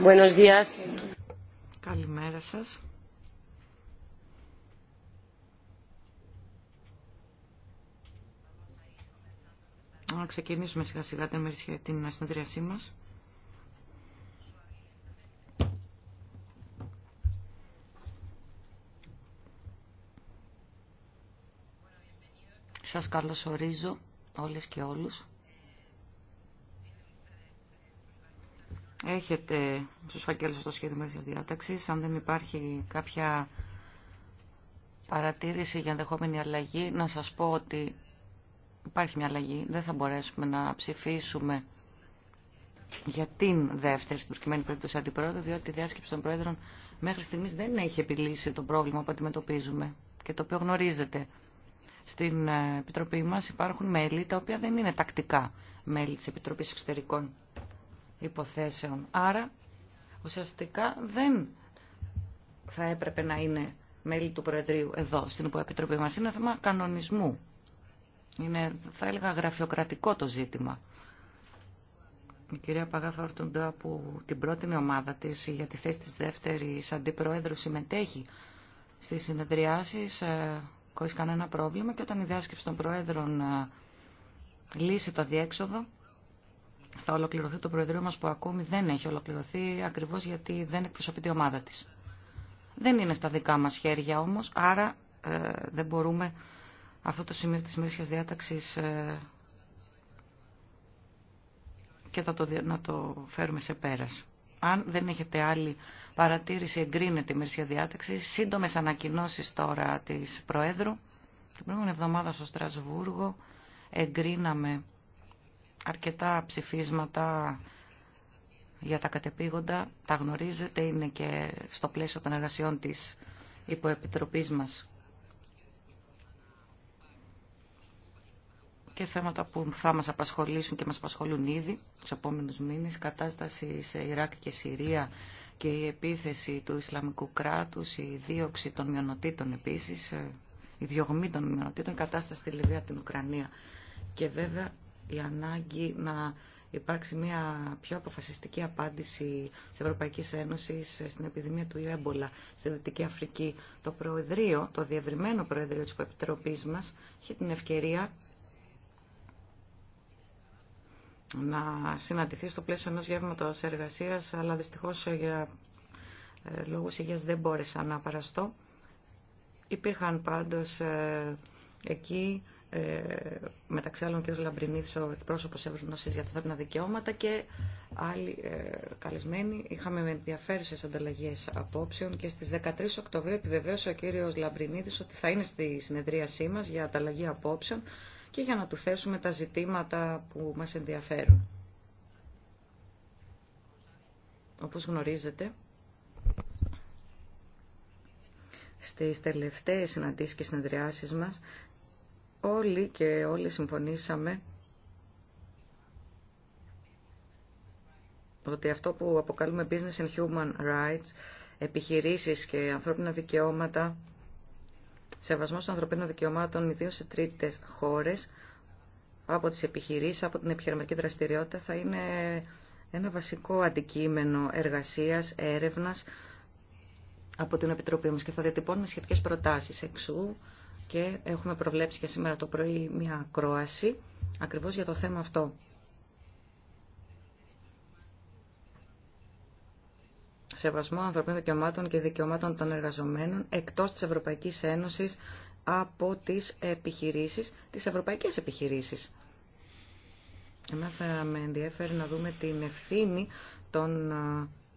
Buenos días. Καλημέρα σας. Να ξεκινήσουμε σιγά σιγά την, την συνεδρίασή μας. Σας καλωσορίζω όλες και όλους. Έχετε στους φακέλους αυτό το σχέδιο μέσα της διάταξης. Αν δεν υπάρχει κάποια παρατήρηση για ενδεχόμενη αλλαγή, να σας πω ότι υπάρχει μια αλλαγή. Δεν θα μπορέσουμε να ψηφίσουμε για την δεύτερη, στην προκειμένη περίπτωση, αντιπρόεδρο, διότι η διάσκεψη των πρόεδρων μέχρι στιγμής δεν έχει επιλύσει το πρόβλημα που αντιμετωπίζουμε και το οποίο γνωρίζετε. Στην ε, Επιτροπή μας υπάρχουν μέλη τα οποία δεν είναι τακτικά μέλη της Επιτροπής Εξωτερικών υποθέσεων. Άρα, ουσιαστικά δεν θα έπρεπε να είναι μέλη του Προεδρείου εδώ, στην Υποεπιτροπή μας. Είναι θέμα κανονισμού. Είναι, θα έλεγα, γραφειοκρατικό το ζήτημα. Η κυρία Παγάθα Ορτουντά που την πρώτη ομάδα της για τη θέση της δεύτερης αντιπροέδρου συμμετέχει στις συνεδριάσεις ε, χωρίς πρόβλημα και όταν η διάσκεψη των προέδρων ε, λύσει το διέξοδο θα ολοκληρωθεί το Προεδρείο μας που ακόμη δεν έχει ολοκληρωθεί ακριβώς γιατί δεν εκπροσωπεί τη ομάδα της. Δεν είναι στα δικά μας χέρια όμως, άρα ε, δεν μπορούμε αυτό το σημείο της μερίσιας διάταξης ε, και θα το, να το φέρουμε σε πέρας. Αν δεν έχετε άλλη παρατήρηση, εγκρίνεται η μερίσια διάταξη. Σύντομες ανακοινώσεις τώρα της Προέδρου. Την προηγούμενη εβδομάδα στο Στρασβούργο εγκρίναμε αρκετά ψηφίσματα για τα κατεπήγοντα, τα γνωρίζετε, είναι και στο πλαίσιο των εργασιών της υποεπιτροπής μας. Και θέματα που θα μας απασχολήσουν και μας απασχολούν ήδη τους επόμενους μήνες, κατάσταση σε Ιράκ και Συρία και η επίθεση του Ισλαμικού κράτους, η δίωξη των μειονοτήτων επίσης, ε, η διωγμή των μειονοτήτων, η κατάσταση στη Λιβύα, την Ουκρανία. Και βέβαια η ανάγκη να υπάρξει μια πιο αποφασιστική απάντηση τη ευρωπαϊκή Ένωση στην επιδημία του Ιέμπολα στη Δυτική Αφρική. Το Προεδρείο, το διευρυμένο Προεδρείο της Επιτροπή μα, είχε την ευκαιρία να συναντηθεί στο πλαίσιο ενός γεύματος εργασίας, αλλά δυστυχώς για ε, λόγους υγείας δεν μπόρεσα να παραστώ. Υπήρχαν πάντως ε, εκεί ε, μεταξύ άλλων ο κ. Λαμπρινίδης, ο εκπρόσωπος Ευρωνώσης για τα θέματα δικαιώματα και άλλοι ε, καλεσμένοι. Είχαμε ενδιαφέρουσες ανταλλαγές απόψεων και στις 13 Οκτωβρίου επιβεβαίωσε ο κ. Λαμπρινίδης ότι θα είναι στη συνεδρίασή μας για ανταλλαγή απόψεων και για να του θέσουμε τα ζητήματα που μας ενδιαφέρουν. Όπως γνωρίζετε, στις τελευταίες συναντήσεις και συνεδριάσεις μας όλοι και όλοι συμφωνήσαμε ότι αυτό που αποκαλούμε business and human rights, επιχειρήσεις και ανθρώπινα δικαιώματα, σεβασμός των ανθρωπίνων δικαιωμάτων, ιδίως σε τρίτες χώρες, από τις επιχειρήσεις, από την επιχειρηματική δραστηριότητα, θα είναι ένα βασικό αντικείμενο εργασίας, έρευνας από την Επιτροπή μας και θα διατυπώνουμε σχετικές προτάσεις εξού και έχουμε προβλέψει και σήμερα το πρωί μια κρόαση ακριβώς για το θέμα αυτό. Σεβασμό ανθρωπίνων δικαιωμάτων και δικαιωμάτων των εργαζομένων εκτός της Ευρωπαϊκής Ένωσης από τις επιχειρήσεις, τις ευρωπαϊκές επιχειρήσεις. Εμένα θα με ενδιαφέρει να δούμε την ευθύνη των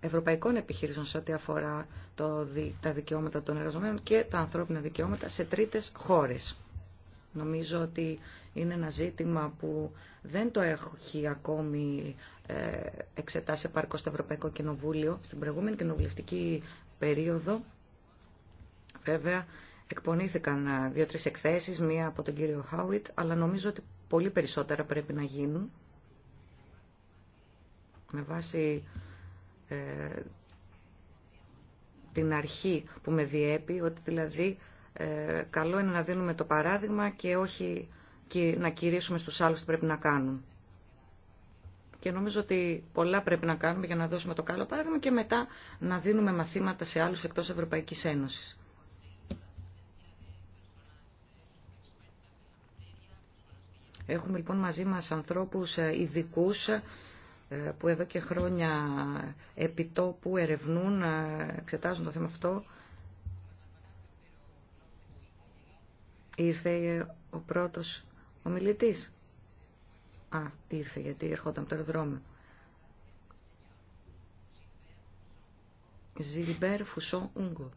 ευρωπαϊκών επιχειρήσεων σε ό,τι αφορά το, τα δικαιώματα των εργαζομένων και τα ανθρώπινα δικαιώματα σε τρίτες χώρες. Νομίζω ότι είναι ένα ζήτημα που δεν το έχει ακόμη ε, εξετάσει επαρκώς το Ευρωπαϊκό Κοινοβούλιο. Στην προηγούμενη κοινοβουλευτική περίοδο, βέβαια, εκπονήθηκαν ε, δύο-τρεις εκθέσεις, μία από τον κύριο Χάουιτ, αλλά νομίζω ότι πολύ περισσότερα πρέπει να γίνουν με βάση ε, την αρχή που με διέπει, ότι δηλαδή ε, καλό είναι να δίνουμε το παράδειγμα και όχι και να κηρύσουμε στους άλλους τι πρέπει να κάνουν. Και νομίζω ότι πολλά πρέπει να κάνουμε για να δώσουμε το καλό παράδειγμα και μετά να δίνουμε μαθήματα σε άλλους εκτός Ευρωπαϊκής Ένωσης. Έχουμε λοιπόν μαζί μας ανθρώπους ε, ειδικούς που εδώ και χρόνια επιτόπου ερευνούν, ε, εξετάζουν το θέμα αυτό. Ήρθε ο πρώτος ομιλητής. Α, ήρθε γιατί ερχόταν από το αεροδρόμιο. Ζιλμπέρ Φουσό Ούγκο.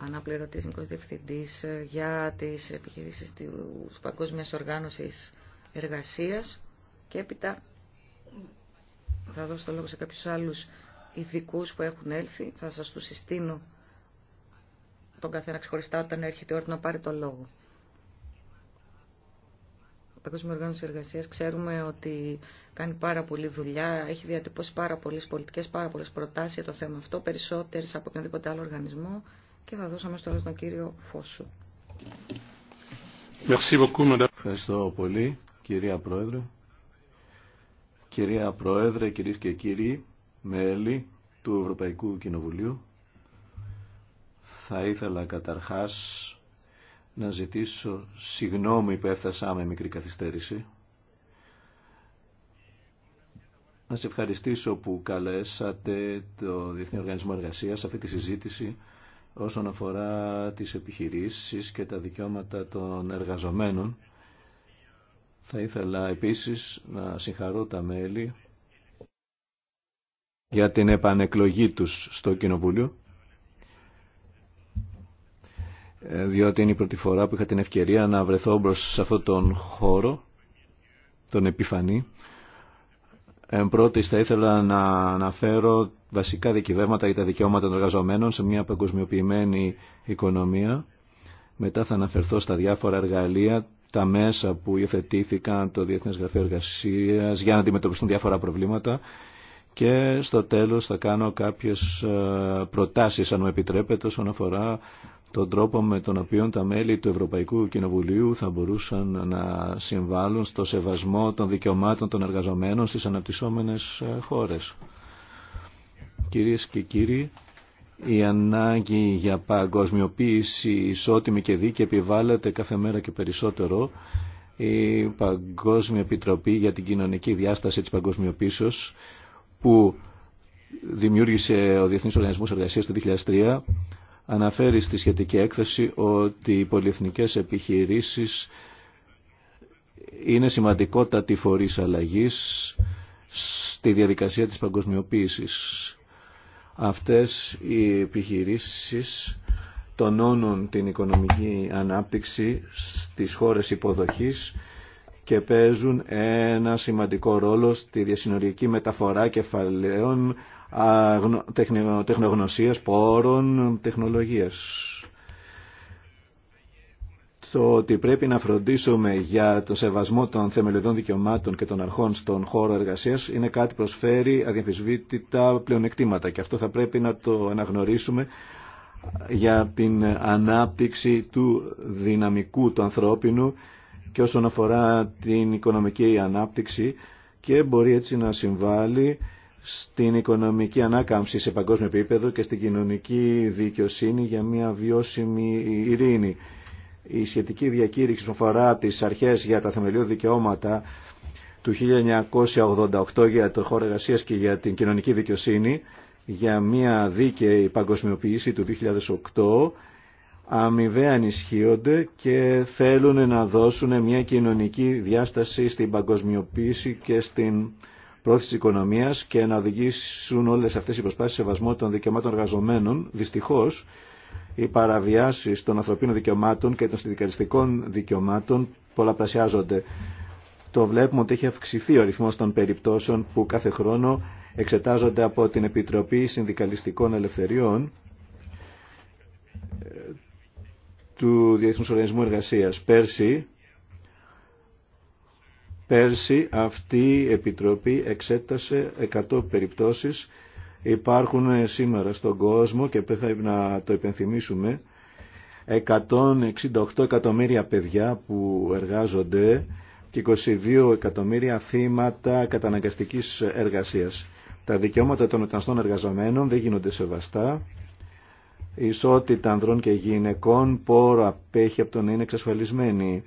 Αναπληρωτής Διευθυντής ε, για τις επιχειρήσεις της Παγκόσμιας Οργάνωσης εργασίας και έπειτα θα δώσω το λόγο σε κάποιους άλλους ειδικού που έχουν έλθει. Θα σας του συστήνω τον καθένα ξεχωριστά όταν έρχεται η ώρα να πάρει το λόγο. Ο Παγκόσμιο Οργάνωση Εργασία ξέρουμε ότι κάνει πάρα πολλή δουλειά, έχει διατυπώσει πάρα πολλέ πολιτικέ, πάρα πολλέ προτάσει για το θέμα αυτό, περισσότερε από οποιονδήποτε άλλο οργανισμό. Και θα δώσω στο τον στον κύριο Φώσου. Ευχαριστώ πολύ κυρία Πρόεδρε. Κυρία Πρόεδρε, κυρίες και κύριοι, μέλη του Ευρωπαϊκού Κοινοβουλίου, θα ήθελα καταρχάς να ζητήσω συγγνώμη που έφτασα με μικρή καθυστέρηση. Να σε ευχαριστήσω που καλέσατε το Διεθνή Οργανισμό Εργασίας σε αυτή τη συζήτηση όσον αφορά τις επιχειρήσεις και τα δικαιώματα των εργαζομένων θα ήθελα επίσης να συγχαρώ τα μέλη για την επανεκλογή τους στο Κοινοβούλιο ε, διότι είναι η πρώτη φορά που είχα την ευκαιρία να βρεθώ μπρος σε αυτόν τον χώρο τον επιφανή Εν πρώτης θα ήθελα να αναφέρω βασικά δικαιώματα για τα δικαιώματα των εργαζομένων σε μια παγκοσμιοποιημένη οικονομία μετά θα αναφερθώ στα διάφορα εργαλεία τα μέσα που υιοθετήθηκαν το Διεθνές Γραφείο Εργασίας για να αντιμετωπιστούν διάφορα προβλήματα και στο τέλος θα κάνω κάποιες ε, προτάσεις αν μου επιτρέπετε όσον αφορά τον τρόπο με τον οποίο τα μέλη του Ευρωπαϊκού Κοινοβουλίου θα μπορούσαν να συμβάλλουν στο σεβασμό των δικαιωμάτων των εργαζομένων στις αναπτυσσόμενες ε, χώρες. Κυρίες και κύριοι, η ανάγκη για παγκοσμιοποίηση ισότιμη και δίκαιη επιβάλλεται κάθε μέρα και περισσότερο. Η Παγκόσμια Επιτροπή για την Κοινωνική Διάσταση της Παγκοσμιοποίησης που δημιούργησε ο Διεθνής Οργανισμός Εργασίας το 2003 αναφέρει στη σχετική έκθεση ότι οι πολυεθνικές επιχειρήσεις είναι σημαντικότατη φορής αλλαγής στη διαδικασία της παγκοσμιοποίησης αυτές οι επιχειρήσεις τονώνουν την οικονομική ανάπτυξη στις χώρες υποδοχής και παίζουν ένα σημαντικό ρόλο στη διασυνοριακή μεταφορά κεφαλαίων τεχνογνωσίας, πόρων, τεχνολογίας. Το ότι πρέπει να φροντίσουμε για το σεβασμό των θεμελιωδών δικαιωμάτων και των αρχών στον χώρο εργασίας είναι κάτι που προσφέρει αδιαμφισβήτητα πλεονεκτήματα και αυτό θα πρέπει να το αναγνωρίσουμε για την ανάπτυξη του δυναμικού του ανθρώπινου και όσον αφορά την οικονομική ανάπτυξη και μπορεί έτσι να συμβάλλει στην οικονομική ανάκαμψη σε παγκόσμιο επίπεδο και στην κοινωνική δικαιοσύνη για μια βιώσιμη ειρήνη η σχετική διακήρυξη που αφορά τις αρχές για τα θεμελιώδη δικαιώματα του 1988 για το χώρο εργασία και για την κοινωνική δικαιοσύνη για μια δίκαιη παγκοσμιοποίηση του 2008 αμοιβαία ενισχύονται και θέλουν να δώσουν μια κοινωνική διάσταση στην παγκοσμιοποίηση και στην πρόθεση της οικονομίας και να οδηγήσουν όλες αυτές οι προσπάσεις σεβασμό των δικαιωμάτων εργαζομένων. Δυστυχώς, οι παραβιάσεις των ανθρωπίνων δικαιωμάτων και των συνδικαλιστικών δικαιωμάτων πολλαπλασιάζονται. Το βλέπουμε ότι έχει αυξηθεί ο αριθμός των περιπτώσεων που κάθε χρόνο εξετάζονται από την Επιτροπή Συνδικαλιστικών Ελευθεριών ε, του Διεθνούς Οργανισμού Εργασίας. Πέρσι, πέρσι αυτή η Επιτροπή εξέτασε 100 περιπτώσεις υπάρχουν ε, σήμερα στον κόσμο και πρέπει να το υπενθυμίσουμε 168 εκατομμύρια παιδιά που εργάζονται και 22 εκατομμύρια θύματα καταναγκαστικής εργασίας. Τα δικαιώματα των μεταναστών εργαζομένων δεν γίνονται σεβαστά. Η ισότητα ανδρών και γυναικών πόρο απέχει από το να είναι εξασφαλισμένη.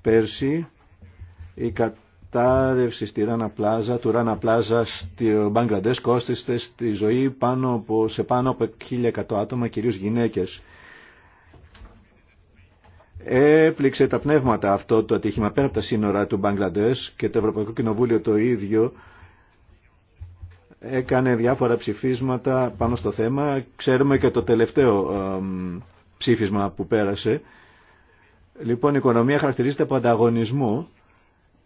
Πέρσι η, κα κατάρρευση στη Ράνα Πλάζα, του Ράνα Πλάζα στη Μπαγκλαντές κόστιστε στη ζωή πάνω από, σε πάνω από 1.100 άτομα, κυρίως γυναίκες. Έπληξε τα πνεύματα αυτό το ατύχημα πέρα από τα σύνορα του Μπαγκλαντές και το Ευρωπαϊκό Κοινοβούλιο το ίδιο έκανε διάφορα ψηφίσματα πάνω στο θέμα. Ξέρουμε και το τελευταίο ψήφισμα που πέρασε. Λοιπόν, η οικονομία χαρακτηρίζεται από ανταγωνισμό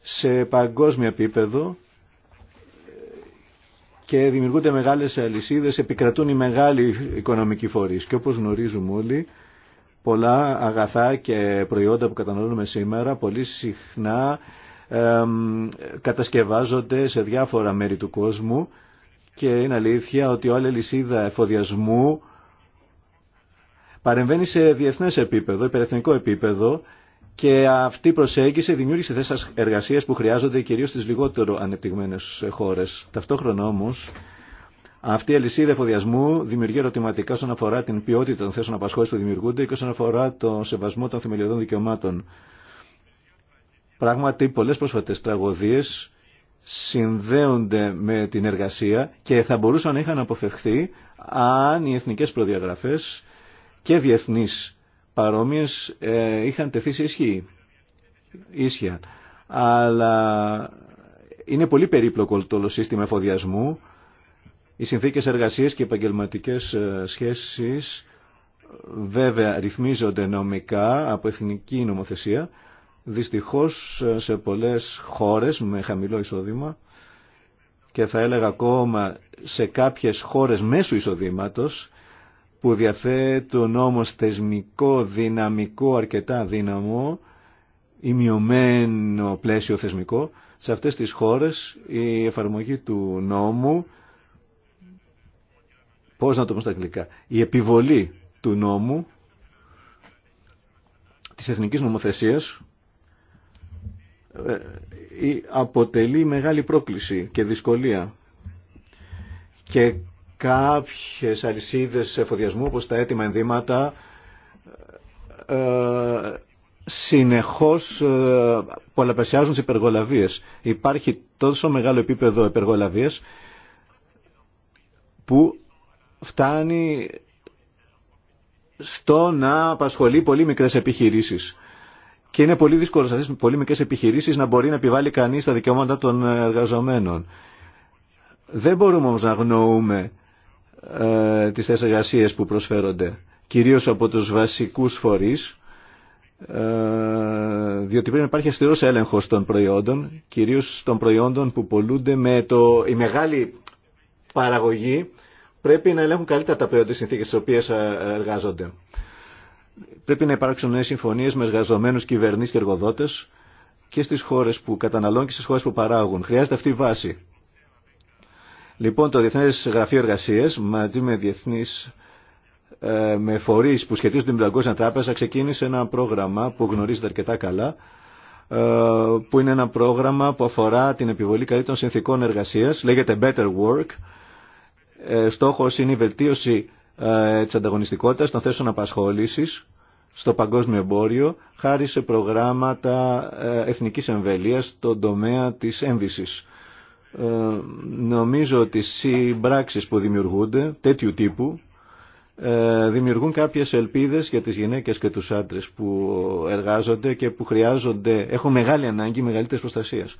σε παγκόσμιο επίπεδο και δημιουργούνται μεγάλες αλυσίδες, επικρατούν οι μεγάλοι οικονομικοί φορείς. Και όπως γνωρίζουμε όλοι, πολλά αγαθά και προϊόντα που καταναλώνουμε σήμερα πολύ συχνά κατασκευάζονται σε διάφορα μέρη του κόσμου και είναι αλήθεια ότι όλη η λυσίδα εφοδιασμού παρεμβαίνει σε διεθνές επίπεδο, υπερεθνικό επίπεδο και αυτή η προσέγγιση δημιούργησε θέσει εργασία που χρειάζονται κυρίω στι λιγότερο ανεπτυγμένε χώρε. Ταυτόχρονα όμω, αυτή η αλυσίδα εφοδιασμού δημιουργεί ερωτηματικά όσον αφορά την ποιότητα των θέσεων απασχόληση που δημιουργούνται και όσον αφορά τον σεβασμό των θεμελιωδών δικαιωμάτων. Πράγματι, πολλέ πρόσφατε τραγωδίε συνδέονται με την εργασία και θα μπορούσαν να είχαν αποφευχθεί αν οι εθνικέ προδιαγραφέ και διεθνεί παρόμοιες ε, είχαν τεθεί σε ισχύ, ίσια. Αλλά είναι πολύ περίπλοκο το σύστημα εφοδιασμού. Οι συνθήκες εργασίας και επαγγελματικέ ε, σχέσεις βέβαια ρυθμίζονται νομικά από εθνική νομοθεσία. Δυστυχώς ε, σε πολλές χώρες με χαμηλό εισόδημα και θα έλεγα ακόμα σε κάποιες χώρες μέσου εισοδήματος που διαθέτουν όμως θεσμικό δυναμικό, αρκετά δύναμο, ή μειωμένο πλαίσιο θεσμικό, σε αυτές τις χώρες η εφαρμογή του νόμου, πώς να το πω στα αγγλικά, η επιβολή του νόμου, της εθνικής νομοθεσίας, ε, αποτελεί μεγάλη πρόκληση και δυσκολία και κάποιες αλυσίδες εφοδιασμού όπως τα έτοιμα ενδύματα ε, συνεχώς ε, πολλαπλασιάζουν τι υπεργολαβίες. Υπάρχει τόσο μεγάλο επίπεδο υπεργολαβίες που φτάνει στο να απασχολεί πολύ μικρές επιχειρήσεις. Και είναι πολύ δύσκολο σε αυτές τις πολύ μικρές επιχειρήσεις να μπορεί να επιβάλλει κανείς τα δικαιώματα των εργαζομένων. Δεν μπορούμε όμως να γνωρούμε ε, τις θέσεις που προσφέρονται, κυρίως από τους βασικούς φορείς, ε, διότι πρέπει να υπάρχει αστερός έλεγχος των προϊόντων, κυρίως των προϊόντων που πολλούνται με το, η μεγάλη παραγωγή, πρέπει να ελέγχουν καλύτερα τα προϊόντα συνθήκες στις οποίες ε, εργάζονται. Πρέπει να υπάρξουν νέες συμφωνίες με εργαζομένους κυβερνήσεις και εργοδότες και στις χώρες που καταναλώνουν και στις χώρες που παράγουν. Χρειάζεται αυτή η βάση. Λοιπόν, το Διεθνέ Γραφείο Εργασίας, μαζί με διεθνείς ε, με φορείς που σχετίζονται με την Παγκόσμια Τράπεζα, ξεκίνησε ένα πρόγραμμα που γνωρίζετε αρκετά καλά, ε, που είναι ένα πρόγραμμα που αφορά την επιβολή καλύτερων συνθήκων εργασία, λέγεται Better Work. Ε, στόχο είναι η βελτίωση τη ανταγωνιστικότητα των θέσεων απασχόληση στο παγκόσμιο εμπόριο, χάρη σε προγράμματα εθνικής εμβέλειας στον τομέα της ένδυσης. Ε, νομίζω ότι συμπράξεις που δημιουργούνται τέτοιου τύπου ε, δημιουργούν κάποιες ελπίδες για τις γυναίκες και τους άντρες που εργάζονται και που χρειάζονται, έχουν μεγάλη ανάγκη μεγαλύτερης προστασίας.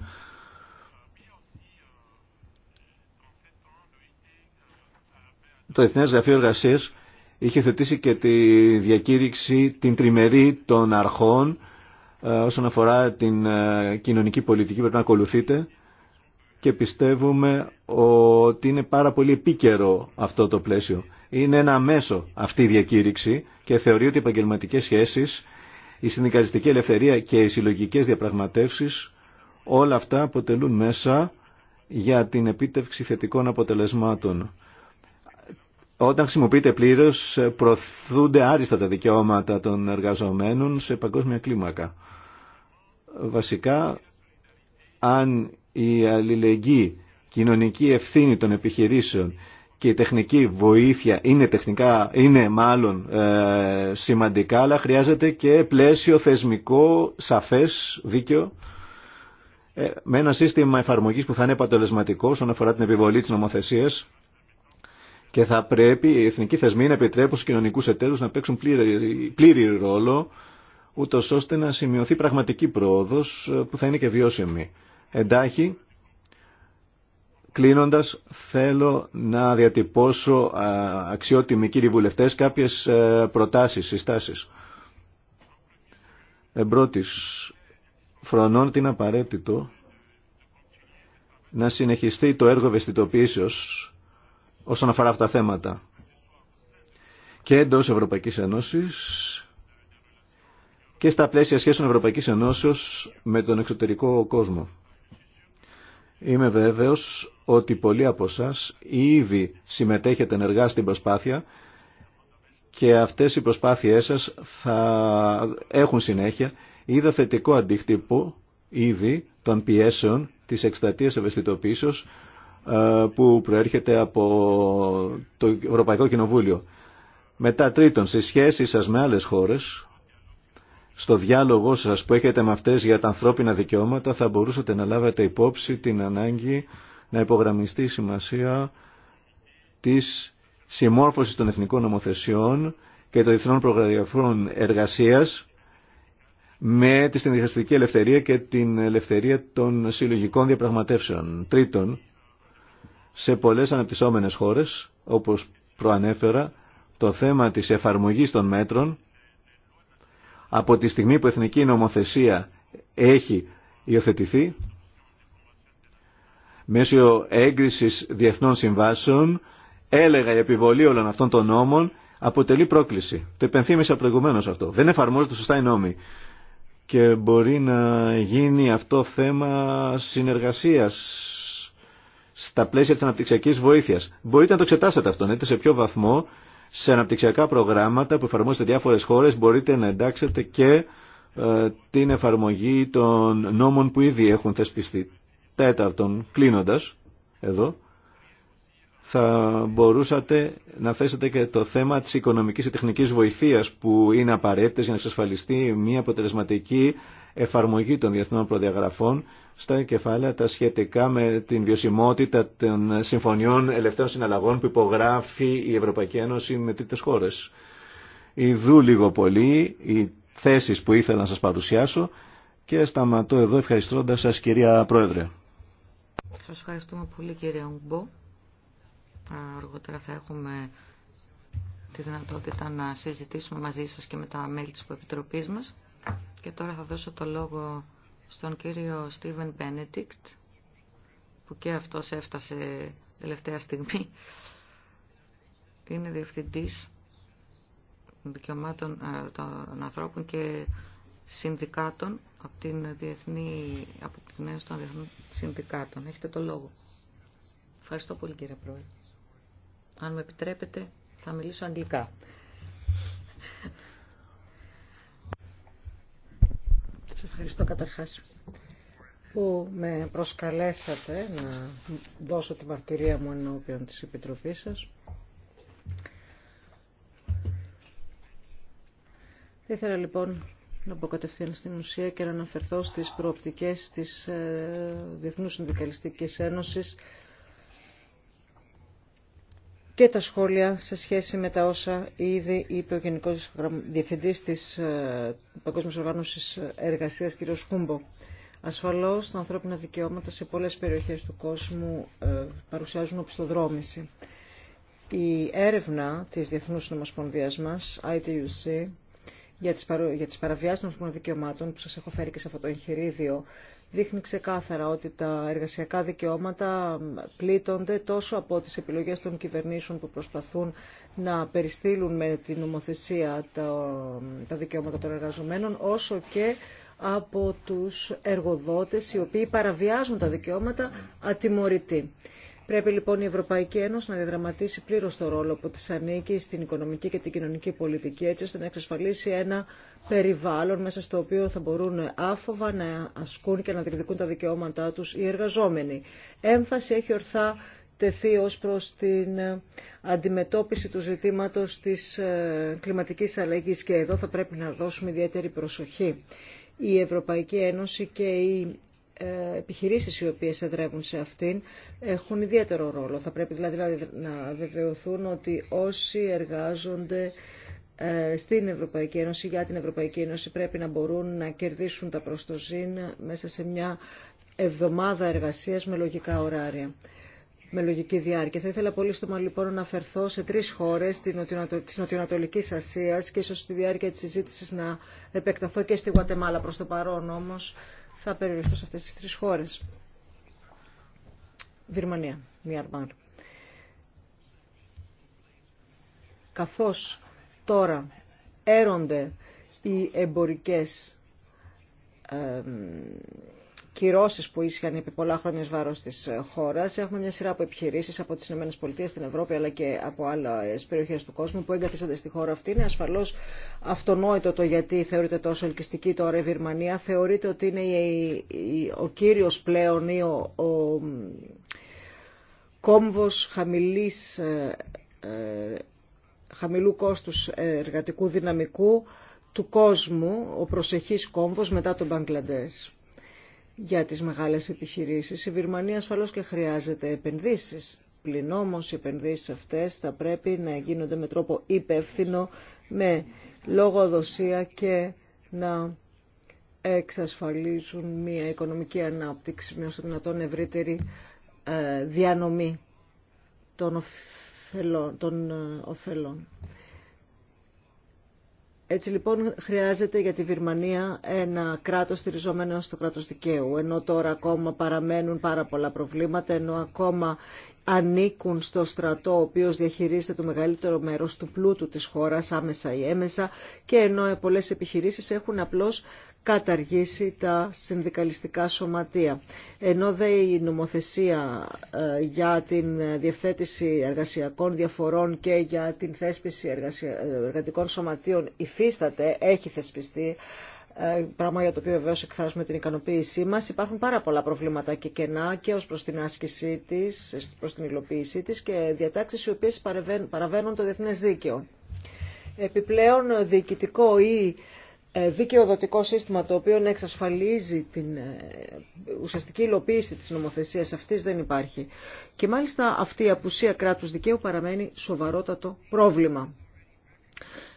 Το Εθνές Γραφείο Εργασίας είχε θετήσει και τη διακήρυξη την τριμερή των αρχών ε, όσον αφορά την κοινωνική πολιτική πρέπει να ακολουθείτε και πιστεύουμε ότι είναι πάρα πολύ επίκαιρο αυτό το πλαίσιο. Είναι ένα μέσο αυτή η διακήρυξη και θεωρεί ότι οι επαγγελματικέ σχέσει, η συνδικαλιστική ελευθερία και οι συλλογικέ διαπραγματεύσει, όλα αυτά αποτελούν μέσα για την επίτευξη θετικών αποτελεσμάτων. Όταν χρησιμοποιείται πλήρω, προωθούνται άριστα τα δικαιώματα των εργαζομένων σε παγκόσμια κλίμακα. Βασικά, αν η αλληλεγγύη, κοινωνική ευθύνη των επιχειρήσεων και η τεχνική βοήθεια είναι, τεχνικά, είναι μάλλον ε, σημαντικά, αλλά χρειάζεται και πλαίσιο θεσμικό, σαφές, δίκαιο, ε, με ένα σύστημα εφαρμογής που θα είναι πατολεσματικό όσον αφορά την επιβολή της νομοθεσίας και θα πρέπει οι εθνικοί θεσμοί να επιτρέπουν στους κοινωνικούς εταίρους να παίξουν πλήρη, ρόλο, ούτως ώστε να σημειωθεί πραγματική πρόοδος ε, που θα είναι και βιώσιμη εντάχει. Κλείνοντας, θέλω να διατυπώσω αξιότιμοι κύριοι βουλευτές κάποιες ε, προτάσεις, συστάσεις. Εμπρότης, φρονών την απαραίτητο να συνεχιστεί το έργο ευαισθητοποίησεως όσον αφορά αυτά τα θέματα και εντός Ευρωπαϊκής Ένωσης και στα πλαίσια σχέσεων Ευρωπαϊκής Ενώσεως με τον εξωτερικό κόσμο. Είμαι βέβαιος ότι πολλοί από εσά ήδη συμμετέχετε ενεργά στην προσπάθεια και αυτές οι προσπάθειές σας θα έχουν συνέχεια. Είδα θετικό αντίκτυπο ήδη των πιέσεων της εκστατείας ευαισθητοποίησεως ε, που προέρχεται από το Ευρωπαϊκό Κοινοβούλιο. Μετά τρίτον, στις σχέσεις σας με άλλες χώρες, στο διάλογό σας που έχετε με αυτές για τα ανθρώπινα δικαιώματα θα μπορούσατε να λάβετε υπόψη την ανάγκη να υπογραμμιστεί η σημασία της συμμόρφωσης των εθνικών νομοθεσιών και των διεθνών προγραφών εργασίας με τη συνδυαστική ελευθερία και την ελευθερία των συλλογικών διαπραγματεύσεων. Τρίτον, σε πολλές αναπτυσσόμενες χώρες, όπως προανέφερα, το θέμα της εφαρμογής των μέτρων από τη στιγμή που η εθνική νομοθεσία έχει υιοθετηθεί, μέσω έγκρισης διεθνών συμβάσεων, έλεγα η επιβολή όλων αυτών των νόμων αποτελεί πρόκληση. Το υπενθύμησα προηγουμένω αυτό. Δεν εφαρμόζονται σωστά οι νόμοι. Και μπορεί να γίνει αυτό θέμα συνεργασίας στα πλαίσια της αναπτυξιακής βοήθειας. Μπορείτε να το εξετάσετε αυτό, ναι, σε ποιο βαθμό σε αναπτυξιακά προγράμματα που εφαρμόζονται διάφορες χώρες μπορείτε να εντάξετε και ε, την εφαρμογή των νόμων που ήδη έχουν θεσπιστεί. Τέταρτον, κλείνοντας εδώ, θα μπορούσατε να θέσετε και το θέμα της οικονομικής και τεχνικής βοηθείας που είναι απαραίτητες για να εξασφαλιστεί μια αποτελεσματική εφαρμογή των διεθνών προδιαγραφών στα κεφάλαια τα σχετικά με την βιωσιμότητα των συμφωνιών ελευθέρων συναλλαγών που υπογράφει η Ευρωπαϊκή Ένωση με τρίτες χώρες. Ιδού λίγο πολύ οι θέσεις που ήθελα να σας παρουσιάσω και σταματώ εδώ ευχαριστώντας σας κυρία Πρόεδρε. Σας ευχαριστούμε πολύ κύριε Ουγμπό. Αργότερα θα έχουμε τη δυνατότητα να συζητήσουμε μαζί σας και με τα μέλη της Επιτροπής μας. Και τώρα θα δώσω το λόγο στον κύριο Στίβεν Μπένετικτ, που και αυτός έφτασε τελευταία στιγμή. Είναι διευθυντής δικαιωμάτων ε, των ανθρώπων και συνδικάτων από την Διεθνή, από την Ένωση των Διεθνών Συνδικάτων. Έχετε το λόγο. Ευχαριστώ πολύ κύριε Πρόεδρε. Αν με επιτρέπετε θα μιλήσω αγγλικά. ευχαριστώ καταρχάς που με προσκαλέσατε να δώσω τη μαρτυρία μου ενώπιον της Επιτροπής σας. Θα ήθελα λοιπόν να πω κατευθείαν στην ουσία και να αναφερθώ στις προοπτικές της ε, Διεθνούς Συνδικαλιστικής Ένωσης και τα σχόλια σε σχέση με τα όσα ήδη είπε ο γενικό Διευθυντής τη ε, παγκόσμιου Οργάνωση Εργασία κ. Χούμπο. Ασφαλώς, τα ανθρώπινα δικαιώματα σε πολλές περιοχές του κόσμου ε, παρουσιάζουν οπισθοδρόμηση. Η έρευνα τη Διεθνού Νομοσπονδίας μας, ITUC, για τις, παραβιάσεις των δικαιωμάτων που σας έχω φέρει και σε αυτό το εγχειρίδιο δείχνει ξεκάθαρα ότι τα εργασιακά δικαιώματα πλήττονται τόσο από τις επιλογές των κυβερνήσεων που προσπαθούν να περιστύλουν με την νομοθεσία τα δικαιώματα των εργαζομένων, όσο και από τους εργοδότες οι οποίοι παραβιάζουν τα δικαιώματα ατιμωρητοί. Πρέπει λοιπόν η Ευρωπαϊκή Ένωση να διαδραματίσει πλήρω το ρόλο που τη ανήκει στην οικονομική και την κοινωνική πολιτική, έτσι ώστε να εξασφαλίσει ένα περιβάλλον μέσα στο οποίο θα μπορούν άφοβα να ασκούν και να διεκδικούν τα δικαιώματά του οι εργαζόμενοι. Έμφαση έχει ορθά τεθεί ως προς την αντιμετώπιση του ζητήματος της ε, κλιματικής αλλαγής και εδώ θα πρέπει να δώσουμε ιδιαίτερη προσοχή. Η Ευρωπαϊκή Ένωση και η ε, επιχειρήσεις οι οποίες εδρεύουν σε αυτήν έχουν ιδιαίτερο ρόλο. Θα πρέπει δηλαδή να βεβαιωθούν ότι όσοι εργάζονται ε, στην Ευρωπαϊκή Ένωση, για την Ευρωπαϊκή Ένωση πρέπει να μπορούν να κερδίσουν τα προστοζήν μέσα σε μια εβδομάδα εργασίας με λογικά ωράρια με λογική διάρκεια. Θα ήθελα πολύ στόμα λοιπόν να αφαιρθώ σε τρεις χώρες της Νοτιοανατολικής Ασίας και ίσως στη διάρκεια της συζήτησης να επεκταθώ και στη Γουατεμάλα προς το παρόν όμως θα περιοριστώ σε αυτές τις τρεις χώρες. Βυρμανία, Μιαρμάρ. Καθώς τώρα έρονται οι εμπορικές κυρώσει που ίσχυαν επί πολλά χρόνια βάρο τη ε, χώρα Έχουμε μια σειρά από επιχειρήσει από τις ΗΠΑ στην Ευρώπη αλλά και από άλλε περιοχέ του κόσμου που εγκαθίσανται στη χώρα αυτή. Είναι ασφαλώ αυτονόητο το γιατί θεωρείται τόσο ελκυστική τώρα η Βυρμανία. Θεωρείται ότι είναι ο κύριο πλέον ή ο, ο ε, ε, χαμηλού κόστους εργατικού δυναμικού του κόσμου, ο προσεχής κόμβος μετά τον Μπαγκλαντές για τις μεγάλες επιχειρήσεις. Η Βυρμανία ασφαλώς και χρειάζεται επενδύσεις. Πλην όμως οι επενδύσεις αυτές θα πρέπει να γίνονται με τρόπο υπεύθυνο, με λογοδοσία και να εξασφαλίζουν μια οικονομική ανάπτυξη με όσο δυνατόν ευρύτερη ε, διανομή των ε, ωφελών. Έτσι λοιπόν χρειάζεται για τη Βυρμανία ένα κράτος στηριζόμενο στο κράτος δικαίου, ενώ τώρα ακόμα παραμένουν πάρα πολλά προβλήματα, ενώ ακόμα ανήκουν στο στρατό ο οποίος διαχειρίζεται το μεγαλύτερο μέρος του πλούτου της χώρας άμεσα ή έμεσα και ενώ πολλές επιχειρήσεις έχουν απλώς καταργήσει τα συνδικαλιστικά σωματεία. Ενώ δε η νομοθεσία ε, για την διευθέτηση εργασιακών διαφορών και για την θέσπιση εργατικών σωματείων υφίσταται, έχει θεσπιστεί, ε, πράγμα για το οποίο βεβαίω εκφράζουμε την ικανοποίησή μας, Υπάρχουν πάρα πολλά προβλήματα και κενά και ως προς την άσκησή της, προς την υλοποίησή της και διατάξεις οι οποίε παραβαίνουν το διεθνέ δίκαιο. Επιπλέον, διοικητικό ή ε, δικαιοδοτικό σύστημα το οποίο να εξασφαλίζει την ε, ουσιαστική υλοποίηση της νομοθεσίας αυτής δεν υπάρχει. Και μάλιστα αυτή η απουσία κράτους δικαίου παραμένει σοβαρότατο πρόβλημα.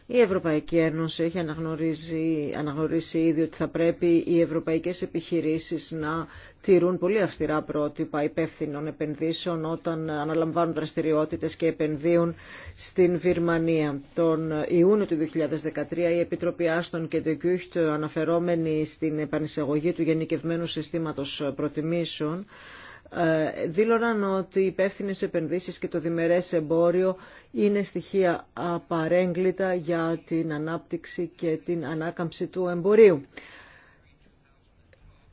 Η Ευρωπαϊκή Ένωση έχει αναγνωρίσει, αναγνωρίσει ήδη ότι θα πρέπει οι ευρωπαϊκές επιχειρήσεις να τηρούν πολύ αυστηρά πρότυπα υπεύθυνων επενδύσεων όταν αναλαμβάνουν δραστηριότητες και επενδύουν στην Βιρμανία. Τον Ιούνιο του 2013 η Επιτροπή Άστον και το αναφερόμενη στην επανεισαγωγή του γενικευμένου συστήματος προτιμήσεων ε, δήλωναν ότι οι υπεύθυνε επενδύσει και το διμερές εμπόριο είναι στοιχεία απαρέγκλητα για την ανάπτυξη και την ανάκαμψη του εμπορίου.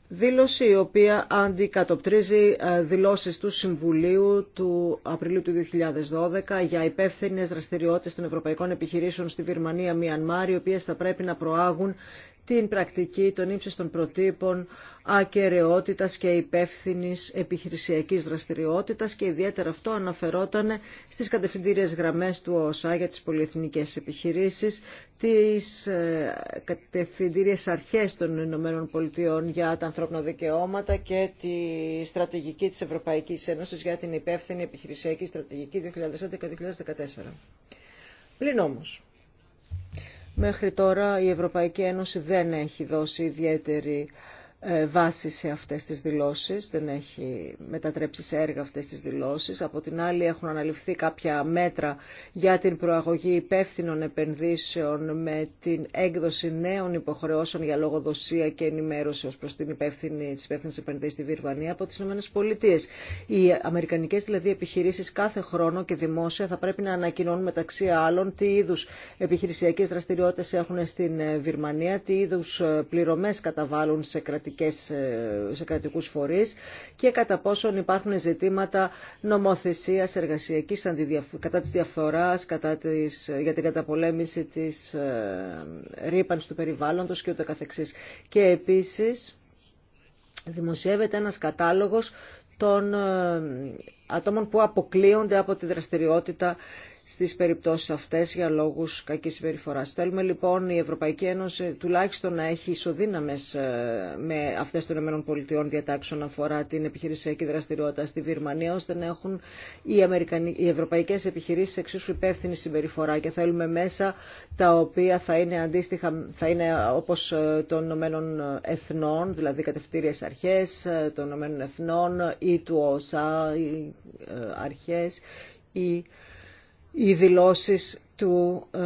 Δήλωση η οποία αντικατοπτρίζει ε, δηλώσεις του Συμβουλίου του Απριλίου του 2012 για υπεύθυνες δραστηριότητες των ευρωπαϊκών επιχειρήσεων στη Βιρμανία Μιανμάρ, οι οποίες θα πρέπει να προάγουν την πρακτική των ύψιστων προτύπων ακεραιότητας και υπεύθυνη επιχειρησιακής δραστηριότητας και ιδιαίτερα αυτό αναφερόταν στις κατευθυντήριες γραμμές του ΟΣΑ για τις πολυεθνικές επιχειρήσεις, τις ε, κατευθυντήριες αρχές των Ηνωμένων για τα ανθρώπινα δικαιώματα και τη στρατηγική της Ευρωπαϊκής Ένωσης για την υπεύθυνη επιχειρησιακή στρατηγική 2011-2014. Πλην όμως, Μέχρι τώρα η Ευρωπαϊκή Ένωση δεν έχει δώσει ιδιαίτερη ε, βάση σε αυτές τις δηλώσεις, δεν έχει μετατρέψει σε έργα αυτές τις δηλώσεις. Από την άλλη έχουν αναλυφθεί κάποια μέτρα για την προαγωγή υπεύθυνων επενδύσεων με την έκδοση νέων υποχρεώσεων για λογοδοσία και ενημέρωση ως προς την υπεύθυνη, της υπεύθυνης επενδύσης στη Βιρβανία από τις ΗΠΑ. Οι αμερικανικές δηλαδή επιχειρήσεις κάθε χρόνο και δημόσια θα πρέπει να ανακοινώνουν μεταξύ άλλων τι είδους επιχειρησιακές δραστηριότητες έχουν στην ε, Βιρμανία, τι είδους ε, πληρωμές καταβάλουν σε κρατική κρατικές, ε, σε κρατικούς φορείς και κατά πόσον υπάρχουν ζητήματα νομοθεσίας εργασιακής κατά της διαφθοράς, κατά της, ε, για την καταπολέμηση της ε, ρήπανσης του περιβάλλοντος και ούτε καθεξής. Και επίσης δημοσιεύεται ένας κατάλογος των ατόμων που αποκλείονται από τη δραστηριότητα στις περιπτώσεις αυτές για λόγους κακής συμπεριφοράς. Θέλουμε λοιπόν η Ευρωπαϊκή Ένωση τουλάχιστον να έχει ισοδύναμες ε, με αυτές των ΗΠΑ διατάξεων αφορά την επιχειρησιακή δραστηριότητα στη Βυρμανία ώστε να έχουν οι, Ευρωπαϊκέ οι ευρωπαϊκές επιχειρήσεις εξίσου υπεύθυνη συμπεριφορά και θέλουμε μέσα τα οποία θα είναι αντίστοιχα, θα είναι όπως ε, των Ηνωμένων Εθνών, δηλαδή κατευθύριες αρχές ε, των Ηνωμένων Εθνών ή του ΟΣΑ ή αρχές ή οι δηλώσεις του, ε,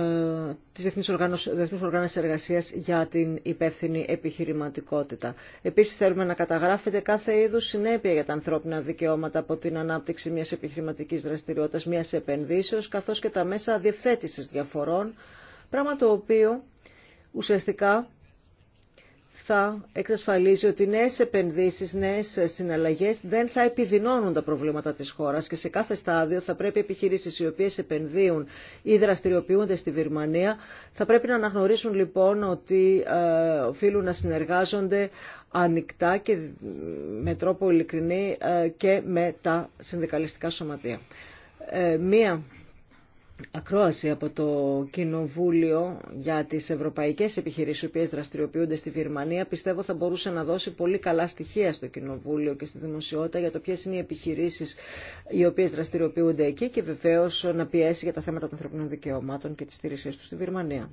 της Διεθνής για την υπεύθυνη επιχειρηματικότητα. Επίσης θέλουμε να καταγράφεται κάθε είδους συνέπεια για τα ανθρώπινα δικαιώματα από την ανάπτυξη μιας επιχειρηματικής δραστηριότητας, μιας επενδύσεως, καθώς και τα μέσα διευθέτησης διαφορών, πράγμα το οποίο ουσιαστικά θα εξασφαλίζει ότι νέε επενδύσει, νέε συναλλαγέ, δεν θα επιδεινώνουν τα προβλήματα της χώρας και σε κάθε στάδιο θα πρέπει επιχειρήσει, οι οποίες επενδύουν ή δραστηριοποιούνται στη Βυρμανία θα πρέπει να αναγνωρίσουν λοιπόν ότι ε, οφείλουν να συνεργάζονται ανοιχτά και με τρόπο ειλικρινή ε, και με τα συνδικαλιστικά σωματεία. Ε, μία ακρόαση από το Κοινοβούλιο για τις ευρωπαϊκές επιχειρήσεις οι οποίες δραστηριοποιούνται στη Βυρμανία πιστεύω θα μπορούσε να δώσει πολύ καλά στοιχεία στο Κοινοβούλιο και στη δημοσιότητα για το ποιες είναι οι επιχειρήσεις οι οποίες δραστηριοποιούνται εκεί και βεβαίως να πιέσει για τα θέματα των ανθρωπινών δικαιωμάτων και τις στήριξή του στη Βυρμανία.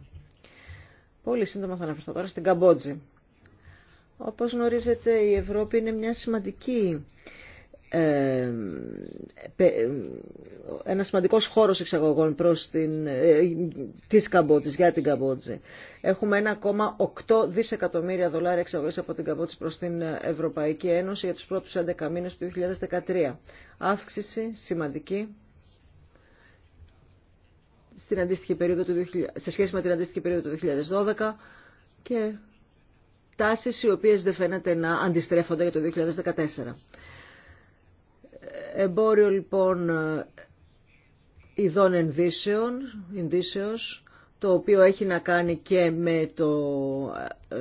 Πολύ σύντομα θα αναφερθώ τώρα στην Καμπότζη. Όπως γνωρίζετε η Ευρώπη είναι μια σημαντική ε, ε, ένα σημαντικός χώρος εξαγωγών προς την, ε, της Καμπότζης, για την Καμπότζη. Έχουμε 1,8 δισεκατομμύρια δολάρια εξαγωγές από την Καμπότζη προς την Ευρωπαϊκή Ένωση για τους πρώτους 11 μήνες του 2013. Αύξηση σημαντική στην αντίστοιχη περίοδο του σε σχέση με την αντίστοιχη περίοδο του 2012 και τάσεις οι οποίες δεν φαίνεται να αντιστρέφονται για το 2014. Εμπόριο λοιπόν ειδών ενδύσεων, ενδύσεως, το οποίο έχει να κάνει και με το ε,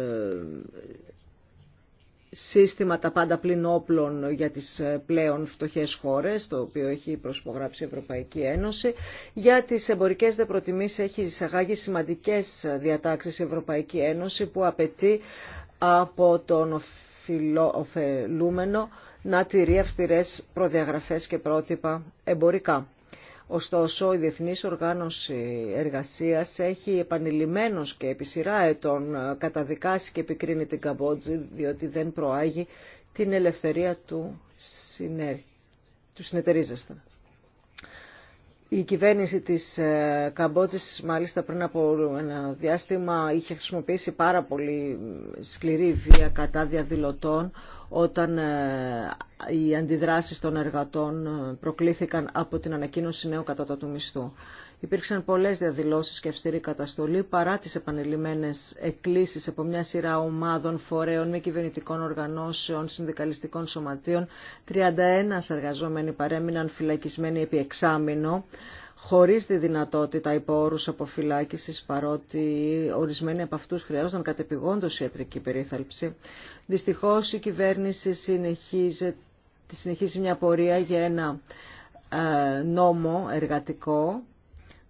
σύστημα τα πάντα πλην όπλων για τις ε, πλέον φτωχές χώρες, το οποίο έχει προσπογράψει η Ευρωπαϊκή Ένωση. Για τις εμπορικές δεπροτιμήσεις έχει εισαγάγει σημαντικές διατάξεις η Ευρωπαϊκή Ένωση που απαιτεί από τον φιλοφελούμενο να τηρεί αυστηρέ προδιαγραφές και πρότυπα εμπορικά. Ωστόσο, η Διεθνής Οργάνωση Εργασίας έχει επανειλημμένως και επί σειρά ετών καταδικάσει και επικρίνει την Καμπότζη, διότι δεν προάγει την ελευθερία του, συνε... του η κυβέρνηση της ε, Καμπότζης μάλιστα πριν από ένα διάστημα είχε χρησιμοποιήσει πάρα πολύ σκληρή βία κατά διαδηλωτών όταν ε, οι αντιδράσεις των εργατών ε, προκλήθηκαν από την ανακοίνωση νέου κατώτατου μισθού. Υπήρξαν πολλές διαδηλώσεις και αυστηρή καταστολή παρά τις επανειλημμένες εκκλήσεις από μια σειρά ομάδων, φορέων, μη κυβερνητικών οργανώσεων, συνδικαλιστικών σωματείων. 31 εργαζόμενοι παρέμειναν φυλακισμένοι επί εξάμηνο χωρίς τη δυνατότητα υπό όρους αποφυλάκησης, παρότι ορισμένοι από αυτούς χρειάζονταν κατεπηγόντως ιατρική περίθαλψη. Δυστυχώς η κυβέρνηση συνεχίζει, συνεχίζει μια πορεία για ένα ε, νόμο εργατικό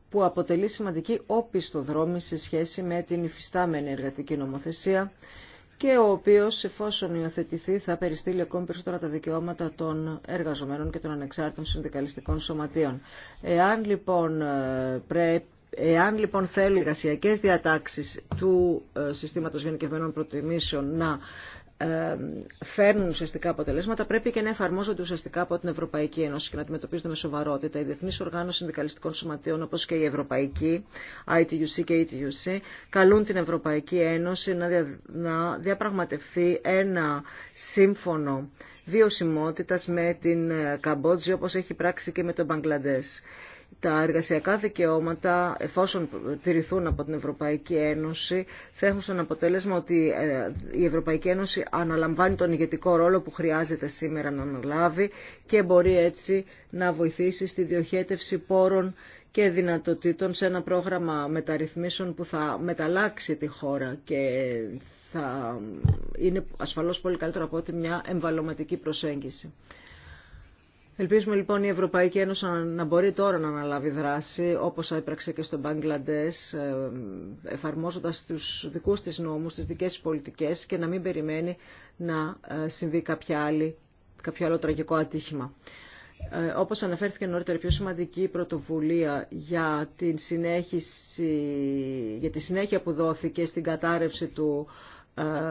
που αποτελεί σημαντική όπιστο δρόμη σε σχέση με την υφιστάμενη εργατική νομοθεσία και ο οποίος εφόσον υιοθετηθεί θα περιστείλει ακόμη περισσότερα τα δικαιώματα των εργαζομένων και των ανεξάρτητων συνδικαλιστικών σωματείων. Εάν λοιπόν θέλει ε, Εάν λοιπόν θέλουν οι εργασιακέ διατάξει του ε, συστήματο γενικευμένων προτιμήσεων να ε, φέρνουν ουσιαστικά αποτελέσματα πρέπει και να εφαρμόζονται ουσιαστικά από την Ευρωπαϊκή Ένωση και να αντιμετωπίζονται με σοβαρότητα. Η Διεθνή Οργάνωση Συνδικαλιστικών Σωματείων όπω και η Ευρωπαϊκή, ITUC και ETUC, καλούν την Ευρωπαϊκή Ένωση να διαπραγματευτεί ένα σύμφωνο βιωσιμότητα με την Καμπότζη όπω έχει πράξει και με τον Μπαγκλαντές τα εργασιακά δικαιώματα, εφόσον τηρηθούν από την Ευρωπαϊκή Ένωση, θα έχουν σαν αποτέλεσμα ότι ε, η Ευρωπαϊκή Ένωση αναλαμβάνει τον ηγετικό ρόλο που χρειάζεται σήμερα να αναλάβει και μπορεί έτσι να βοηθήσει στη διοχέτευση πόρων και δυνατοτήτων σε ένα πρόγραμμα μεταρρυθμίσεων που θα μεταλλάξει τη χώρα και θα είναι ασφαλώς πολύ καλύτερο από ότι μια εμβαλωματική προσέγγιση. Ελπίζουμε λοιπόν η Ευρωπαϊκή Ένωση να μπορεί τώρα να αναλάβει δράση, όπως έπραξε και στο Μπαγκλαντές, ε, εφαρμόζοντας τους δικούς της νόμους, τις δικές της πολιτικές και να μην περιμένει να ε, συμβεί κάποια κάποιο άλλο τραγικό ατύχημα. Ε, όπως αναφέρθηκε νωρίτερα, η πιο σημαντική πρωτοβουλία για, την συνέχιση, για τη συνέχεια που δόθηκε στην κατάρρευση του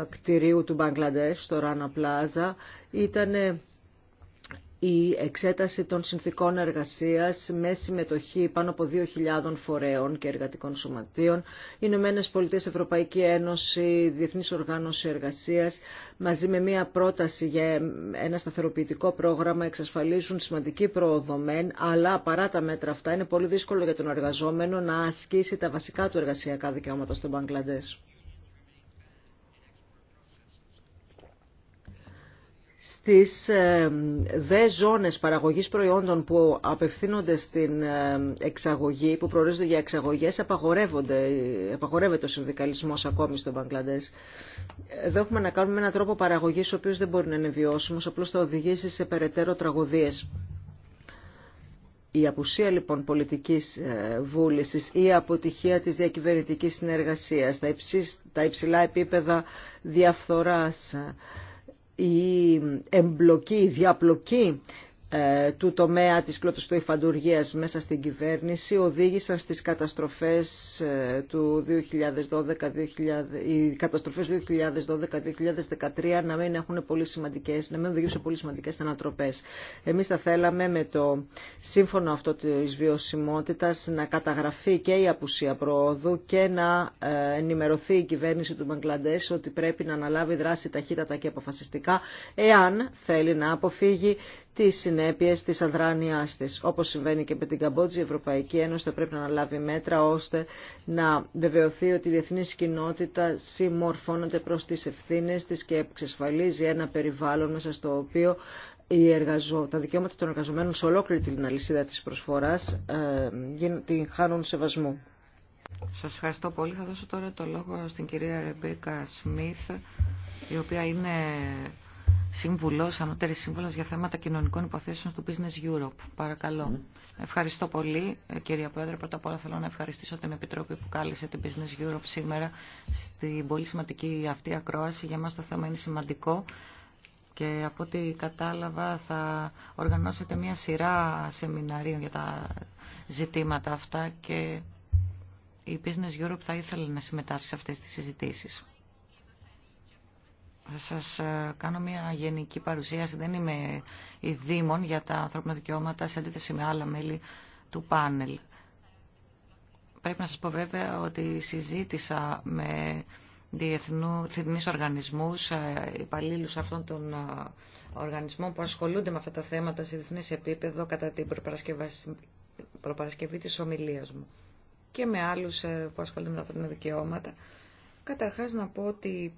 κτηρίου του Μπαγκλαντές στο Ράνα Πλάζα ήταν η εξέταση των συνθήκων εργασίας με συμμετοχή πάνω από 2.000 φορέων και εργατικών σωματείων, Ηνωμένε Πολιτείε Ευρωπαϊκή Ένωση, Διεθνής Οργάνωση Εργασίας, μαζί με μια πρόταση για ένα σταθεροποιητικό πρόγραμμα εξασφαλίζουν σημαντική πρόοδο αλλά παρά τα μέτρα αυτά είναι πολύ δύσκολο για τον εργαζόμενο να ασκήσει τα βασικά του εργασιακά δικαιώματα στον Μπαγκλαντές. στις ε, δε ζώνες παραγωγής προϊόντων που απευθύνονται στην ε, εξαγωγή, που προορίζονται για εξαγωγές, απαγορεύονται, απαγορεύεται ο συνδικαλισμός ακόμη στο Μπαγκλαντές. Εδώ έχουμε να κάνουμε έναν τρόπο παραγωγής ο οποίος δεν μπορεί να είναι βιώσιμος, απλώς θα οδηγήσει σε περαιτέρω τραγωδίες. Η απουσία λοιπόν πολιτικής ε, βούλησης ή η αποτυχία της διακυβερνητικής συνεργασίας, τα, υψηλά επίπεδα διαφθοράς, η εμπλοκή, η διαπλοκή ε, του τομέα της κλωτοστοϊφαντουργίας μέσα στην κυβέρνηση οδήγησαν στις καταστροφές ε, του 2012, οι καταστροφές 2012-2013 να μην έχουν πολύ σημαντικές, να μην οδηγήσουν πολύ σημαντικές ανατροπές. Εμείς θα θέλαμε με το σύμφωνο αυτό της βιωσιμότητας να καταγραφεί και η απουσία προόδου και να ε, ενημερωθεί η κυβέρνηση του Μπαγκλαντές ότι πρέπει να αναλάβει δράση ταχύτατα και αποφασιστικά εάν θέλει να αποφύγει τι συνέπειε τη αδράνεια τη. Όπω συμβαίνει και με την Καμπότζη, η Ευρωπαϊκή Ένωση θα πρέπει να αναλάβει μέτρα ώστε να βεβαιωθεί ότι η διεθνή κοινότητα συμμορφώνονται προ τι ευθύνε τη και εξασφαλίζει ένα περιβάλλον μέσα στο οποίο τα δικαιώματα των εργαζομένων σε ολόκληρη την αλυσίδα της προσφοράς ε, την χάνουν σεβασμού. Σας ευχαριστώ πολύ. Θα δώσω τώρα το λόγο στην κυρία Ρεμπίκα Σμιθ, η οποία είναι Σύμβουλο, Ανώτερη σύμβουλο για θέματα κοινωνικών υποθέσεων του Business Europe. Παρακαλώ. Ναι. Ευχαριστώ πολύ, ε, κυρία Πρόεδρε. Πρώτα απ' όλα θέλω να ευχαριστήσω την Επιτροπή που κάλεσε την Business Europe σήμερα στην πολύ σημαντική αυτή ακρόαση. Για μα το θέμα είναι σημαντικό και από ό,τι κατάλαβα θα οργανώσετε μια σειρά σεμιναρίων για τα ζητήματα αυτά και η Business Europe θα ήθελε να συμμετάσχει σε αυτές τις συζητήσεις. Θα σας ε, κάνω μια γενική παρουσίαση. Δεν είμαι η Δήμων για τα ανθρώπινα δικαιώματα σε αντίθεση με άλλα μέλη του πάνελ. Πρέπει να σας πω βέβαια ότι συζήτησα με διεθνείς οργανισμούς, ε, υπαλλήλου αυτών των ε, οργανισμών που ασχολούνται με αυτά τα θέματα σε διεθνές επίπεδο κατά την προπαρασκευή της ομιλίας μου και με άλλους που ασχολούνται με τα ανθρώπινα δικαιώματα. Καταρχάς να πω ότι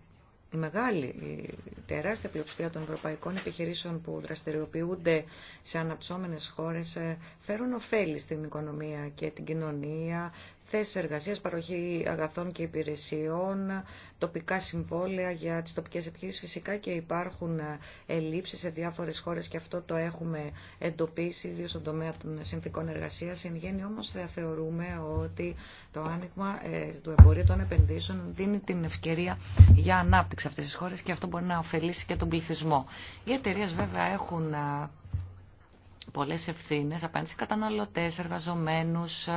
η μεγάλη, η τεράστια πλειοψηφία των ευρωπαϊκών επιχειρήσεων που δραστηριοποιούνται σε αναπτυσσόμενες χώρες ε, φέρουν ωφέλη στην οικονομία και την κοινωνία, θέσεις εργασίας, παροχή αγαθών και υπηρεσιών, τοπικά συμβόλαια για τις τοπικές επιχειρήσεις. Φυσικά και υπάρχουν ε, ελλείψεις σε διάφορες χώρες και αυτό το έχουμε εντοπίσει, ιδίως στον τομέα των συνθήκων εργασίας. Εν γέννη όμως θεωρούμε ότι το άνοιγμα ε, του εμπορίου των επενδύσεων δίνει την ευκαιρία για ανάπτυξη αυτές τις χώρες και αυτό μπορεί να ωφελήσει και τον πληθυσμό. Οι εταιρείε βέβαια έχουν ε, πολλές ευθύνες απέναντι καταναλωτές, εργαζομένους,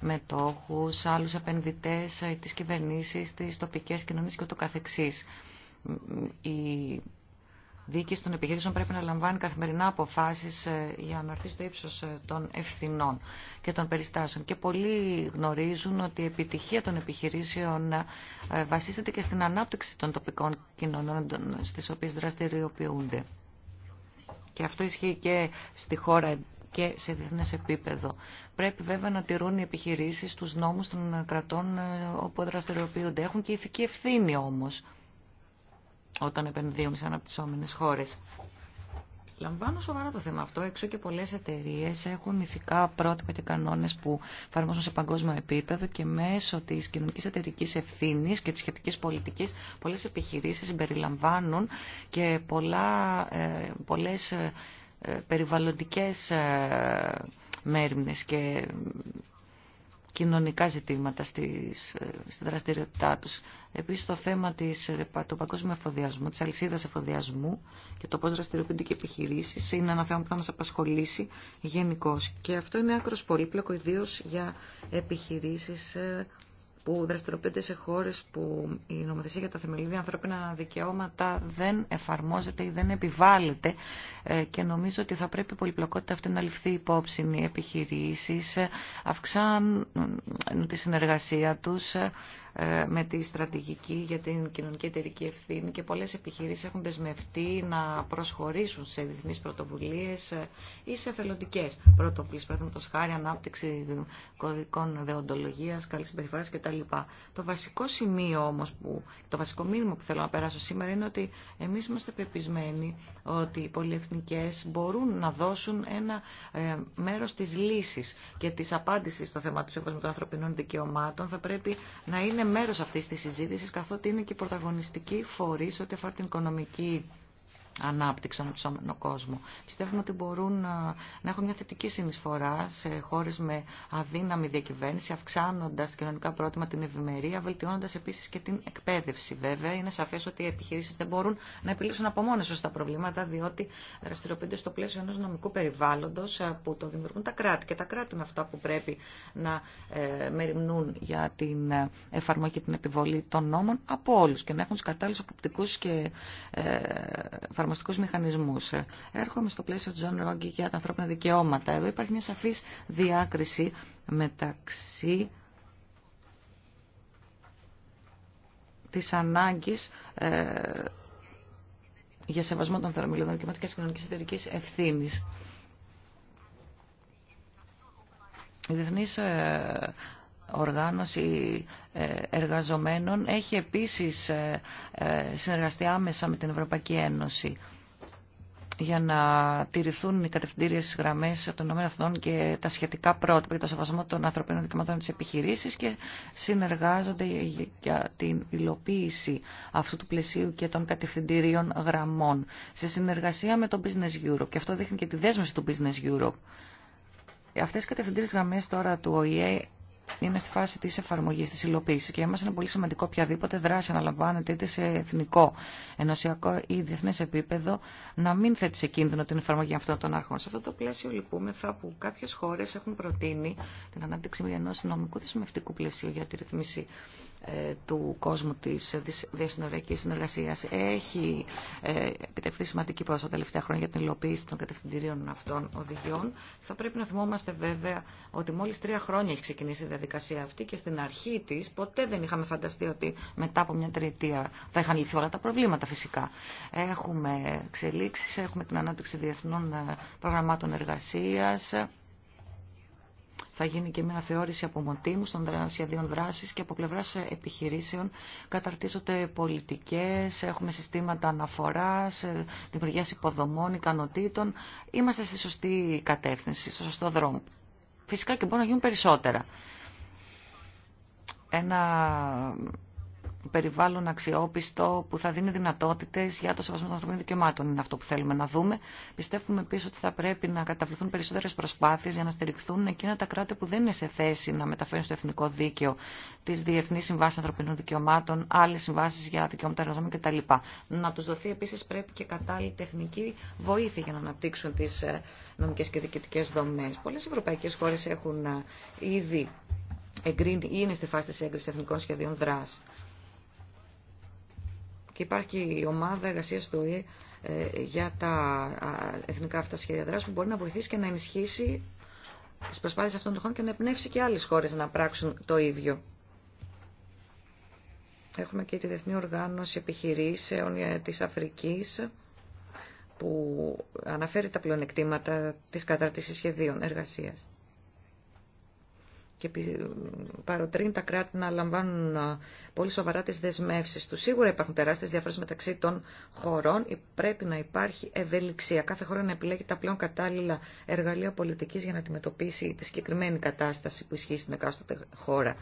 μετόχους, άλλους επενδυτές, ε, τις κυβερνήσεις, τις τοπικές κοινωνίες και ούτω καθεξής. Η διοίκηση των επιχειρήσεων πρέπει να λαμβάνει καθημερινά αποφάσεις ε, για να έρθει το ύψος ε, των ευθυνών και των περιστάσεων. Και πολλοί γνωρίζουν ότι η επιτυχία των επιχειρήσεων βασίζεται και στην ανάπτυξη των τοπικών κοινωνών στις οποίες δραστηριοποιούνται. Και αυτό ισχύει και στη χώρα και σε διεθνέ επίπεδο. Πρέπει βέβαια να τηρούν οι επιχειρήσει του νόμου των κρατών ε, όπου δραστηριοποιούνται. Έχουν και ηθική ευθύνη όμω όταν επενδύουν σε αναπτυσσόμενες χώρε. Λαμβάνω σοβαρά το θέμα αυτό. Έξω και πολλέ εταιρείε έχουν ηθικά πρότυπα και κανόνε που εφαρμόζουν σε παγκόσμιο επίπεδο και μέσω τη κοινωνική εταιρική ευθύνη και τη σχετική πολιτική πολλέ επιχειρήσει συμπεριλαμβάνουν και ε, πολλέ ε, ε, περιβαλλοντικές ε, μέρημνες και κοινωνικά ζητήματα στις, ε, στη δραστηριότητά τους. Επίσης το θέμα της, του παγκόσμιου εφοδιασμού, της αλυσίδας εφοδιασμού και το πώς δραστηριοποιούνται και επιχειρήσεις είναι ένα θέμα που θα μας απασχολήσει γενικώ. Και αυτό είναι άκρος πολύπλοκο, ιδίω για επιχειρήσεις που δραστηριοποιείται σε χώρες που η νομοθεσία για τα θεμελιώδη ανθρώπινα δικαιώματα δεν εφαρμόζεται ή δεν επιβάλλεται ε, και νομίζω ότι θα πρέπει η πολυπλοκότητα αυτή να ληφθεί υπόψη. Οι επιχειρήσεις αυξάνουν ε, τη συνεργασία τους ε, ε, με τη στρατηγική για την κοινωνική εταιρική ευθύνη και πολλές επιχειρήσεις έχουν δεσμευτεί να προσχωρήσουν σε διεθνείς πρωτοβουλίες ε, ή σε θελοντικές πρωτοβουλίες, παραδείγματος χάρη ανάπτυξη κωδικών δεοντολογίας, καλή συμπεριφορά κτλ. Το βασικό σημείο όμως, που, το βασικό μήνυμα που θέλω να περάσω σήμερα είναι ότι εμείς είμαστε πεπισμένοι ότι οι πολυεθνικές μπορούν να δώσουν ένα ε, μέρος της λύσης και της απάντησης στο θέμα του σύμφωνα των ανθρωπινών δικαιωμάτων θα πρέπει να είναι μέρος αυτής της συζήτησης καθότι είναι και πρωταγωνιστική φορή ό,τι αφορά την οικονομική ανάπτυξη, σώμενο κόσμο. Πιστεύουμε ότι μπορούν ε, να, έχουν μια θετική συνεισφορά σε χώρε με αδύναμη διακυβέρνηση, αυξάνοντα κοινωνικά πρότυπα την ευημερία, βελτιώνοντα επίση και την εκπαίδευση. Βέβαια, είναι σαφέ ότι οι επιχειρήσει δεν μπορούν να επιλύσουν από μόνε τα προβλήματα, διότι δραστηριοποιούνται στο πλαίσιο ενό νομικού περιβάλλοντο ε, που το δημιουργούν τα κράτη. Και τα κράτη είναι αυτά που πρέπει να ε, μεριμνούν για την εφαρμογή και την επιβολή των νόμων από όλου και να έχουν του κατάλληλου αποπτικού και εφαρμοστικού μηχανισμού. Έρχομαι στο πλαίσιο του Τζον Ρόγκη για τα ανθρώπινα δικαιώματα. Εδώ υπάρχει μια σαφή διάκριση μεταξύ Τη ανάγκη ε, για σεβασμό των θερμιλιωδών δικαιωμάτων και της κοινωνικής εταιρικής ευθύνης. Η ε, οργάνωση ε, εργαζομένων έχει επίσης ε, ε, συνεργαστεί άμεσα με την Ευρωπαϊκή Ένωση για να τηρηθούν οι κατευθυντήριε γραμμέ των ΗΠΑ και τα σχετικά πρότυπα για το σεβασμό των ανθρωπίνων δικαιωμάτων τη επιχειρήση και συνεργάζονται για την υλοποίηση αυτού του πλαισίου και των κατευθυντηρίων γραμμών σε συνεργασία με το Business Europe. Και αυτό δείχνει και τη δέσμευση του Business Europe. Αυτές οι κατευθυντήριες γραμμές τώρα του ΟΗΕ είναι στη φάση τη εφαρμογή τη υλοποίησης και για ένα είναι πολύ σημαντικό οποιαδήποτε δράση αναλαμβάνεται είτε σε εθνικό, ενωσιακό ή διεθνές επίπεδο να μην θέτει σε κίνδυνο την εφαρμογή αυτών των αρχών. Σε αυτό το πλαίσιο λυπούμεθα που κάποιε χώρε έχουν προτείνει την ανάπτυξη ενό νομικού δεσμευτικού πλαισίου για τη ρυθμίση ε, του κόσμου της διασυνοριακής συνεργασίας έχει ε, επιτευχθεί σημαντική πρόοδο τα τελευταία χρόνια για την υλοποίηση των κατευθυντηρίων αυτών οδηγιών. Θα πρέπει να θυμόμαστε βέβαια ότι μόλις τρία χρόνια έχει ξεκινήσει η διαδικασία αυτή και στην αρχή της ποτέ δεν είχαμε φανταστεί ότι μετά από μια τριετία θα είχαν λυθεί όλα τα προβλήματα φυσικά. Έχουμε εξελίξεις, έχουμε την ανάπτυξη διεθνών ε, προγραμμάτων εργασίας, θα γίνει και μια θεώρηση από στον των σχεδίων δράση και από πλευρά επιχειρήσεων καταρτίζονται πολιτικέ, έχουμε συστήματα αναφορά, ε, δημιουργία υποδομών, ικανοτήτων. Είμαστε στη σωστή κατεύθυνση, στο σωστό δρόμο. Φυσικά και μπορούν να γίνουν περισσότερα. Ένα περιβάλλον αξιόπιστο που θα δίνει δυνατότητε για το σεβασμό των ανθρωπίνων δικαιωμάτων. Είναι αυτό που θέλουμε να δούμε. Πιστεύουμε επίση ότι θα πρέπει να καταβληθούν περισσότερε προσπάθειε για να στηριχθούν εκείνα τα κράτη που δεν είναι σε θέση να μεταφέρουν στο εθνικό δίκαιο τι διεθνεί συμβάσει ανθρωπίνων δικαιωμάτων, άλλε συμβάσει για δικαιώματα εργαζόμενων κτλ. Να του δοθεί επίση πρέπει και κατάλληλη τεχνική βοήθεια για να αναπτύξουν τι ε, νομικέ και διοικητικέ δομέ. Πολλέ ευρωπαϊκέ χώρε έχουν ε, ήδη εγκρίνει ή είναι στη φάση τη έγκριση εθνικών σχεδίων δράση. Και υπάρχει η ομάδα εργασία του ΟΗΕ ε, για τα εθνικά αυτά σχέδια δράση που μπορεί να βοηθήσει και να ενισχύσει τι προσπάθειε αυτών των χώρων και να εμπνεύσει και άλλε χώρε να πράξουν το ίδιο. Έχουμε και τη Διεθνή Οργάνωση Επιχειρήσεων ε, της Αφρικής που αναφέρει τα πλεονεκτήματα της κατάρτισης σχεδίων εργασίας και παροτρύνει τα κράτη να λαμβάνουν πολύ σοβαρά τις δεσμεύσεις του. Σίγουρα υπάρχουν τεράστιες διαφορές μεταξύ των χωρών. Πρέπει να υπάρχει ευελιξία. Κάθε χώρα να επιλέγει τα πλέον κατάλληλα εργαλεία πολιτικής για να αντιμετωπίσει τη συγκεκριμένη κατάσταση που ισχύει στην εκάστοτε χώρα.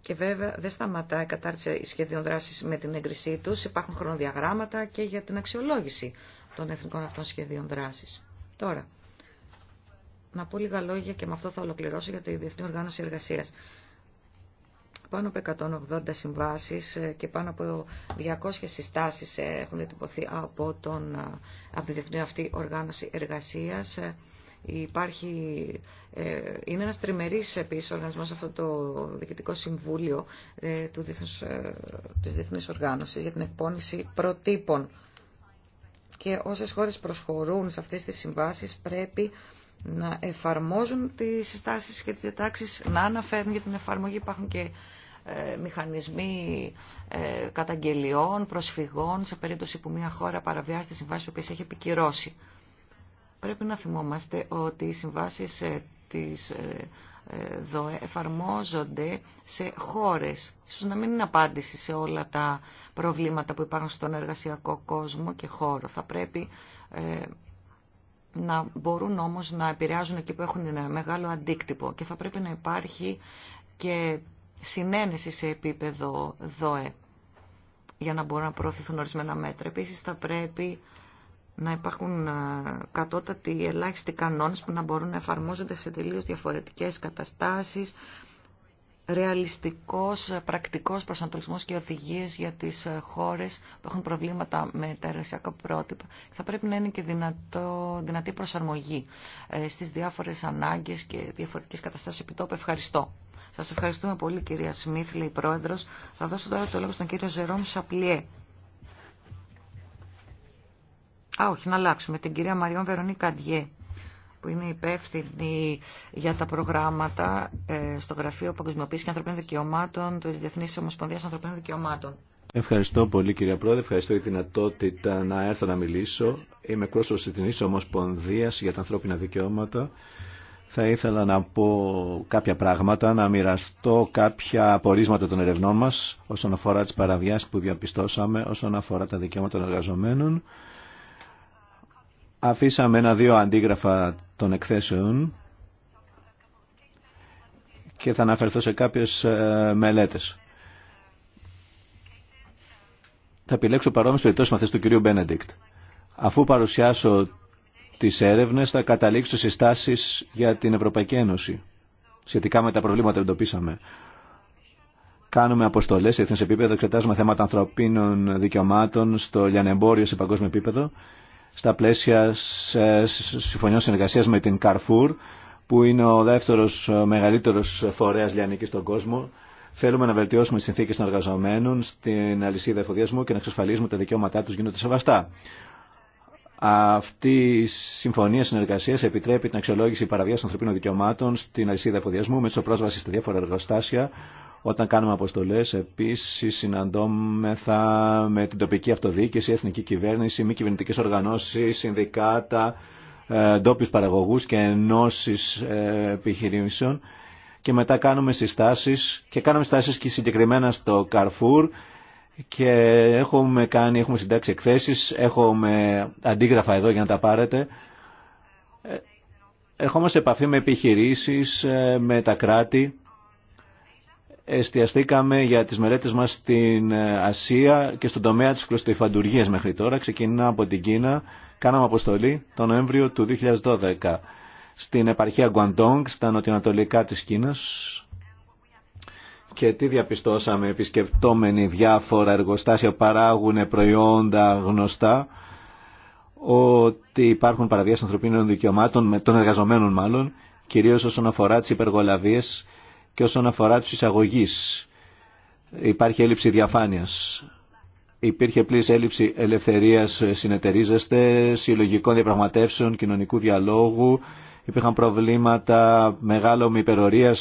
Και βέβαια δεν σταματάει η κατάρτιση σχεδίων δράση με την έγκρισή του. Υπάρχουν χρονοδιαγράμματα και για την αξιολόγηση των εθνικών αυτών σχεδίων δράση. Τώρα, να πω λίγα λόγια και με αυτό θα ολοκληρώσω για τη Διεθνή Οργάνωση Εργασίας. Πάνω από 180 συμβάσεις ε, και πάνω από 200 συστάσεις ε, έχουν διατυπωθεί από, τον, ε, από τη Διεθνή Αυτή Οργάνωση Εργασίας. Υπάρχει, είναι ένας τριμερής επίσης οργανισμός αυτό το Διοικητικό Συμβούλιο του Διεθνούς, της Διεθνής Οργάνωσης για την εκπόνηση προτύπων. Και όσες χώρες προσχωρούν σε αυτές τις συμβάσεις πρέπει να εφαρμόζουν τις συστάσεις και τις διατάξεις, να αναφέρουν για την εφαρμογή. Υπάρχουν και ε, μηχανισμοί ε, καταγγελιών, προσφυγών, σε περίπτωση που μια χώρα παραβιάσει τις συμβάσεις που έχει επικυρώσει. Πρέπει να θυμόμαστε ότι οι συμβάσεις ε, της ΔΟΕ εφαρμόζονται σε χώρες. Ίσως να μην είναι απάντηση σε όλα τα προβλήματα που υπάρχουν στον εργασιακό κόσμο και χώρο. Θα πρέπει να μπορούν όμως να επηρεάζουν εκεί που έχουν ένα μεγάλο αντίκτυπο και θα πρέπει να υπάρχει και συνένεση σε επίπεδο ΔΟΕ για να μπορούν να προωθηθούν ορισμένα μέτρα. Επίσης θα πρέπει να υπάρχουν ε, κατώτατοι ελάχιστοι κανόνες που να μπορούν να εφαρμόζονται σε τελείως διαφορετικές καταστάσεις, ρεαλιστικός, πρακτικός προσανατολισμός και οδηγίες για τις ε, χώρες που έχουν προβλήματα με τα εργασιακά πρότυπα. Θα πρέπει να είναι και δυνατό, δυνατή προσαρμογή ε, στις διάφορες ανάγκες και διαφορετικές καταστάσεις επιτόπου. Ευχαριστώ. Σας ευχαριστούμε πολύ κυρία Σμίθ, λέει πρόεδρος. Θα δώσω τώρα το λόγο στον κύριο Ζερόμ Σαπλιέ. Α, όχι, να αλλάξουμε. Την κυρία Μαριών Βερονίκα Αντιέ που είναι υπεύθυνη για τα προγράμματα ε, στο Γραφείο Παγκοσμιοποίηση και Ανθρωπίνων Δικαιωμάτων τη Διεθνή Ομοσπονδία Ανθρωπίνων Δικαιωμάτων. Ευχαριστώ πολύ κυρία Πρόεδρε, ευχαριστώ για τη δυνατότητα να έρθω να μιλήσω. Είμαι πρόσωπος τη Διεθνή Ομοσπονδίας για τα ανθρώπινα δικαιώματα. Θα ήθελα να πω κάποια πράγματα, να μοιραστώ κάποια απορίσματα των ερευνών μα όσον αφορά τι παραβιάσει που διαπιστώσαμε, όσον αφορά τα δικαιώματα των εργαζομένων. Αφήσαμε ένα-δύο αντίγραφα των εκθέσεων και θα αναφερθώ σε κάποιες ε, μελέτες. Θα επιλέξω παρόμοιες περιπτώσεις μαθές του κυρίου Μπένεντικτ. Αφού παρουσιάσω τις έρευνες θα καταλήξω στις στάσεις για την Ευρωπαϊκή Ένωση σχετικά με τα προβλήματα που εντοπίσαμε. Κάνουμε αποστολές σε εθνές επίπεδο, εξετάζουμε θέματα ανθρωπίνων δικαιωμάτων στο λιανεμπόριο σε παγκόσμιο επίπεδο στα πλαίσια συμφωνιών συνεργασίας με την Carrefour που είναι ο δεύτερος μεγαλύτερος φορέας λιανικής στον κόσμο. Θέλουμε να βελτιώσουμε τις συνθήκες των εργαζομένων στην αλυσίδα εφοδιασμού και να εξασφαλίσουμε τα δικαιώματά τους γίνονται σεβαστά. Αυτή η συμφωνία συνεργασία επιτρέπει την αξιολόγηση παραβίαση ανθρωπίνων δικαιωμάτων στην αλυσίδα εφοδιασμού με τη πρόσβαση στα διάφορα εργοστάσια όταν κάνουμε αποστολές, επίσης συναντώμεθα με την τοπική αυτοδιοίκηση, εθνική κυβέρνηση, μη κυβερνητικέ οργανώσεις, συνδικάτα, ε, ντόπιου παραγωγούς και ενώσεις ε, επιχειρήσεων και μετά κάνουμε συστάσεις και κάνουμε συστάσεις και συγκεκριμένα στο Καρφούρ και έχουμε, κάνει, έχουμε συντάξει εκθέσεις, έχουμε αντίγραφα εδώ για να τα πάρετε. Ερχόμαστε σε επαφή με επιχειρήσεις, ε, με τα κράτη εστιαστήκαμε για τις μελέτες μας στην ε, Ασία και στον τομέα της κλωστοϊφαντουργίας μέχρι τώρα. Ξεκινά από την Κίνα. Κάναμε αποστολή τον Νοέμβριο του 2012 στην επαρχία Γκουαντόγκ, στα νοτιοανατολικά της Κίνας. Και τι διαπιστώσαμε επισκεπτόμενοι διάφορα εργοστάσια παράγουν προϊόντα γνωστά ότι υπάρχουν παραβιάσεις ανθρωπίνων δικαιωμάτων, των εργαζομένων μάλλον, κυρίως όσον αφορά τις υπεργολαβίες και όσον αφορά τους εισαγωγείς. Υπάρχει έλλειψη διαφάνειας. Υπήρχε πλήρης έλλειψη ελευθερίας ε, συνεταιρίζεστε, συλλογικών διαπραγματεύσεων, κοινωνικού διαλόγου. Υπήρχαν προβλήματα μεγάλο υπερορία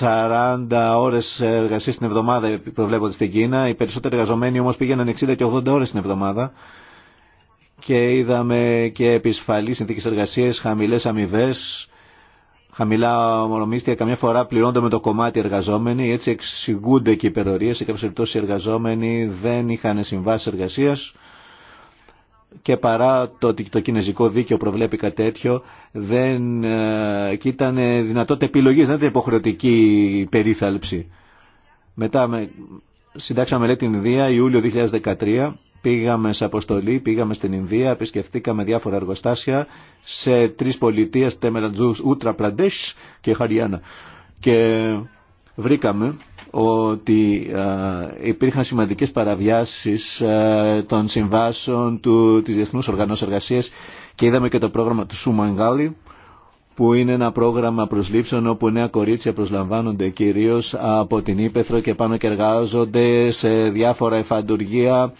40 ώρες εργασίας την εβδομάδα προβλέπονται στην Κίνα. Οι περισσότεροι εργαζομένοι όμως πήγαιναν 60 και 80 ώρες την εβδομάδα και είδαμε και επισφαλή συνθήκες εργασία, χαμηλές αμοιβέ χαμηλά ομολομίστια καμιά φορά πληρώνονται με το κομμάτι εργαζόμενοι, έτσι εξηγούνται και οι υπερορίε. Σε κάποιε περιπτώσει οι εργαζόμενοι δεν είχαν συμβάσει εργασία και παρά το ότι το κινέζικο δίκαιο προβλέπει κάτι τέτοιο, δεν, ε, και ήταν δυνατότητα επιλογή, δεν ήταν υποχρεωτική περίθαλψη. Μετά με, συντάξαμε την Ινδία, Ιούλιο 2013 Πήγαμε σε αποστολή, πήγαμε στην Ινδία, επισκεφτήκαμε διάφορα εργοστάσια σε τρεις πολιτείες, Τέμερατζούς, Ούτρα και Χαριάνα. Και βρήκαμε ότι ε, υπήρχαν σημαντικές παραβιάσεις ε, των συμβάσεων του, της Διεθνούς Οργανώσης Εργασίας και είδαμε και το πρόγραμμα του Σουμαγκάλι που είναι ένα πρόγραμμα προσλήψεων όπου νέα κορίτσια προσλαμβάνονται κυρίως από την Ήπεθρο και πάνω και εργάζονται σε διάφορα εφαντουργία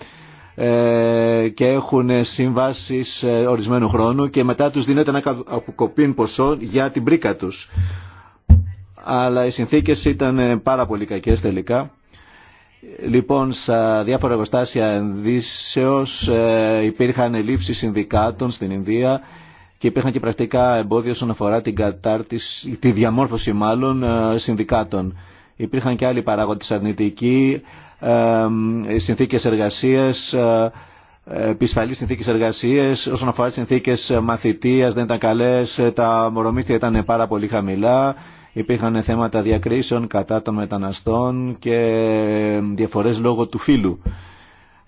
ε, και έχουν συμβάσεις ε, ορισμένου χρόνου και μετά τους δίνεται ένα αποκοπήν ποσό για την πρίκα τους. Αλλά οι συνθήκες ήταν ε, πάρα πολύ κακές τελικά. Λοιπόν, σε διάφορα εργοστάσια ενδύσεως υπήρχαν ελλείψεις συνδικάτων στην Ινδία και υπήρχαν και πρακτικά εμπόδια όσον αφορά την κατάρτιση, τη διαμόρφωση μάλλον συνδικάτων. Υπήρχαν και άλλοι παράγοντες αρνητικοί, συνθήκες εργασίας, ε, επισφαλείς συνθήκες εργασίας, όσον αφορά τις συνθήκες μαθητείας δεν ήταν καλές, τα μορομίστια ήταν πάρα πολύ χαμηλά, υπήρχαν θέματα διακρίσεων κατά των μεταναστών και διαφορές λόγω του φύλου.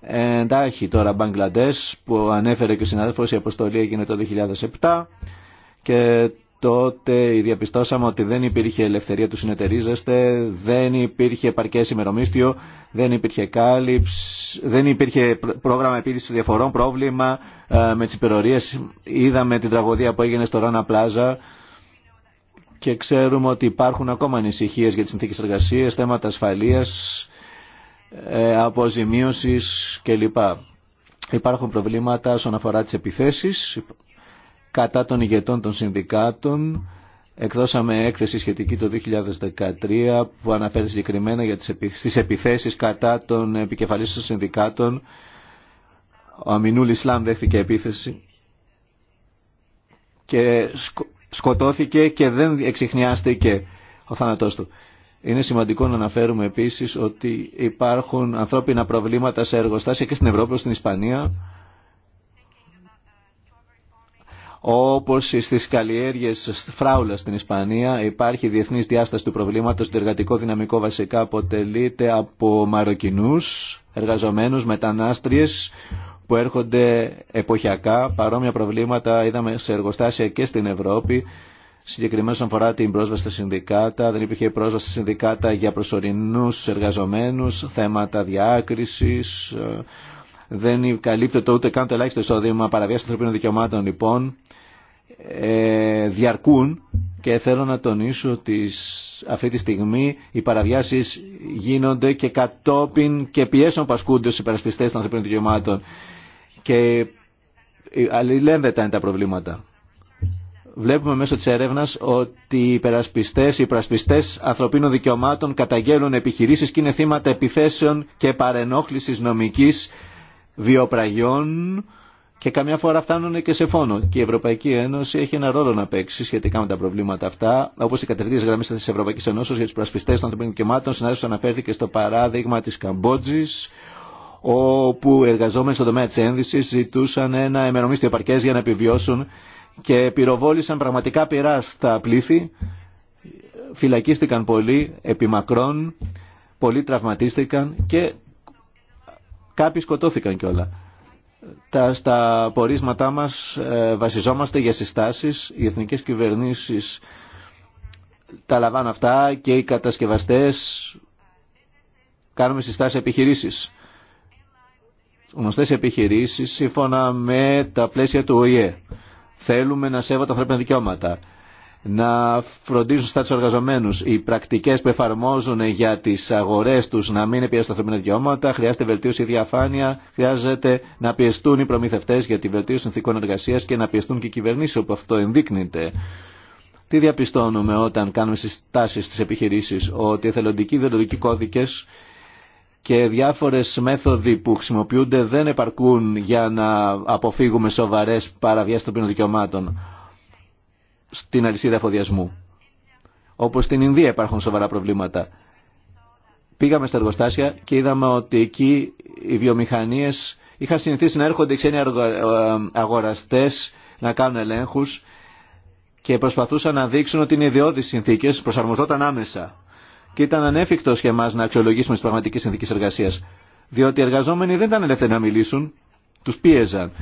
Ε, εντάχει τώρα Μπαγκλαντές που ανέφερε και ο συνάδελφος η αποστολή έγινε το 2007 και τότε διαπιστώσαμε ότι δεν υπήρχε ελευθερία του συνεταιρίζεστε, δεν υπήρχε παρκέ ημερομίσθιο, δεν υπήρχε κάλυψη, δεν υπήρχε πρόγραμμα επίλυση διαφορών, πρόβλημα ε, με τι υπερορίε. Είδαμε την τραγωδία που έγινε στο Ράνα Πλάζα και ξέρουμε ότι υπάρχουν ακόμα ανησυχίε για τι συνθήκε εργασία, θέματα ασφαλεία, ε, αποζημίωση κλπ. Υπάρχουν προβλήματα όσον αφορά τι επιθέσει, κατά των ηγετών των συνδικάτων. Εκδώσαμε έκθεση σχετική το 2013 που αναφέρει συγκεκριμένα για τις, στις επιθέσεις κατά των επικεφαλής των συνδικάτων. Ο Αμινούλ Ισλάμ δέχθηκε επίθεση και σκοτώθηκε και δεν εξηχνιάστηκε ο θάνατός του. Είναι σημαντικό να αναφέρουμε επίσης ότι υπάρχουν ανθρώπινα προβλήματα σε εργοστάσια και στην Ευρώπη, στην Ισπανία όπως στις καλλιέργειες φράουλα στην Ισπανία υπάρχει διεθνής διάσταση του προβλήματος. Το εργατικό δυναμικό βασικά αποτελείται από μαροκινούς, εργαζομένους, μετανάστριες που έρχονται εποχιακά. Παρόμοια προβλήματα είδαμε σε εργοστάσια και στην Ευρώπη. Συγκεκριμένα όσον αφορά την πρόσβαση στα συνδικάτα, δεν υπήρχε πρόσβαση στα συνδικάτα για προσωρινούς εργαζομένους, θέματα διάκρισης, δεν καλύπτεται ούτε καν το ελάχιστο εισόδημα παραβίαση ανθρωπίνων δικαιωμάτων λοιπόν ε, διαρκούν και θέλω να τονίσω ότι αυτή τη στιγμή οι παραβιάσεις γίνονται και κατόπιν και πιέσεων πασκούνται ασκούνται στους υπερασπιστές των ανθρωπίνων δικαιωμάτων και ε, αλληλένδετα είναι τα προβλήματα. Βλέπουμε μέσω της έρευνας ότι οι υπερασπιστές, οι υπερασπιστές ανθρωπίνων δικαιωμάτων καταγγέλουν επιχειρήσεις και είναι θύματα επιθέσεων και παρενόχλησης νομικής βιοπραγιών και καμιά φορά φτάνουν και σε φόνο. Και η Ευρωπαϊκή Ένωση έχει ένα ρόλο να παίξει σχετικά με τα προβλήματα αυτά, όπω οι κατευθύνση γραμμή τη Ευρωπαϊκή Ένωση για του προσπιστέ των Ανθρωπίνων Δικαιωμάτων. Συνάδελφο αναφέρθηκε στο παράδειγμα τη Καμπότζη, όπου εργαζόμενοι στον τομέα τη ένδυση ζητούσαν ένα ημερομίσθιο επαρκέ για να επιβιώσουν και πυροβόλησαν πραγματικά πειρά στα πλήθη. Φυλακίστηκαν πολλοί επιμακρών, πολλοί τραυματίστηκαν και Κάποιοι σκοτώθηκαν κιόλα. Τα, στα πορίσματά μας ε, βασιζόμαστε για συστάσεις. Οι εθνικές κυβερνήσεις τα λαμβάνουν αυτά και οι κατασκευαστές κάνουμε συστάσεις επιχειρήσεις. Γνωστές επιχειρήσεις σύμφωνα με τα πλαίσια του ΟΗΕ. Θέλουμε να σέβονται ανθρώπινα δικαιώματα να φροντίζουν στα του εργαζομένου. Οι πρακτικέ που εφαρμόζουν για τι αγορέ του να μην είναι τα δικαιώματα, χρειάζεται βελτίωση διαφάνεια, χρειάζεται να πιεστούν οι προμηθευτέ για τη βελτίωση συνθήκων εργασία και να πιεστούν και οι κυβερνήσει όπου αυτό ενδείκνυται. Τι διαπιστώνουμε όταν κάνουμε συστάσει στι επιχειρήσει, ότι εθελοντικοί ιδεολογικοί κώδικε και διάφορες μέθοδοι που χρησιμοποιούνται δεν επαρκούν για να αποφύγουμε σοβαρέ παραβιάσεις των δικαιωμάτων στην αλυσίδα εφοδιασμού. Όπως στην Ινδία υπάρχουν σοβαρά προβλήματα. Πήγαμε στα εργοστάσια και είδαμε ότι εκεί οι βιομηχανίες είχαν συνηθίσει να έρχονται οι ξένοι ε, αγοραστές να κάνουν ελέγχους και προσπαθούσαν να δείξουν ότι είναι ιδιώδεις συνθήκες, προσαρμοζόταν άμεσα. Και ήταν ανέφικτο για εμά να αξιολογήσουμε τι πραγματικέ συνθήκε εργασία. Διότι οι εργαζόμενοι δεν ήταν ελεύθεροι να μιλήσουν, του πίεζαν.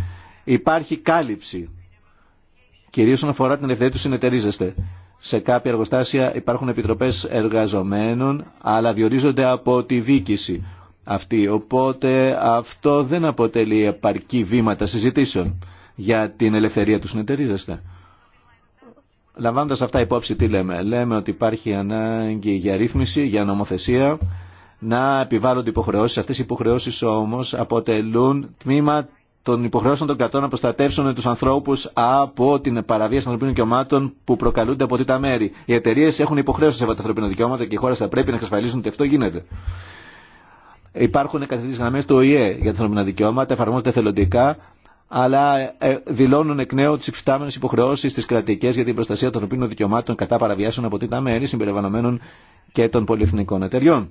Υπάρχει κάλυψη κυρίως όσον αφορά την ελευθερία του συνεταιρίζεστε. Σε κάποια εργοστάσια υπάρχουν επιτροπές εργαζομένων, αλλά διορίζονται από τη δίκηση αυτή. Οπότε αυτό δεν αποτελεί επαρκή βήματα συζητήσεων για την ελευθερία του συνεταιρίζεστε. Λαμβάνοντας αυτά υπόψη τι λέμε. Λέμε ότι υπάρχει ανάγκη για ρύθμιση, για νομοθεσία, να επιβάλλονται υποχρεώσεις. Αυτές οι υποχρεώσεις όμως αποτελούν τμήμα των υποχρεώσεων των κρατών να προστατεύσουν του ανθρώπου από την παραβίαση των ανθρωπίνων δικαιωμάτων που προκαλούνται από τίτα μέρη. Οι εταιρείε έχουν υποχρέωση σε τα ανθρωπίνα δικαιώματα και οι χώρε θα πρέπει να εξασφαλίσουν ότι αυτό γίνεται. Υπάρχουν καθηγητέ γραμμέ του ΟΗΕ για τα ανθρωπίνα δικαιώματα, εφαρμόζονται εθελοντικά, αλλά ε, δηλώνουν εκ νέου τι υφιστάμενε υποχρεώσει τη κρατικέ για την προστασία των ανθρωπίνων δικαιωμάτων κατά παραβιάσεων από τα μέρη συμπεριλαμβανομένων και των πολυεθνικών εταιριών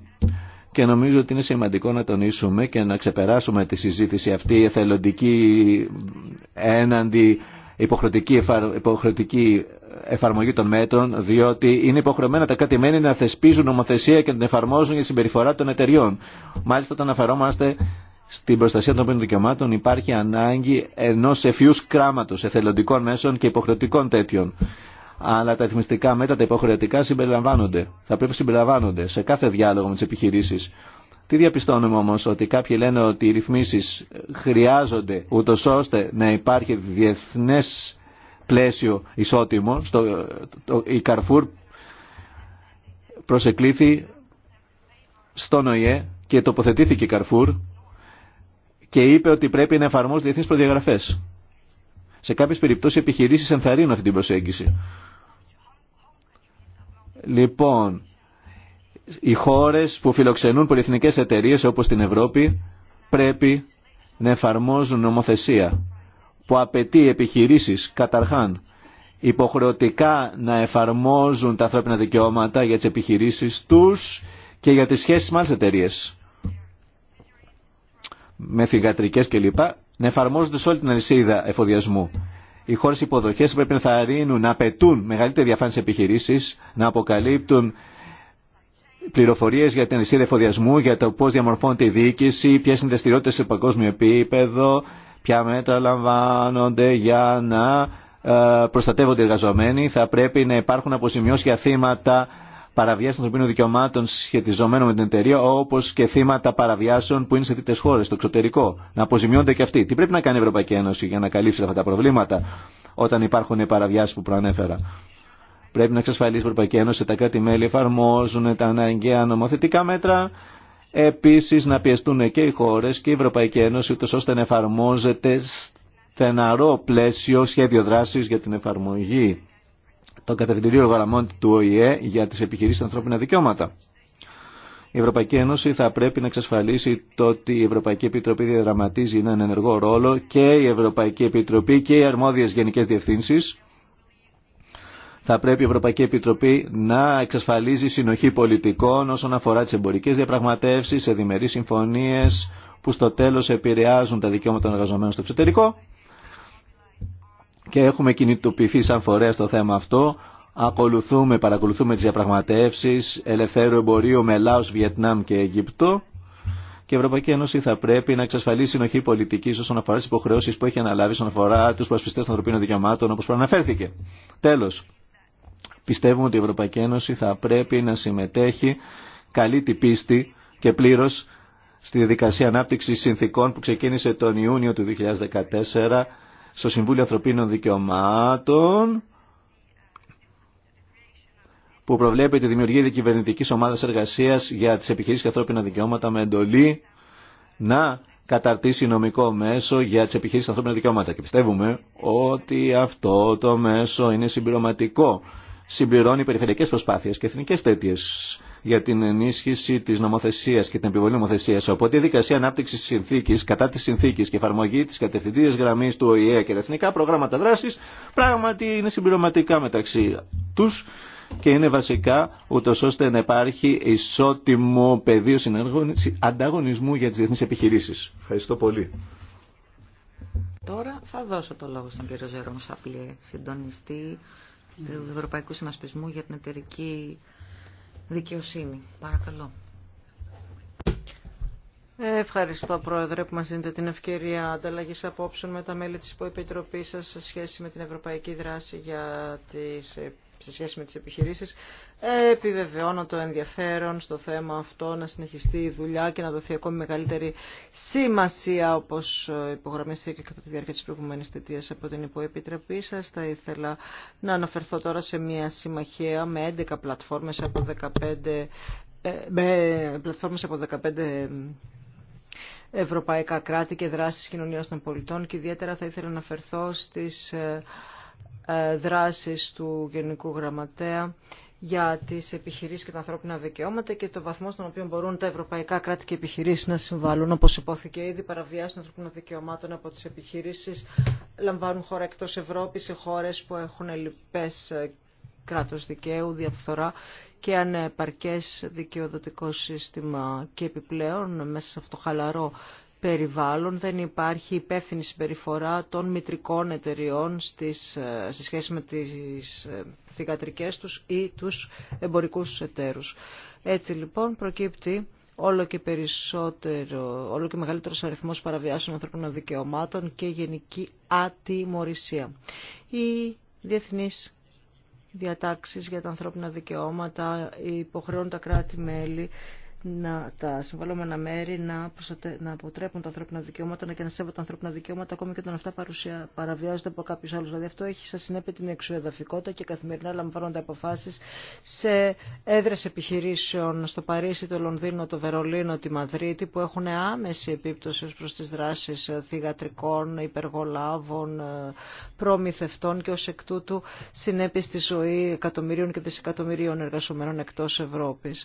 και νομίζω ότι είναι σημαντικό να τονίσουμε και να ξεπεράσουμε τη συζήτηση αυτή η εθελοντική έναντι υποχρεωτική, εφαρ... εφαρμογή των μέτρων, διότι είναι υποχρεωμένα τα κάτι να θεσπίζουν νομοθεσία και να την εφαρμόζουν για τη συμπεριφορά των εταιριών. Μάλιστα, όταν αναφερόμαστε στην προστασία των πέντε δικαιωμάτων, υπάρχει ανάγκη ενός εφιούς κράματος εθελοντικών μέσων και υποχρεωτικών τέτοιων αλλά τα ρυθμιστικά μέτρα, τα υποχρεωτικά συμπεριλαμβάνονται. Θα πρέπει να συμπεριλαμβάνονται σε κάθε διάλογο με τι επιχειρήσει. Τι διαπιστώνουμε όμω, ότι κάποιοι λένε ότι οι ρυθμίσει χρειάζονται ούτω ώστε να υπάρχει διεθνέ πλαίσιο ισότιμο. το, η Καρφούρ προσεκλήθη στον ΟΗΕ και τοποθετήθηκε η Καρφούρ και είπε ότι πρέπει να εφαρμόσει διεθνεί προδιαγραφέ. Σε κάποιε περιπτώσει οι επιχειρήσει ενθαρρύνουν αυτή την προσέγγιση. Λοιπόν, οι χώρες που φιλοξενούν πολυεθνικές εταιρείες όπως την Ευρώπη πρέπει να εφαρμόζουν νομοθεσία που απαιτεί επιχειρήσεις καταρχάν υποχρεωτικά να εφαρμόζουν τα ανθρώπινα δικαιώματα για τις επιχειρήσεις τους και για τις σχέσεις με άλλες εταιρείε. με θυγατρικές κλπ. να εφαρμόζονται σε όλη την αλυσίδα εφοδιασμού οι χώρε υποδοχέ πρέπει να θαρρύνουν, να απαιτούν μεγαλύτερη διαφάνεια επιχειρήσει, να αποκαλύπτουν πληροφορίε για την αισίδα εφοδιασμού, για το πώ διαμορφώνεται η διοίκηση, ποιε είναι οι δραστηριότητε σε παγκόσμιο επίπεδο, ποια μέτρα λαμβάνονται για να ε, προστατεύονται οι εργαζομένοι. Θα πρέπει να υπάρχουν αποζημιώσει για θύματα παραβιάσεων των ανθρωπίνων δικαιωμάτων σχετιζομένων με την εταιρεία, όπω και θύματα παραβιάσεων που είναι σε τρίτε χώρε, στο εξωτερικό. Να αποζημιώνται και αυτοί. Τι πρέπει να κάνει η Ευρωπαϊκή Ένωση για να καλύψει αυτά τα προβλήματα όταν υπάρχουν παραβιάσει που προανέφερα. Πρέπει να εξασφαλίσει η Ευρωπαϊκή Ένωση ότι τα κράτη-μέλη εφαρμόζουν τα αναγκαία νομοθετικά μέτρα. Επίση, να πιεστούν και οι χώρε και η Ευρωπαϊκή Ένωση, ούτω ώστε να εφαρμόζεται στεναρό πλαίσιο σχέδιο δράση για την εφαρμογή το κατευθυντήριο γραμμών του ΟΗΕ για τις επιχειρήσεις ανθρώπινα δικαιώματα. Η Ευρωπαϊκή Ένωση θα πρέπει να εξασφαλίσει το ότι η Ευρωπαϊκή Επιτροπή διαδραματίζει έναν ενεργό ρόλο και η Ευρωπαϊκή Επιτροπή και οι αρμόδιες γενικές διευθύνσεις θα πρέπει η Ευρωπαϊκή Επιτροπή να εξασφαλίζει συνοχή πολιτικών όσον αφορά τις εμπορικές διαπραγματεύσεις, σε διμερείς συμφωνίες που στο τέλος επηρεάζουν τα δικαιώματα των εργαζομένων στο εξωτερικό και έχουμε κινητοποιηθεί σαν φορέα στο θέμα αυτό. Ακολουθούμε, παρακολουθούμε τις διαπραγματεύσεις ελευθέρω εμπορίου με Λάος, Βιετνάμ και Αιγύπτο και η Ευρωπαϊκή Ένωση θα πρέπει να εξασφαλίσει συνοχή πολιτική όσον αφορά τι υποχρεώσει που έχει αναλάβει όσον αφορά του προασπιστέ των ανθρωπίνων δικαιωμάτων, όπω προαναφέρθηκε. Τέλο, πιστεύουμε ότι η Ευρωπαϊκή Ένωση θα πρέπει να συμμετέχει καλή την πίστη και πλήρω στη διαδικασία ανάπτυξη συνθήκων που ξεκίνησε τον Ιούνιο του 2014 στο Συμβούλιο Ανθρωπίνων Δικαιωμάτων που προβλέπει τη δημιουργία δικυβερνητικής ομάδας εργασίας για τις επιχειρήσεις και ανθρώπινα δικαιώματα με εντολή να καταρτήσει νομικό μέσο για τις επιχειρήσεις ανθρώπινα δικαιώματα. Και πιστεύουμε ότι αυτό το μέσο είναι συμπληρωματικό. Συμπληρώνει περιφερειακές προσπάθειες και εθνικές τέτοιες για την ενίσχυση τη νομοθεσία και την επιβολή νομοθεσία. Οπότε η δικασία ανάπτυξη συνθήκη κατά τη συνθήκη και εφαρμογή τη κατευθυντήρια γραμμή του ΟΗΕ και τα εθνικά προγράμματα δράση πράγματι είναι συμπληρωματικά μεταξύ του και είναι βασικά ούτω ώστε να υπάρχει ισότιμο πεδίο ανταγωνισμού για τι διεθνεί επιχειρήσει. Ευχαριστώ πολύ. Τώρα θα δώσω το λόγο στον κύριο Ζερόμ Σαπλιέ, συντονιστή του Ευρωπαϊκού Συνασπισμού για την Εταιρική δικαιοσύνη. Παρακαλώ. Ευχαριστώ Πρόεδρε που μας δίνετε την ευκαιρία ανταλλαγής απόψεων με τα μέλη της υποεπιτροπής σας σε σχέση με την ευρωπαϊκή δράση για τις σε σχέση με τις επιχειρήσεις επιβεβαιώνω το ενδιαφέρον στο θέμα αυτό να συνεχιστεί η δουλειά και να δοθεί ακόμη μεγαλύτερη σημασία όπως υπογραμμίστηκε και κατά τη διάρκεια της προηγουμένης θητείας από την υποεπιτροπή σας. Θα ήθελα να αναφερθώ τώρα σε μια συμμαχία με 11 πλατφόρμες από 15 ε, με πλατφόρμες από 15 ευρωπαϊκά κράτη και δράσεις κοινωνίας των πολιτών και ιδιαίτερα θα ήθελα να αναφερθώ στις ε, ε, δράσεις του Γενικού Γραμματέα για τις επιχειρήσεις και τα ανθρώπινα δικαιώματα και το βαθμό στον οποίο μπορούν τα ευρωπαϊκά κράτη και επιχειρήσεις να συμβάλλουν. Όπως υπόθηκε ήδη, παραβιάσεις των ανθρώπινων δικαιωμάτων από τις επιχειρήσεις λαμβάνουν χώρα εκτός Ευρώπης σε χώρες που έχουν λοιπές ε, κράτος δικαίου, διαφθορά και ανεπαρκές δικαιοδοτικό σύστημα και επιπλέον μέσα σε αυτό το χαλαρό περιβάλλον, δεν υπάρχει υπεύθυνη συμπεριφορά των μητρικών εταιριών στις, ε, σε σχέση με τις ε, θηγατρικές τους ή τους εμπορικούς εταίρους. Έτσι λοιπόν προκύπτει όλο και περισσότερο, όλο και μεγαλύτερος αριθμός παραβιάσεων ανθρώπινων δικαιωμάτων και γενική ατιμορρησία. Οι διεθνείς διατάξεις για τα ανθρώπινα δικαιώματα υποχρεώνουν τα κράτη-μέλη να, τα συμβαλόμενα μέρη να, προστατε, να αποτρέπουν τα ανθρώπινα δικαιώματα, να και να σέβονται τα ανθρώπινα δικαιώματα ακόμη και όταν αυτά παρουσια, παραβιάζονται από κάποιου άλλου. Δηλαδή αυτό έχει σαν συνέπεια την εξουεδαφικότητα και καθημερινά λαμβάνονται αποφάσει σε έδρε επιχειρήσεων στο Παρίσι, το Λονδίνο, το Βερολίνο, τη Μαδρίτη που έχουν άμεση επίπτωση ω προ τι δράσει ε, θηγατρικών, υπεργολάβων, ε, προμηθευτών και ω εκ τούτου συνέπειε στη ζωή εκατομμυρίων και δισεκατομμυρίων εργαζομένων εκτό Ευρώπη.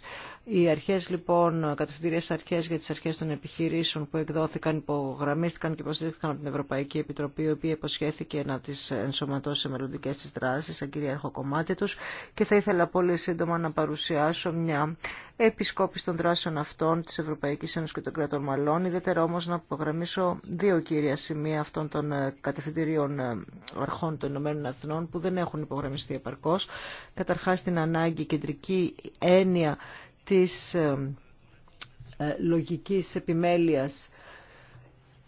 Οι αρχέ λοιπόν, λοιπόν κατευθυντήριες αρχές για τις αρχές των επιχειρήσεων που εκδόθηκαν, υπογραμμίστηκαν και υποστηρίχθηκαν από την Ευρωπαϊκή Επιτροπή, η οποία υποσχέθηκε να τι ενσωματώσει σε μελλοντικέ τη δράσει, σαν κυρίαρχο κομμάτι τους. Και θα ήθελα πολύ σύντομα να παρουσιάσω μια επισκόπηση των δράσεων αυτών της Ευρωπαϊκής Ένωση και των κρατών Μαλών, ιδιαίτερα όμω να υπογραμμίσω δύο κύρια σημεία αυτών των ε, κατευθυντηρίων ε, αρχών των Ηνωμένων Αθηνών που δεν έχουν υπογραμμιστεί επαρκώ. Καταρχάς την ανάγκη κεντρική έννοια της ε, ε, λογικής επιμέλειας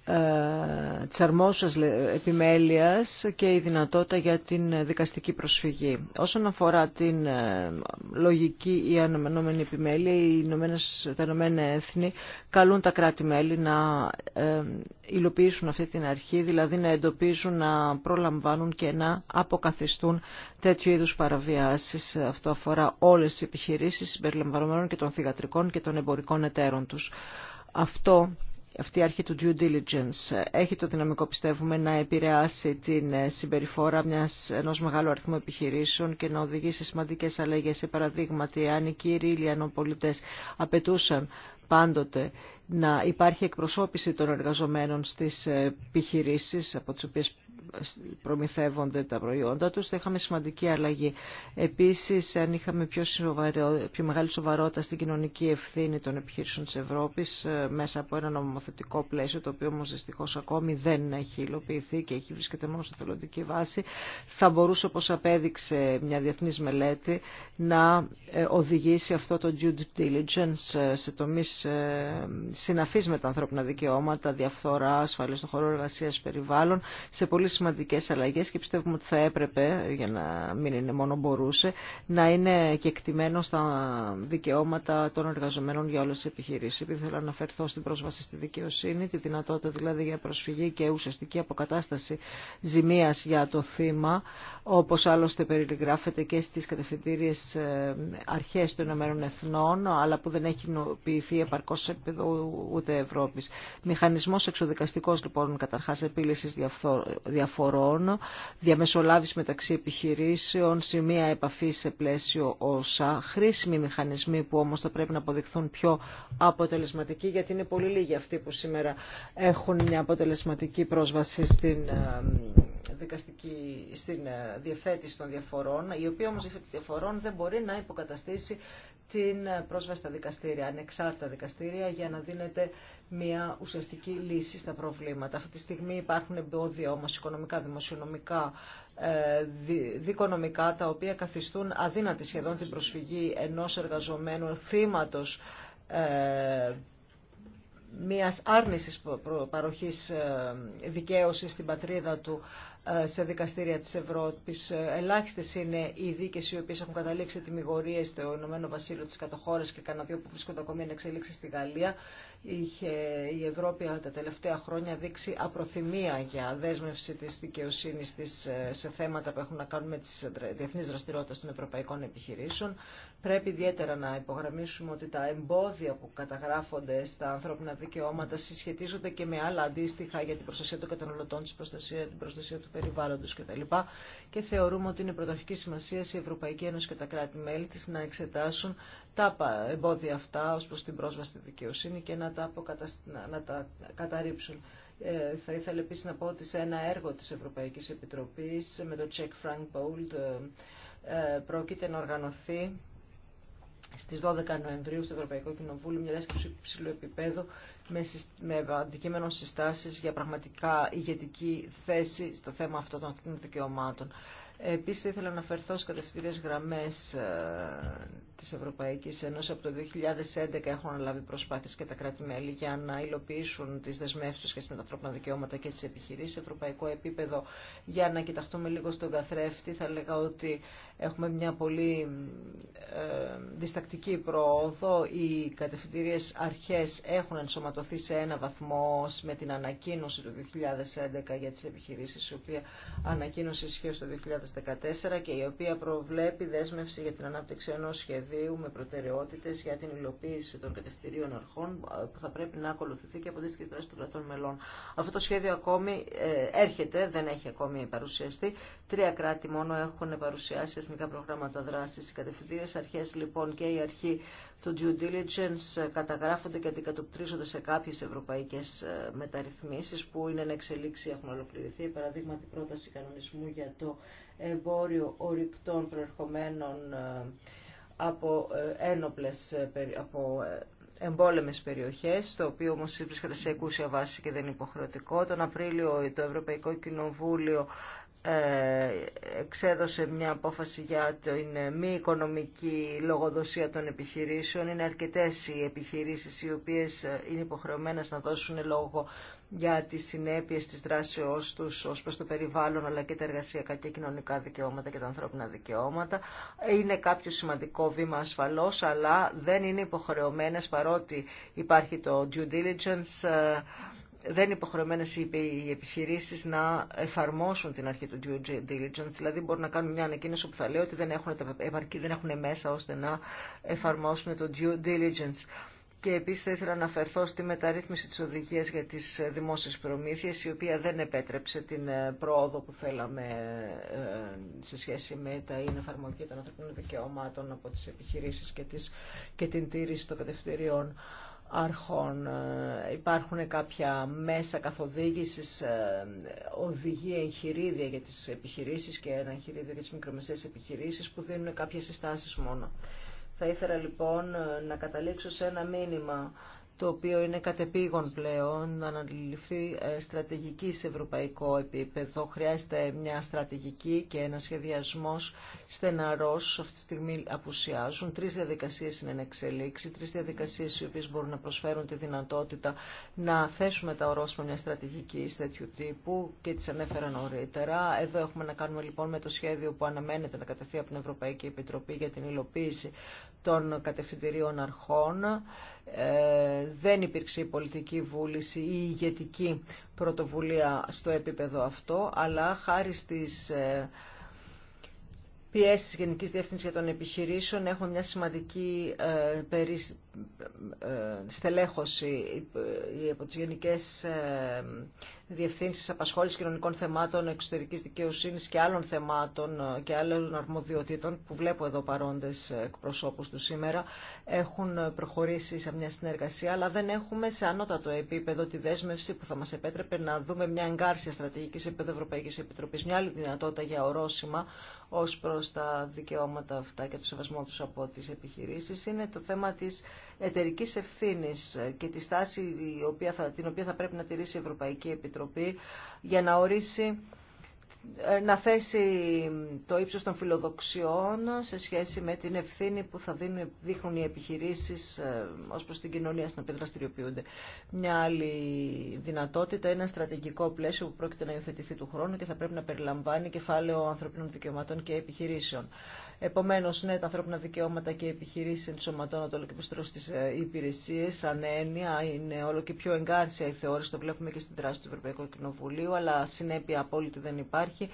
ε, της αρμόσας επιμέλειας και η δυνατότητα για την δικαστική προσφυγή. Όσον αφορά την ε, λογική ή αναμενόμενη επιμέλεια, οι Ηνωμένες, τα Ηνωμένα Έθνη καλούν τα κράτη-μέλη να ε, υλοποιήσουν αυτή την αρχή, δηλαδή να εντοπίζουν, να προλαμβάνουν και να αποκαθιστούν τέτοιου είδους παραβιάσεις. Αυτό αφορά όλες τις επιχειρήσεις συμπεριλαμβανομένων και των θηγατρικών και των εμπορικών εταίρων τους. Αυτό αυτή η αρχή του due diligence έχει το δυναμικό πιστεύουμε να επηρεάσει την ε, συμπεριφορά μιας, ενός μεγάλου αριθμού επιχειρήσεων και να οδηγήσει σημαντικές αλλαγές. Σε παραδείγματι, αν οι κύριοι Λιανοπολιτές απαιτούσαν πάντοτε να υπάρχει εκπροσώπηση των εργαζομένων στις ε, επιχειρήσεις από τις οποίες προμηθεύονται τα προϊόντα τους, θα είχαμε σημαντική αλλαγή. Επίσης, αν είχαμε πιο, σοβαρό, πιο μεγάλη σοβαρότητα στην κοινωνική ευθύνη των επιχείρησεων της Ευρώπης ε, μέσα από ένα νομοθετικό πλαίσιο, το οποίο όμως δυστυχώς ακόμη δεν έχει υλοποιηθεί και έχει βρίσκεται μόνο σε θελοντική βάση, θα μπορούσε, όπως απέδειξε μια διεθνής μελέτη, να ε, οδηγήσει αυτό το due diligence ε, σε τομείς συναφής με τα ανθρώπινα δικαιώματα, διαφθορά, ασφαλή στον χώρο εργασία περιβάλλον, σε σημαντικές αλλαγές και πιστεύουμε ότι θα έπρεπε, για να μην είναι μόνο μπορούσε, να είναι και εκτιμένο στα δικαιώματα των εργαζομένων για όλες τις επιχειρήσεις. Επειδή θέλω να αναφερθώ στην πρόσβαση στη δικαιοσύνη, τη δυνατότητα δηλαδή για προσφυγή και ουσιαστική αποκατάσταση ζημίας για το θύμα, όπως άλλωστε περιγράφεται και στις κατευθυντήριες ε, αρχές των ΗΕ, αλλά που δεν έχει κοινοποιηθεί επαρκώς σε επίπεδο ούτε Ευρώπης. Μηχανισμός εξοδικαστικός λοιπόν καταρχάς επίλυσης διαφορών, διαμεσολάβηση μεταξύ επιχειρήσεων, σημεία επαφή σε πλαίσιο όσα, χρήσιμοι μηχανισμοί που όμως θα πρέπει να αποδειχθούν πιο αποτελεσματικοί, γιατί είναι πολύ λίγοι αυτοί που σήμερα έχουν μια αποτελεσματική πρόσβαση στην ε, δικαστική, στην ε, διευθέτηση των διαφορών, η οποία όμως διαφορών δεν μπορεί να υποκαταστήσει την πρόσβαση στα δικαστήρια, ανεξάρτητα δικαστήρια, για να δίνεται μια ουσιαστική λύση στα προβλήματα. Αυτή τη στιγμή υπάρχουν εμπόδια όμω οικονομικά, δημοσιονομικά, ε, δικονομικά, τα οποία καθιστούν αδύνατη σχεδόν την προσφυγή ενό εργαζομένου θύματο ε, μιας άρνησης παροχής ε, δικαίωσης στην πατρίδα του σε δικαστήρια της Ευρώπης. Ελάχιστες είναι οι δίκες οι οποίες έχουν καταλήξει τιμιγορίες στο Ηνωμένο Βασίλειο της κατοχώρας και κανένα που βρίσκονται ακόμη εν εξελίξει στη Γαλλία είχε η Ευρώπη τα τελευταία χρόνια δείξει απροθυμία για δέσμευση της δικαιοσύνης της ε, σε θέματα που έχουν να κάνουν με τις διεθνείς δραστηριότητες των ευρωπαϊκών επιχειρήσεων. Πρέπει ιδιαίτερα να υπογραμμίσουμε ότι τα εμπόδια που καταγράφονται στα ανθρώπινα δικαιώματα συσχετίζονται και με άλλα αντίστοιχα για την προστασία των καταναλωτών, την προστασία, του περιβάλλοντος κτλ. Και θεωρούμε ότι είναι πρωταρχική σημασία η Ευρωπαϊκή Ένωση και τα κράτη-μέλη της να εξετάσουν τα εμπόδια αυτά ως προς την πρόσβαση στη δικαιοσύνη και να τα, να τα καταρρύψουν. Ε, θα ήθελα επίσης να πω ότι σε ένα έργο της Ευρωπαϊκής Επιτροπής με το Czech Frank Bold ε, ε, πρόκειται να οργανωθεί στις 12 Νοεμβρίου στο Ευρωπαϊκό Κοινοβούλιο μια δέσκευση υψηλού επίπεδου με, αντικείμενο συστάσεις για πραγματικά ηγετική θέση στο θέμα αυτών των δικαιωμάτων. Επίσης ήθελα να αναφερθώ στις κατευθυντήριες γραμμές ε, της Ευρωπαϊκής Ένωσης από το 2011 έχουν αναλάβει προσπάθειες και τα κράτη-μέλη για να υλοποιήσουν τις δεσμεύσεις σχετικά με τα ανθρώπινα δικαιώματα και τις επιχειρήσεις σε ευρωπαϊκό επίπεδο. Για να κοιταχτούμε λίγο στον καθρέφτη θα έλεγα ότι έχουμε μια πολύ ε, διστακτική προόδο. Οι κατευθυντήριες αρχές έχουν ενσωματωθεί σε ένα βαθμό με την ανακοίνωση του 2011 για τις επιχειρήσεις η οποία ανακοίνωσε ισχύει το 2014 και η οποία προβλέπει δέσμευση για την ανάπτυξη ενό σχεδίου σχεδίου με προτεραιότητε για την υλοποίηση των κατευθυντήριων αρχών που θα πρέπει να ακολουθηθεί και από αντίστοιχε δράσει των κρατών μελών. Αυτό το σχέδιο ακόμη ε, έρχεται, δεν έχει ακόμη παρουσιαστεί. Τρία κράτη μόνο έχουν παρουσιάσει εθνικά προγράμματα δράση. Οι κατευθυντήριε αρχέ λοιπόν και η αρχή του due diligence ε, καταγράφονται και αντικατοπτρίζονται σε κάποιε ευρωπαϊκέ ε, μεταρρυθμίσει που είναι εν εξελίξη, έχουν ολοκληρωθεί. Παραδείγματι, πρόταση κανονισμού για το εμπόριο ορυκτών προερχομένων από, ε, ένοπλες, ε, από ε, εμπόλεμες περιοχές, το οποίο όμως βρίσκεται σε εκούσια βάση και δεν είναι υποχρεωτικό. Τον Απρίλιο το Ευρωπαϊκό Κοινοβούλιο ε, εξέδωσε μια απόφαση για την μη οικονομική λογοδοσία των επιχειρήσεων. Είναι αρκετές οι επιχειρήσεις οι οποίες ε, είναι υποχρεωμένες να δώσουν λόγο για τις συνέπειες της δράσεώς τους ως προς το περιβάλλον αλλά και τα εργασιακά και κοινωνικά δικαιώματα και τα ανθρώπινα δικαιώματα. Είναι κάποιο σημαντικό βήμα ασφαλώς αλλά δεν είναι υποχρεωμένες παρότι υπάρχει το due diligence ε, δεν είναι υποχρεωμένε οι επιχειρήσει να εφαρμόσουν την αρχή του due diligence. Δηλαδή, μπορούν να κάνουν μια ανακοίνωση που θα λέει ότι δεν έχουν, δεν έχουν μέσα ώστε να εφαρμόσουν το due diligence. Και επίση θα ήθελα να αναφερθώ στη μεταρρύθμιση τη οδηγία για τι δημόσιε προμήθειε, η οποία δεν επέτρεψε την ε, πρόοδο που θέλαμε ε, σε σχέση με τα είναι εφαρμογή των ανθρωπίνων δικαιωμάτων από τι επιχειρήσει και, και την τήρηση των κατευθυντηριών αρχών. Ε, υπάρχουν κάποια μέσα καθοδήγησης, ε, οδηγία, εγχειρίδια για τις επιχειρήσεις και ένα εγχειρίδιο για τις μικρομεσαίες επιχειρήσεις που δίνουν κάποιες συστάσεις μόνο. Θα ήθελα λοιπόν ε, να καταλήξω σε ένα μήνυμα το οποίο είναι κατεπήγον πλέον να αναλυφθεί ε, στρατηγική σε ευρωπαϊκό επίπεδο. Χρειάζεται μια στρατηγική και ένα σχεδιασμός στεναρός. Αυτή τη στιγμή απουσιάζουν. Τρεις διαδικασίες είναι εξελίξη, τρεις διαδικασίες οι οποίες μπορούν να προσφέρουν τη δυνατότητα να θέσουμε τα ορόσημα μια στρατηγική τέτοιου τύπου και τις ανέφερα νωρίτερα. Εδώ έχουμε να κάνουμε λοιπόν με το σχέδιο που αναμένεται να κατευθεί από την Ευρωπαϊκή Επιτροπή για την υλοποίηση των κατευθυντηρίων αρχών ε, δεν υπήρξε η πολιτική βούληση ή ηγετική πρωτοβουλία στο επίπεδο αυτό, αλλά χάρη στις ε, πιέσεις τη Γενική Διεύθυνση για των Επιχειρήσεων έχουμε μια σημαντική ε, στελέχωση από τι γενικέ διευθύνσει απασχόλησης κοινωνικών θεμάτων, εξωτερική δικαιοσύνη και άλλων θεμάτων ε, και άλλων αρμοδιοτήτων που βλέπω εδώ παρόντες ε, εκπροσώπου του σήμερα έχουν ε, προχωρήσει σε μια συνεργασία αλλά δεν έχουμε σε ανώτατο επίπεδο τη δέσμευση που θα μα επέτρεπε να δούμε μια εγκάρσια στρατηγική σε επίπεδο Ευρωπαϊκή Επιτροπή, μια άλλη δυνατότητα για ορόσημα ω προ τα δικαιώματα αυτά και το σεβασμό του από τι επιχειρήσει είναι το θέμα τη εταιρική ευθύνη και τη στάση την οποία θα πρέπει να τηρήσει η Ευρωπαϊκή Επιτροπή για να ορίσει ε, να θέσει το ύψος των φιλοδοξιών σε σχέση με την ευθύνη που θα δείχνουν οι επιχειρήσεις ε, ως προς την κοινωνία στην οποία δραστηριοποιούνται. Μια άλλη δυνατότητα, ένα στρατηγικό πλαίσιο που πρόκειται να υιοθετηθεί του χρόνου και θα πρέπει να περιλαμβάνει κεφάλαιο ανθρωπίνων δικαιωμάτων και επιχειρήσεων. Επομένω, ναι, τα ανθρώπινα δικαιώματα και οι επιχειρήσεις ενσωματώνονται όλο και περισσότερο στι ε, υπηρεσίε, σαν έννοια, είναι όλο και πιο εγκάρσια η θεώρηση, το βλέπουμε και στην δράση του Ευρωπαϊκού Κοινοβουλίου, αλλά συνέπεια απόλυτη δεν υπάρχει.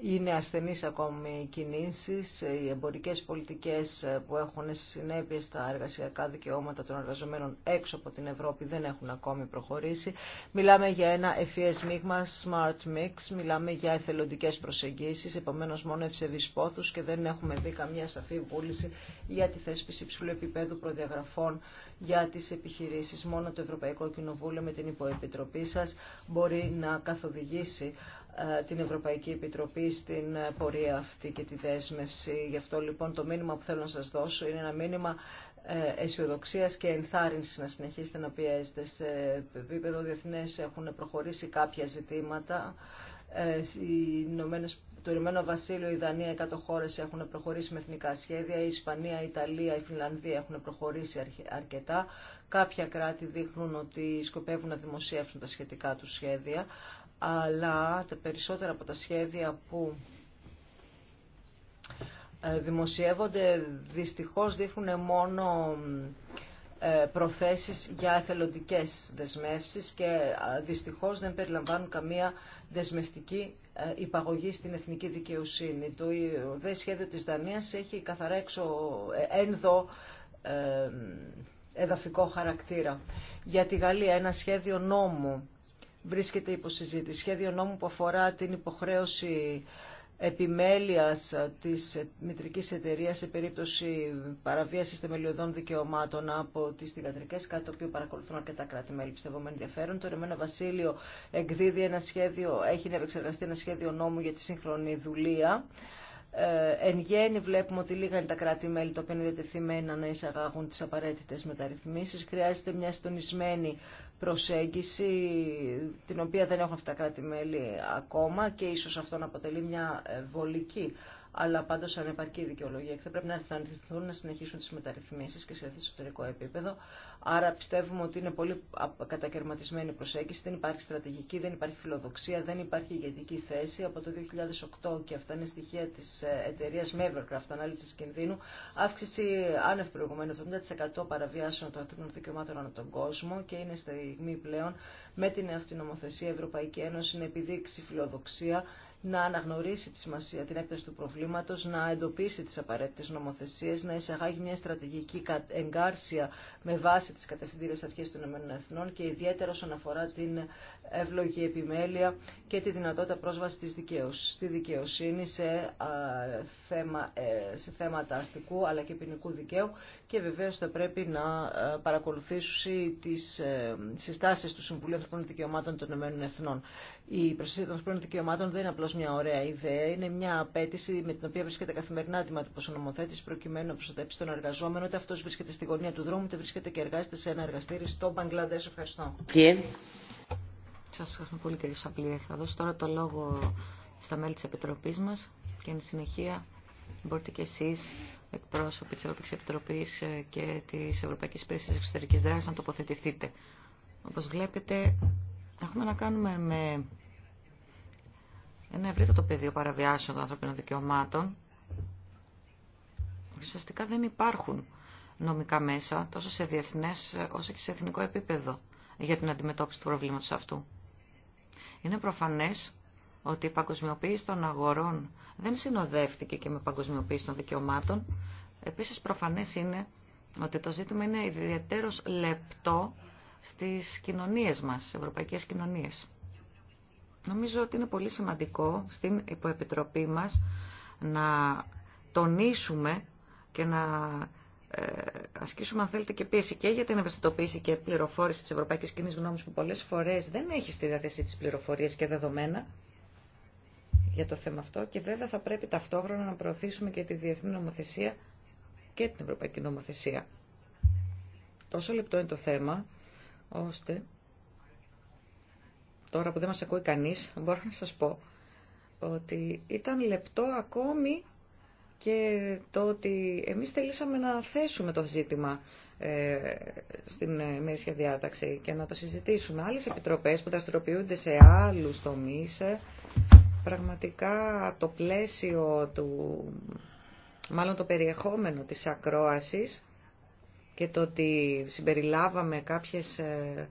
Είναι ασθενεί ακόμη οι κινήσει. Ε, οι εμπορικέ πολιτικέ ε, που έχουν συνέπειε στα εργασιακά δικαιώματα των εργαζομένων έξω από την Ευρώπη δεν έχουν ακόμη προχωρήσει. Μιλάμε για ένα ευφυέ μείγμα, smart mix, μιλάμε για εθελοντικέ προσεγγίσει, επομένω μόνο ευσεβεί πόθου και δεν έχουμε δει καμία σαφή βούληση για τη θέσπιση υψηλού επίπεδου προδιαγραφών για τι επιχειρήσει Μόνο το Ευρωπαϊκό Κοινοβούλιο με την υποεπιτροπή σα μπορεί να καθοδηγήσει ε, την Ευρωπαϊκή Επιτροπή στην ε, πορεία αυτή και τη δέσμευση. Γι' αυτό λοιπόν το μήνυμα που θέλω να σας δώσω είναι ένα μήνυμα ε, αισιοδοξία και ενθάρρυνση να συνεχίσετε να πιέζετε. Σε επίπεδο διεθνέ έχουν προχωρήσει κάποια ζητήματα ε, το Ηνωμένο Βασίλειο, η Δανία, οι κάτω χώρε έχουν προχωρήσει με εθνικά σχέδια, η Ισπανία, η Ιταλία, η Φιλανδία έχουν προχωρήσει αρκετά. Κάποια κράτη δείχνουν ότι σκοπεύουν να δημοσιεύσουν τα σχετικά του σχέδια, αλλά τα περισσότερα από τα σχέδια που ε, δημοσιεύονται δυστυχώς δείχνουν μόνο ε, προθέσεις για εθελοντικές δεσμεύσεις και δυστυχώς δεν περιλαμβάνουν καμία δεσμευτική ε, υπαγωγή στην εθνική δικαιοσύνη. Το δε σχέδιο της Δανίας έχει καθαρά έξω, ε, ένδο εδαφικό χαρακτήρα. Για τη Γαλλία ένα σχέδιο νόμου βρίσκεται υπό Σχέδιο νόμου που αφορά την υποχρέωση επιμέλειας της μητρικής εταιρείας σε περίπτωση παραβίασης θεμελιωδών δικαιωμάτων από τις θηγατρικές, κάτι το οποίο παρακολουθούν αρκετά κράτη-μέλη πιστεύω με ενδιαφέρον. Το Ρεμένο Βασίλειο εκδίδει ένα σχέδιο, έχει επεξεργαστεί ένα σχέδιο νόμου για τη σύγχρονη δουλεία ε, εν γέννη βλέπουμε ότι λίγα είναι τα κράτη-μέλη τα οποία είναι διατεθειμένα να εισαγάγουν τις απαραίτητες μεταρρυθμίσεις. Χρειάζεται μια συντονισμένη προσέγγιση, την οποία δεν έχουν αυτά τα κράτη-μέλη ακόμα και ίσως αυτό να αποτελεί μια ε, βολική αλλά πάντω ανεπαρκή δικαιολογία και θα πρέπει να αισθανθούν να συνεχίσουν τι μεταρρυθμίσει και σε εσωτερικό επίπεδο. Άρα πιστεύουμε ότι είναι πολύ κατακαιρματισμένη η προσέγγιση, δεν υπάρχει στρατηγική, δεν υπάρχει φιλοδοξία, δεν υπάρχει ηγετική θέση. Από το 2008 και αυτά είναι στοιχεία τη ε, εταιρεία Mavercraft, ανάλυση κινδύνου, αύξηση άνευ προηγουμένου 70% παραβιάσεων των ανθρώπινων δικαιωμάτων ανά τον κόσμο και είναι στιγμή πλέον με την αυτή νομοθεσία Ευρωπαϊκή Ένωση να επιδείξει φιλοδοξία να αναγνωρίσει τη σημασία, την έκταση του προβλήματος, να εντοπίσει τις απαραίτητες νομοθεσίες, να εισαγάγει μια στρατηγική εγκάρσια με βάση τις κατευθυντήρες αρχέ των ΗΕ και ιδιαίτερα όσον αφορά την εύλογη επιμέλεια και τη δυνατότητα πρόσβαση της δικαιοσύνη, στη δικαιοσύνη σε, θέμα, ε, σε θέματα αστικού αλλά και ποινικού δικαίου και βεβαίως θα πρέπει να ε, παρακολουθήσει τις ε, συστάσεις του Συμβουλίου Ανθρωπίνων Δικαιωμάτων των Ηνωμένων Εθνών. Η προστασία των ανθρωπίνων δικαιωμάτων δεν είναι απλώς μια ωραία ιδέα, είναι μια απέτηση με την οποία βρίσκεται καθημερινά αντιμέτωπος ο νομοθέτης προκειμένου να προστατέψει τον εργαζόμενο, είτε αυτός βρίσκεται στη γωνία του δρόμου, είτε βρίσκεται και εργάζεται σε ένα εργαστήρι στο Μπαγκλαντές. Ευχαριστώ. Και... Σας ευχαριστώ πολύ κύριε Σαπλή. Θα δώσω τώρα το λόγο στα μέλη της Επιτροπής μας και εν συνεχεία μπορείτε και εσείς εκπρόσωποι της Ευρωπαϊκής Επιτροπής ε, και της Ευρωπαϊκής Υπηρεσίας Εξωτερικής Δράσης να τοποθετηθείτε. Όπως βλέπετε, έχουμε να κάνουμε με ένα ευρύτατο πεδίο παραβιάσεων των ανθρωπίνων δικαιωμάτων. Ουσιαστικά δεν υπάρχουν νομικά μέσα, τόσο σε διεθνές ε, όσο και σε εθνικό επίπεδο, για την αντιμετώπιση του προβλήματος αυτού. Είναι προφανές ότι η παγκοσμιοποίηση των αγορών δεν συνοδεύτηκε και με παγκοσμιοποίηση των δικαιωμάτων. Επίσης προφανές είναι ότι το ζήτημα είναι ιδιαίτερος λεπτό στις κοινωνίες μας, στις ευρωπαϊκές κοινωνίες. Νομίζω ότι είναι πολύ σημαντικό στην υποεπιτροπή μας να τονίσουμε και να ε, ασκήσουμε αν θέλετε και πίεση και για την ευαισθητοποίηση και πληροφόρηση της ευρωπαϊκής κοινής γνώμης που πολλές φορές δεν έχει στη διάθεσή της πληροφορίες και δεδομένα για το θέμα αυτό και βέβαια θα πρέπει ταυτόχρονα να προωθήσουμε και τη διεθνή νομοθεσία και την ευρωπαϊκή νομοθεσία. Τόσο λεπτό είναι το θέμα, ώστε τώρα που δεν μας ακούει κανείς, μπορώ να σας πω ότι ήταν λεπτό ακόμη και το ότι εμείς θελήσαμε να θέσουμε το ζήτημα ε, στην Μέσια Διάταξη και να το συζητήσουμε. Άλλες επιτροπές που δραστηριοποιούνται σε άλλους τομείς ε, Πραγματικά το πλαίσιο του, μάλλον το περιεχόμενο της ακρόασης και το ότι συμπεριλάβαμε κάποιες, ε,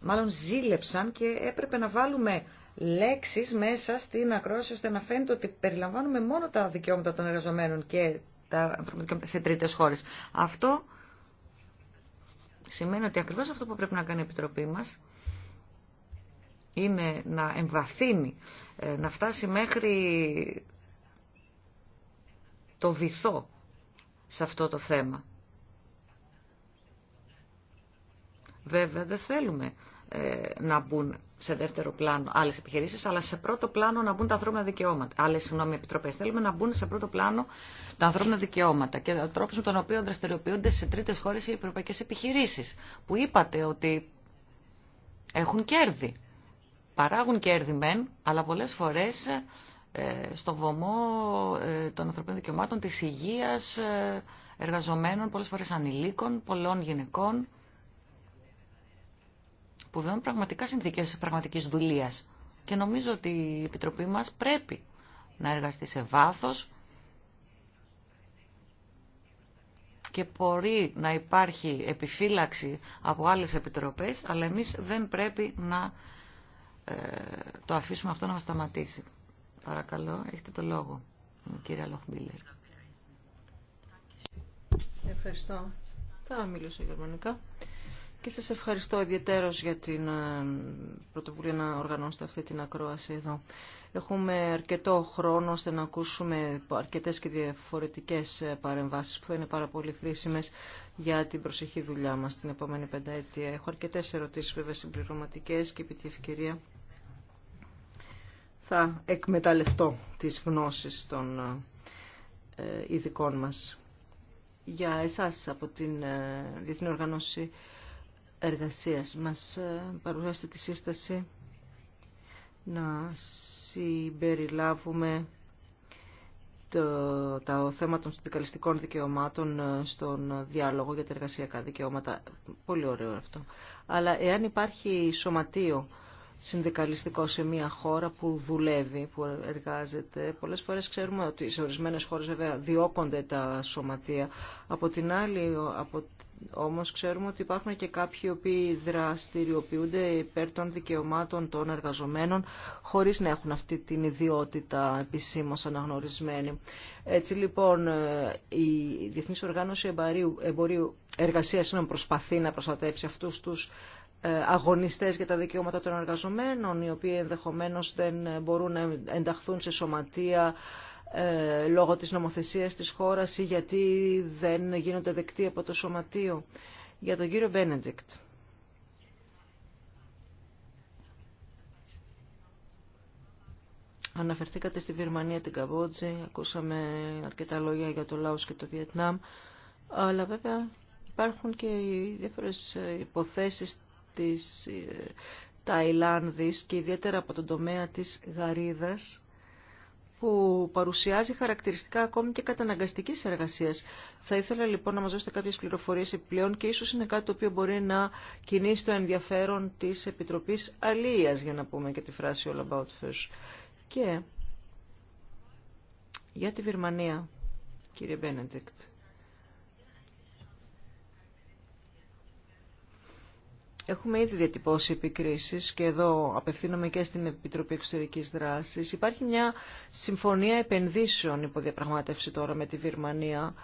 μάλλον ζήλεψαν και έπρεπε να βάλουμε λέξεις μέσα στην ακρόαση ώστε να φαίνεται ότι περιλαμβάνουμε μόνο τα δικαιώματα των εργαζομένων και τα δικαιώματα σε τρίτες χώρες. Αυτό σημαίνει ότι ακριβώς αυτό που πρέπει να κάνει η Επιτροπή μας είναι να εμβαθύνει, ε, να φτάσει μέχρι το βυθό σε αυτό το θέμα. Βέβαια δεν θέλουμε ε, να μπουν σε δεύτερο πλάνο άλλε επιχειρήσει, αλλά σε πρώτο πλάνο να μπουν τα ανθρώπινα δικαιώματα. Άλλε, συγγνώμη, επιτροπέ. Θέλουμε να μπουν σε πρώτο πλάνο τα ανθρώπινα δικαιώματα και ο τρόπο με τον οποίο δραστηριοποιούνται σε τρίτε χώρε οι ευρωπαϊκέ επιχειρήσει, που είπατε ότι έχουν κέρδη παράγουν κέρδη μεν, αλλά πολλές φορές ε, στο βωμό ε, των ανθρωπίνων δικαιωμάτων, της υγείας, ε, εργαζομένων, πολλές φορές ανηλίκων, πολλών γυναικών, που βιώνουν πραγματικά συνθήκες πραγματικής δουλείας. Και νομίζω ότι η Επιτροπή μας πρέπει να εργαστεί σε βάθος και μπορεί να υπάρχει επιφύλαξη από άλλες επιτροπές, αλλά εμείς δεν πρέπει να ε, το αφήσουμε αυτό να μας σταματήσει. Παρακαλώ, έχετε το λόγο, κύριε Λοχμπίλερ. Ευχαριστώ. Θα μιλήσω γερμανικά. Και σας ευχαριστώ ιδιαίτερως για την ε, πρωτοβουλία να οργανώσετε αυτή την ακρόαση εδώ. Έχουμε αρκετό χρόνο ώστε να ακούσουμε αρκετές και διαφορετικές ε, παρεμβάσεις που θα είναι πάρα πολύ χρήσιμες για την προσεχή δουλειά μας την επόμενη πενταετία. Έχω αρκετές ερωτήσεις βέβαια συμπληρωματικές και επί τη ευκαιρία θα εκμεταλλευτώ τις γνώσεις των ε, ειδικών μας. Για εσάς από την ε, Διεθνή Οργανώση Εργασίας μας ε, παρουσιάσετε τη σύσταση να συμπεριλάβουμε το, το θέμα των συνδικαλιστικών δικαιωμάτων στον διάλογο για τα εργασιακά δικαιώματα. Πολύ ωραίο αυτό. Αλλά εάν υπάρχει σωματείο συνδικαλιστικό σε μια χώρα που δουλεύει, που εργάζεται. Πολλές φορές ξέρουμε ότι σε ορισμένες χώρες βέβαια διώκονται τα σωματεία. Από την άλλη από... όμως ξέρουμε ότι υπάρχουν και κάποιοι οποίοι δραστηριοποιούνται υπέρ των δικαιωμάτων των εργαζομένων χωρίς να έχουν αυτή την ιδιότητα επισήμως αναγνωρισμένη. Έτσι λοιπόν ε, η Διεθνής Οργάνωση Εμπορίου, Εργασίας προσπαθεί να προστατεύσει αυτούς τους ε, αγωνιστές για τα δικαιώματα των εργαζομένων, οι οποίοι ενδεχομένως δεν μπορούν να ενταχθούν σε σωματεία ε, λόγω της νομοθεσίας της χώρας ή γιατί δεν γίνονται δεκτοί από το σωματείο. Για τον κύριο Μπένεντικτ. Αναφερθήκατε στη Βερμανία την Καμπότζη, ακούσαμε αρκετά λόγια για το Λάος και το Βιετνάμ, αλλά βέβαια υπάρχουν και οι διάφορες υποθέσεις της ε, Ταϊλάνδης και ιδιαίτερα από τον τομέα της Γαρίδας που παρουσιάζει χαρακτηριστικά ακόμη και καταναγκαστική εργασία. Θα ήθελα λοιπόν να μα δώσετε κάποιε πληροφορίε επιπλέον και ίσω είναι κάτι το οποίο μπορεί να κινήσει το ενδιαφέρον τη Επιτροπή Αλία, για να πούμε και τη φράση All About first. Και για τη Βερμανία κύριε Μπένεντεκτ. Έχουμε ήδη διατυπώσει επικρίσεις και εδώ απευθύνομαι και στην Επιτροπή Εξωτερικής Δράσης. Υπάρχει μια συμφωνία επενδύσεων διαπραγματεύση τώρα με τη Βυρμανία.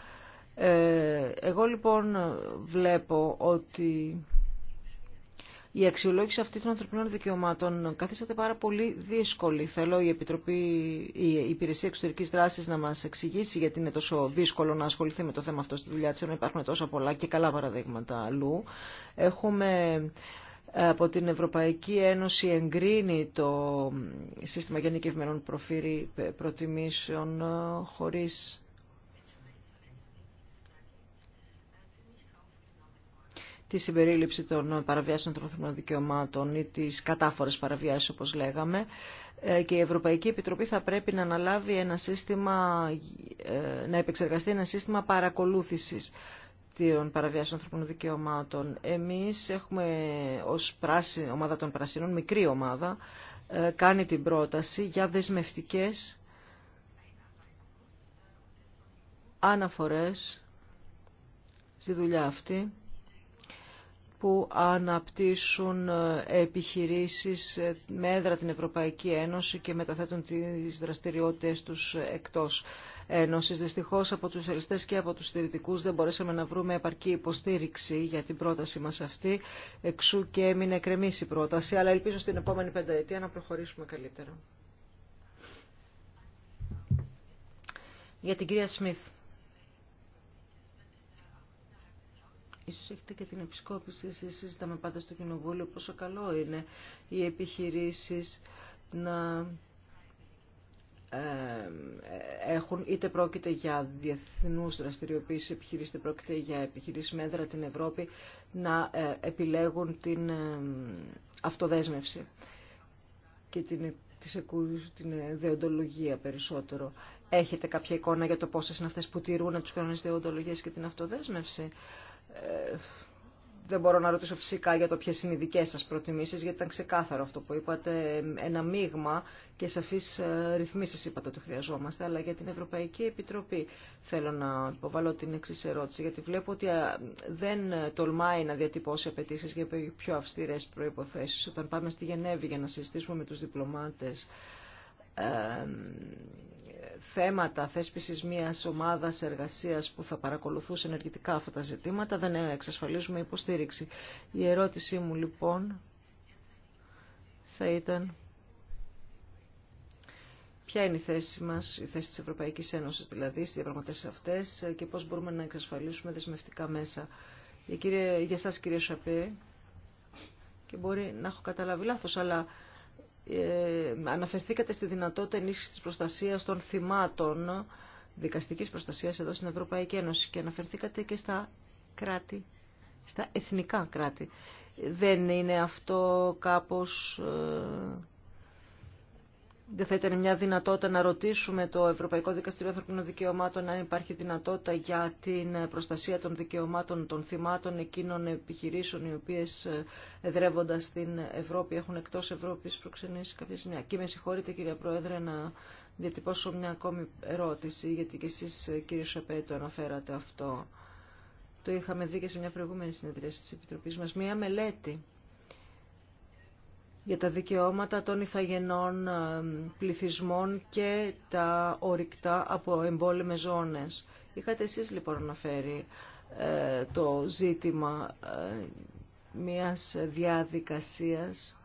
Ε, εγώ λοιπόν βλέπω ότι η αξιολόγηση αυτή των ανθρωπινών δικαιωμάτων καθίσταται πάρα πολύ δύσκολη. Θέλω η, Επιτροπή, η Υπηρεσία Εξωτερικής δράση να μας εξηγήσει γιατί είναι τόσο δύσκολο να ασχοληθεί με το θέμα αυτό στη δουλειά τη, ενώ υπάρχουν τόσα πολλά και καλά παραδείγματα αλλού. Έχουμε ε, από την Ευρωπαϊκή Ένωση εγκρίνει το σύστημα γενικευμένων προφίλ ε, προτιμήσεων ε, χωρίς τη συμπερίληψη των παραβιάσεων των ανθρωπίνων δικαιωμάτων ή τις κατάφορες παραβιάσεις όπως λέγαμε ε, και η Ευρωπαϊκή Επιτροπή θα πρέπει να αναλάβει ένα σύστημα, ε, να επεξεργαστεί ένα σύστημα παρακολούθησης των παραβιάσεων ανθρωπίνων δικαιωμάτων. Εμείς έχουμε ως ομάδα των πρασινών, μικρή ομάδα, ε, κάνει την πρόταση για δεσμευτικές αναφορές στη δουλειά αυτή που αναπτύσσουν ε, επιχειρήσεις ε, με έδρα την Ευρωπαϊκή Ένωση και μεταθέτουν τις δραστηριότητες τους εκτός Ένωσης. Δυστυχώς από τους ελιστές και από τους στηρητικούς δεν μπορέσαμε να βρούμε επαρκή υποστήριξη για την πρόταση μας αυτή, εξού και έμεινε κρεμής η πρόταση, αλλά ελπίζω στην επόμενη πενταετία να προχωρήσουμε καλύτερα. Για την κυρία Σμιθ. Ίσως έχετε και την επισκόπηση, εσείς συζητάμε πάντα στο Κοινοβούλιο πόσο καλό είναι οι επιχειρήσεις να ε, έχουν, είτε πρόκειται για διεθνούς δραστηριοποίηση επιχειρήσεις, είτε πρόκειται για επιχειρήσεις μέτρα την Ευρώπη, να ε, επιλέγουν την ε, αυτοδέσμευση και την, την δεοντολογία περισσότερο. Έχετε κάποια εικόνα για το πόσες είναι αυτές που τηρούν τους κανόνες δεοντολογίας και την αυτοδέσμευση. Ε, δεν μπορώ να ρωτήσω φυσικά για το ποιες είναι οι δικές σας προτιμήσεις, γιατί ήταν ξεκάθαρο αυτό που είπατε, ένα μείγμα και σαφείς ε, ρυθμίσεις είπατε ότι χρειαζόμαστε, αλλά για την Ευρωπαϊκή Επιτροπή θέλω να υποβάλω την εξή ερώτηση, γιατί βλέπω ότι ε, δεν τολμάει να διατυπώσει απαιτήσει για πιο αυστηρές προϋποθέσεις όταν πάμε στη Γενέβη για να συζητήσουμε με τους διπλωμάτες θέματα θέσπισης μιας ομάδας εργασίας που θα παρακολουθούσε ενεργητικά αυτά τα ζητήματα δεν εξασφαλίζουμε υποστήριξη. Η ερώτησή μου λοιπόν θα ήταν ποια είναι η θέση μας, η θέση της Ευρωπαϊκής Ένωσης δηλαδή στις διαπραγματεύσεις αυτές και πώς μπορούμε να εξασφαλίσουμε δεσμευτικά μέσα. Για, κύριε, για σας κύριε Σαπέ και μπορεί να έχω καταλάβει λάθος αλλά ε, αναφερθήκατε στη δυνατότητα ενίσχυσης της προστασίας των θυμάτων δικαστικής προστασίας εδώ στην Ευρωπαϊκή Ένωση και αναφερθήκατε και στα κράτη, στα εθνικά κράτη. Δεν είναι αυτό κάπως ε, δεν θα ήταν μια δυνατότητα να ρωτήσουμε το Ευρωπαϊκό Δικαστήριο Ανθρωπίνων Δικαιωμάτων αν υπάρχει δυνατότητα για την προστασία των δικαιωμάτων των θυμάτων εκείνων επιχειρήσεων οι οποίε εδρεύοντα στην Ευρώπη έχουν εκτό Ευρώπη προξενήσει κάποια σημεία. Και με συγχωρείτε κύριε Πρόεδρε να διατυπώσω μια ακόμη ερώτηση γιατί και εσεί, ε, κύριε Σοπέ το αναφέρατε αυτό. Το είχαμε δει και σε μια προηγούμενη συνεδρία τη Επιτροπή μα, Μια μελέτη για τα δικαιώματα των ηθαγενών ε, πληθυσμών και τα ορυκτά από εμπόλεμες ζώνες. Είχατε εσείς λοιπόν αναφέρει ε, το ζήτημα ε, μιας διαδικασίας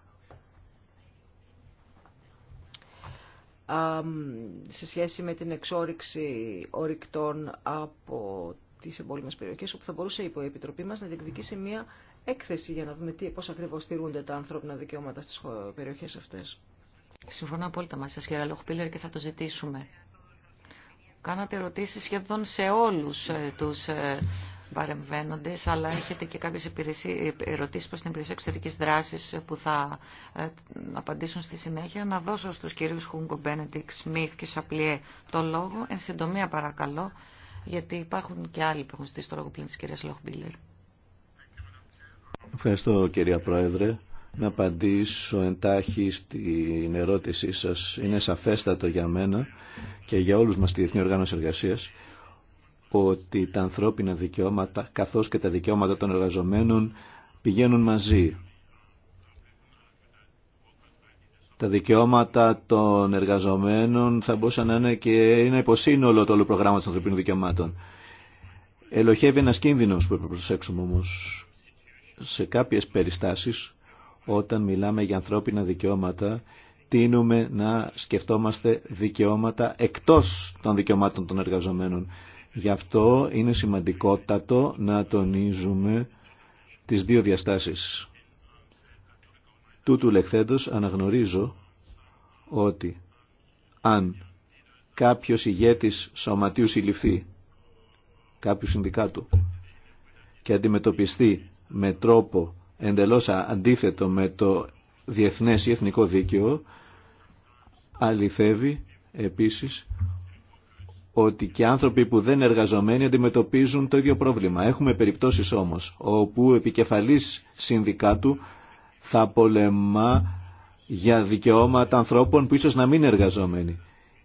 σε σχέση με την εξόριξη ορυκτών από τις εμπόλεμες περιοχές όπου θα μπορούσε η Επιτροπή μας να διεκδικήσει μια έκθεση για να δούμε τι, πώς ακριβώς στηρούνται τα ανθρώπινα δικαιώματα στις περιοχές αυτές. Συμφωνώ απόλυτα μαζί σας κύριε Λοχπίλερ και θα το ζητήσουμε. Κάνατε ερωτήσεις σχεδόν σε όλους ε, τους ε, παρεμβαίνοντες, αλλά έχετε και κάποιες ερωτήσεις προς την υπηρεσία εξωτερικής δράσης που θα ε, απαντήσουν στη συνέχεια. Να δώσω στους κυρίους Χούγκο Μπένετικ, Σμιθ και Σαπλιέ το λόγο. Εν συντομία παρακαλώ, γιατί υπάρχουν και άλλοι που έχουν στήσει το λόγο πλήν της κυρίας Λοχμπίλερ. Ευχαριστώ κυρία Πρόεδρε. Να απαντήσω εντάχει στην ερώτησή σας. Είναι σαφέστατο για μένα και για όλους μας τη Διεθνή Οργάνωση Εργασίας ότι τα ανθρώπινα δικαιώματα καθώς και τα δικαιώματα των εργαζομένων πηγαίνουν μαζί. Τα δικαιώματα των εργαζομένων θα μπορούσαν να είναι και ένα υποσύνολο του όλου προγράμματος των ανθρωπίνων δικαιωμάτων. Ελοχεύει ένας κίνδυνος που πρέπει να προσέξουμε σε κάποιες περιστάσεις όταν μιλάμε για ανθρώπινα δικαιώματα τίνουμε να σκεφτόμαστε δικαιώματα εκτός των δικαιωμάτων των εργαζομένων. Γι' αυτό είναι σημαντικότατο να τονίζουμε τις δύο διαστάσεις. Τούτου λεχθέντος αναγνωρίζω ότι αν κάποιος ηγέτης σωματίου συλληφθεί, κάποιου συνδικάτου και αντιμετωπιστεί με τρόπο εντελώς αντίθετο με το διεθνές ή εθνικό δίκαιο αληθεύει επίσης ότι και άνθρωποι που δεν εργαζομένοι αντιμετωπίζουν το ίδιο πρόβλημα. Έχουμε περιπτώσεις όμως όπου επικεφαλής συνδικάτου θα πολεμά για δικαιώματα ανθρώπων που ίσως να μην είναι εργαζόμενοι.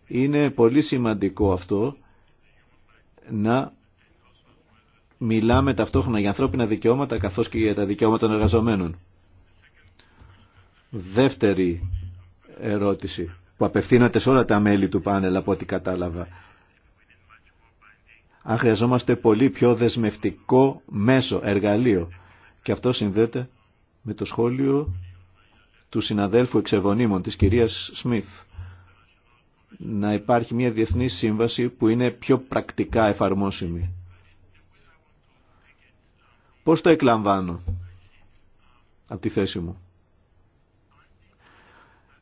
Είναι πολύ σημαντικό αυτό να μιλάμε ταυτόχρονα για ανθρώπινα δικαιώματα καθώς και για τα δικαιώματα των εργαζομένων. Δεύτερη ερώτηση που απευθύνατε σε όλα τα μέλη του πάνελ από ό,τι κατάλαβα. Αν χρειαζόμαστε πολύ πιο δεσμευτικό μέσο, εργαλείο. Και αυτό συνδέεται με το σχόλιο του συναδέλφου εξεβονίμων της κυρίας Σμιθ. Να υπάρχει μια διεθνή σύμβαση που είναι πιο πρακτικά εφαρμόσιμη Πώς το εκλαμβάνω από τη θέση μου.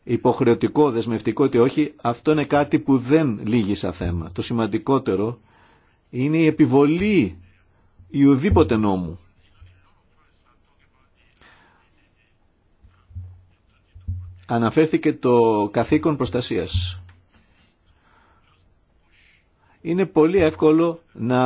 Υποχρεωτικό, δεσμευτικό ότι όχι, αυτό είναι κάτι που δεν λύγει σαν θέμα. Το σημαντικότερο είναι η επιβολή ιουδήποτε νόμου. Αναφέρθηκε το καθήκον προστασίας είναι πολύ εύκολο να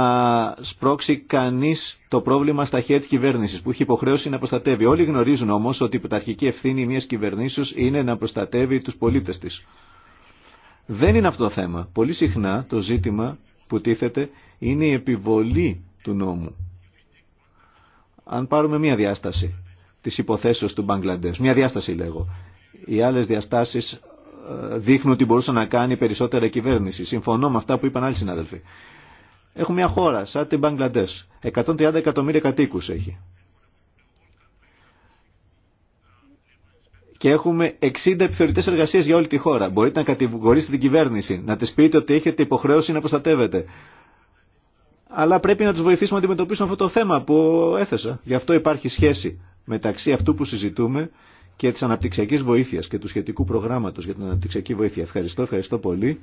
σπρώξει κανείς το πρόβλημα στα χέρια της κυβέρνησης που έχει υποχρέωση να προστατεύει. Όλοι γνωρίζουν όμως ότι η πρωταρχική ευθύνη μιας κυβερνήσεως είναι να προστατεύει τους πολίτες της. Δεν είναι αυτό το θέμα. Πολύ συχνά το ζήτημα που τίθεται είναι η επιβολή του νόμου. Αν πάρουμε μία διάσταση της υποθέσεως του Μπαγκλαντές, μία διάσταση λέγω, οι άλλες διαστάσεις δείχνουν ότι μπορούσε να κάνει περισσότερα κυβέρνηση. Συμφωνώ με αυτά που είπαν άλλοι συνάδελφοι. Έχουμε μια χώρα, σαν την Μπαγκλαντέ. 130 εκατομμύρια κατοίκου έχει. Και έχουμε 60 επιθεωρητέ εργασίε για όλη τη χώρα. Μπορείτε να κατηγορήσετε την κυβέρνηση, να τη πείτε ότι έχετε υποχρέωση να προστατεύετε. Αλλά πρέπει να του βοηθήσουμε να αντιμετωπίσουν αυτό το θέμα που έθεσα. Γι' αυτό υπάρχει σχέση μεταξύ αυτού που συζητούμε και της αναπτυξιακής βοήθεια και του σχετικού προγράμματος για την αναπτυξιακή βοήθεια. Ευχαριστώ, ευχαριστώ πολύ,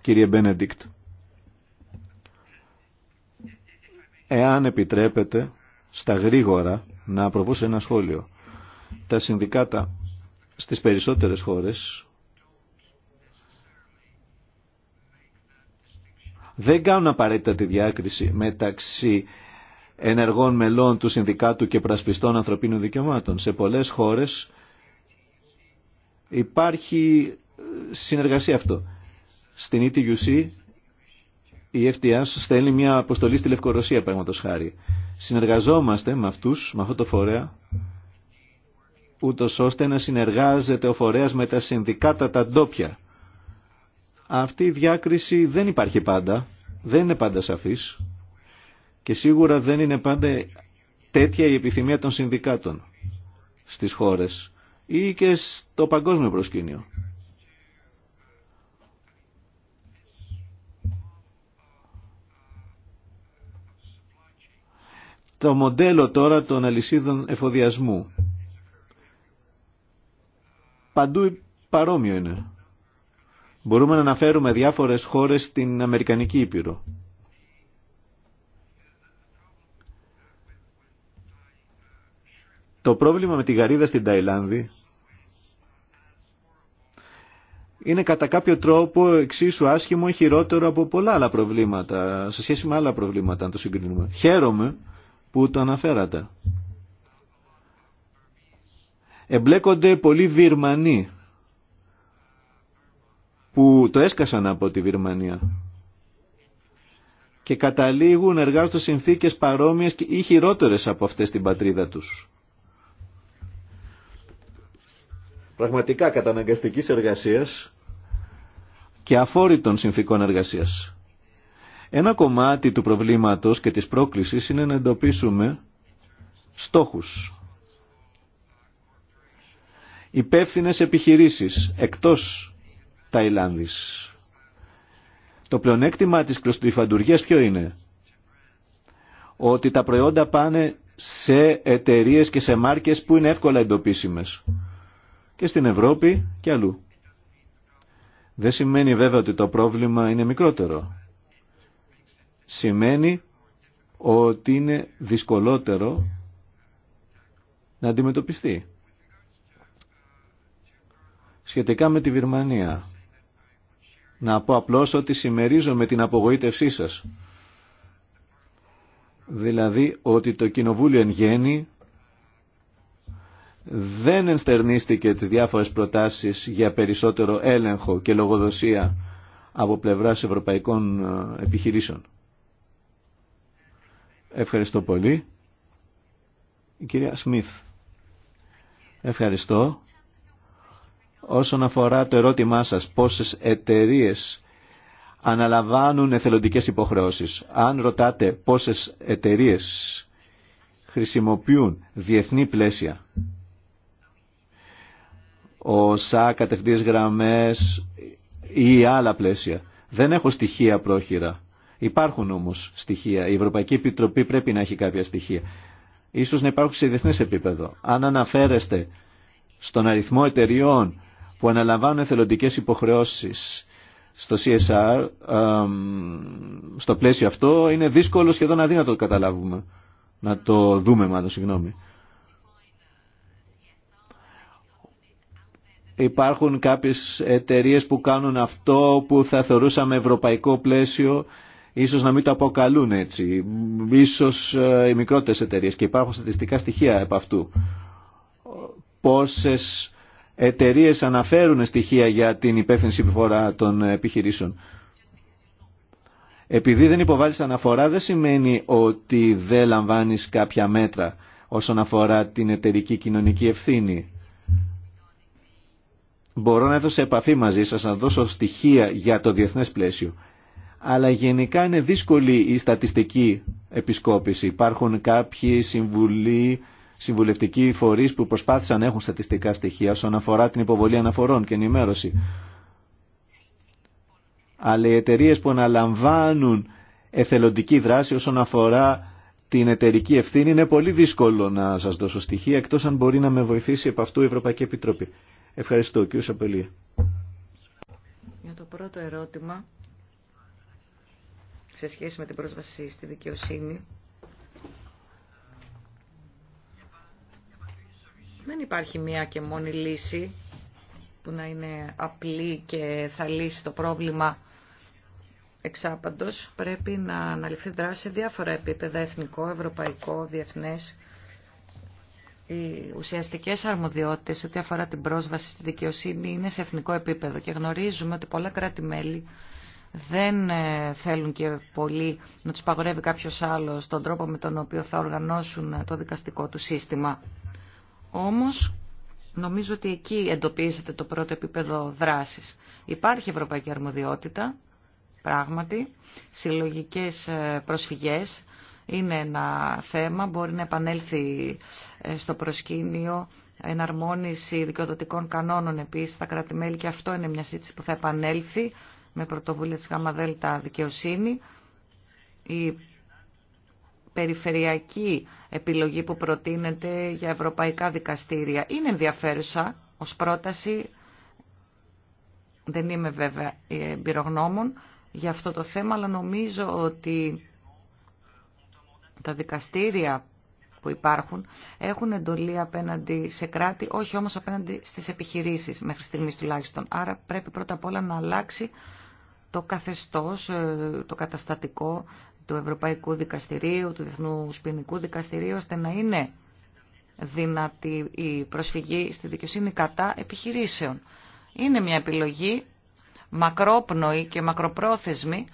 κύριε Μπένεντικτ. Εάν επιτρέπετε, στα γρήγορα, να προβώ ένα σχόλιο. Τα συνδικάτα στις περισσότερες χώρες δεν κάνουν απαραίτητα τη διάκριση μεταξύ ενεργών μελών του Συνδικάτου και Πρασπιστών Ανθρωπίνων Δικαιωμάτων. Σε πολλές χώρες υπάρχει ε, συνεργασία αυτό. Στην ETUC η FTA στέλνει μια αποστολή στη Λευκορωσία, π.χ. χάρη. Συνεργαζόμαστε με αυτούς, με αυτό το φορέα, ούτω ώστε να συνεργάζεται ο φορέας με τα συνδικάτα τα ντόπια. Αυτή η διάκριση δεν υπάρχει πάντα, δεν είναι πάντα σαφής και σίγουρα δεν είναι πάντα τέτοια η επιθυμία των συνδικάτων στις χώρες ή και στο παγκόσμιο προσκήνιο. Το μοντέλο τώρα των αλυσίδων εφοδιασμού. Παντού παρόμοιο είναι. Μπορούμε να αναφέρουμε διάφορες χώρες στην Αμερικανική Ήπειρο. Το πρόβλημα με τη γαρίδα στην Ταϊλάνδη είναι κατά κάποιο τρόπο εξίσου άσχημο ή χειρότερο από πολλά άλλα προβλήματα, σε σχέση με άλλα προβλήματα, αν το συγκρίνουμε. Χαίρομαι που το αναφέρατε. Εμπλέκονται πολλοί Βιρμανοί που το έσκασαν από τη Βιρμανία και καταλήγουν εργάζονται συνθήκες παρόμοιες ή χειρότερες από αυτές στην πατρίδα τους. πραγματικά καταναγκαστικής εργασίας και αφόρητων συνθήκων εργασίας. Ένα κομμάτι του προβλήματος και της πρόκλησης είναι να εντοπίσουμε στόχους. Υπεύθυνες επιχειρήσεις εκτός Ταϊλάνδης. Το πλεονέκτημα της κλωστοϊφαντουργίας ποιο είναι. Ότι τα προϊόντα πάνε σε εταιρείες και σε μάρκες που είναι εύκολα εντοπίσιμες και στην Ευρώπη και αλλού. Δεν σημαίνει βέβαια ότι το πρόβλημα είναι μικρότερο. Σημαίνει ότι είναι δυσκολότερο να αντιμετωπιστεί. Σχετικά με τη Βυρμανία, να πω απλώς ότι συμμερίζω με την απογοήτευσή σας. Δηλαδή ότι το Κοινοβούλιο εν γέννη δεν ενστερνίστηκε τις διάφορες προτάσεις για περισσότερο έλεγχο και λογοδοσία από πλευράς ευρωπαϊκών ε, επιχειρήσεων. Ευχαριστώ πολύ. Η κυρία Σμιθ. Ευχαριστώ. Όσον αφορά το ερώτημά σας, πόσες εταιρείες αναλαμβάνουν εθελοντικές υποχρεώσεις. Αν ρωτάτε πόσες εταιρείες χρησιμοποιούν διεθνή πλαίσια ο σα κατευθείας γραμμές ή άλλα πλαίσια. Δεν έχω στοιχεία πρόχειρα. Υπάρχουν όμως στοιχεία. Η Ευρωπαϊκή Επιτροπή πρέπει να έχει κάποια στοιχεία. Ίσως να υπάρχουν σε διεθνές επίπεδο. Αν αναφέρεστε στον αριθμό εταιριών που αναλαμβάνουν εθελοντικές υποχρεώσεις στο CSR, στο πλαίσιο αυτό, είναι δύσκολο σχεδόν αδύνατο να το καταλάβουμε. Να το δούμε μάλλον, συγγνώμη. Υπάρχουν κάποιες εταιρείε που κάνουν αυτό που θα θεωρούσαμε ευρωπαϊκό πλαίσιο, ίσως να μην το αποκαλούν έτσι, ίσως ε, οι μικρότερες εταιρείε και υπάρχουν στατιστικά στοιχεία από αυτού. Πόσες εταιρείε αναφέρουν στοιχεία για την υπεύθυνση επιφορά των επιχειρήσεων. Επειδή δεν υποβάλλεις αναφορά δεν σημαίνει ότι δεν λαμβάνει κάποια μέτρα όσον αφορά την εταιρική κοινωνική ευθύνη. Μπορώ να έρθω σε επαφή μαζί σας, να δώσω στοιχεία για το διεθνές πλαίσιο. Αλλά γενικά είναι δύσκολη η στατιστική επισκόπηση. Υπάρχουν κάποιοι συμβουλοί, συμβουλευτικοί φορείς που προσπάθησαν να έχουν στατιστικά στοιχεία όσον αφορά την υποβολή αναφορών και ενημέρωση. Αλλά οι εταιρείε που αναλαμβάνουν εθελοντική δράση όσον αφορά την εταιρική ευθύνη είναι πολύ δύσκολο να σας δώσω στοιχεία εκτός αν μπορεί να με βοηθήσει από αυτού η Ευρωπαϊκή Επιτροπή. Ευχαριστώ, κύριο Σαπελή. Για το πρώτο ερώτημα, σε σχέση με την πρόσβαση στη δικαιοσύνη, δεν υπάρχει μία και μόνη λύση που να είναι απλή και θα λύσει το πρόβλημα εξάπαντος. Πρέπει να αναλυθεί δράση σε διάφορα επίπεδα, εθνικό, ευρωπαϊκό, διεθνές οι ουσιαστικές αρμοδιότητες ό,τι αφορά την πρόσβαση στη δικαιοσύνη είναι σε εθνικό επίπεδο και γνωρίζουμε ότι πολλά κράτη-μέλη δεν ε, θέλουν και πολύ να τους παγορεύει κάποιος άλλος τον τρόπο με τον οποίο θα οργανώσουν ε, το δικαστικό του σύστημα. Όμως, νομίζω ότι εκεί εντοπίζεται το πρώτο επίπεδο δράσης. Υπάρχει ευρωπαϊκή αρμοδιότητα, πράγματι, συλλογικές ε, προσφυγές, είναι ένα θέμα, μπορεί να επανέλθει ε, στο προσκήνιο εναρμόνιση δικαιοδοτικών κανόνων επίσης στα κρατη και αυτό είναι μια σύντηση που θα επανέλθει με πρωτοβουλία της ΓΔ Δικαιοσύνη. Η περιφερειακή επιλογή που προτείνεται για ευρωπαϊκά δικαστήρια είναι ενδιαφέρουσα ως πρόταση. Δεν είμαι βέβαια ε, εμπειρογνώμων για αυτό το θέμα, αλλά νομίζω ότι τα δικαστήρια που υπάρχουν έχουν εντολή απέναντι σε κράτη, όχι όμως απέναντι στις επιχειρήσεις μέχρι στιγμής τουλάχιστον. Άρα πρέπει πρώτα απ' όλα να αλλάξει το καθεστώς, ε, το καταστατικό του Ευρωπαϊκού Δικαστηρίου, του Διεθνού Σπινικού Δικαστηρίου, ώστε να είναι δυνατή η προσφυγή στη δικαιοσύνη κατά επιχειρήσεων. Είναι μια επιλογή μακρόπνοη και μακροπρόθεσμη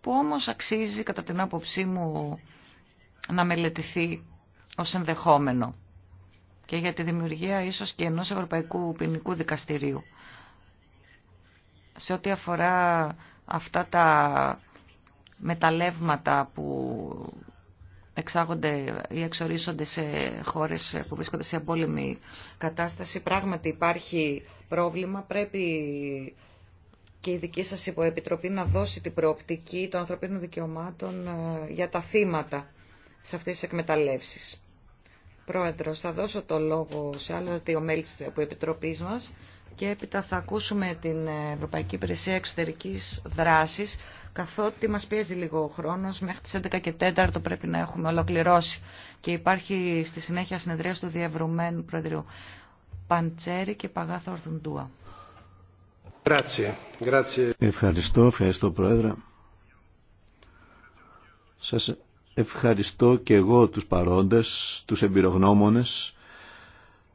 που όμως αξίζει κατά την άποψή μου να μελετηθεί ως ενδεχόμενο και για τη δημιουργία ίσως και ενός Ευρωπαϊκού Ποινικού Δικαστηρίου. Σε ό,τι αφορά αυτά τα μεταλλεύματα που εξάγονται ή εξορίζονται σε χώρες που βρίσκονται σε εμπόλεμη κατάσταση. Πράγματι υπάρχει πρόβλημα, πρέπει και η δική σας υποεπιτροπή να δώσει την προοπτική των ανθρωπίνων δικαιωμάτων ε, για τα θύματα σε αυτές τις εκμεταλλεύσεις. Πρόεδρος, θα δώσω το λόγο σε άλλα δύο μέλη της ε, Επιτροπής μας και έπειτα θα ακούσουμε την ε, Ευρωπαϊκή Υπηρεσία Εξωτερικής Δράσης καθότι μας πιέζει λίγο ο χρόνος, μέχρι τις 11 και 4 το πρέπει να έχουμε ολοκληρώσει και υπάρχει στη συνέχεια συνεδρία του Διευρωμένου προέδρου Παντσέρη και Παγάθα Ορθουντούα. Ευχαριστώ, ευχαριστώ Πρόεδρε. Σας Ευχαριστώ και εγώ τους παρόντες, τους εμπειρογνώμονες.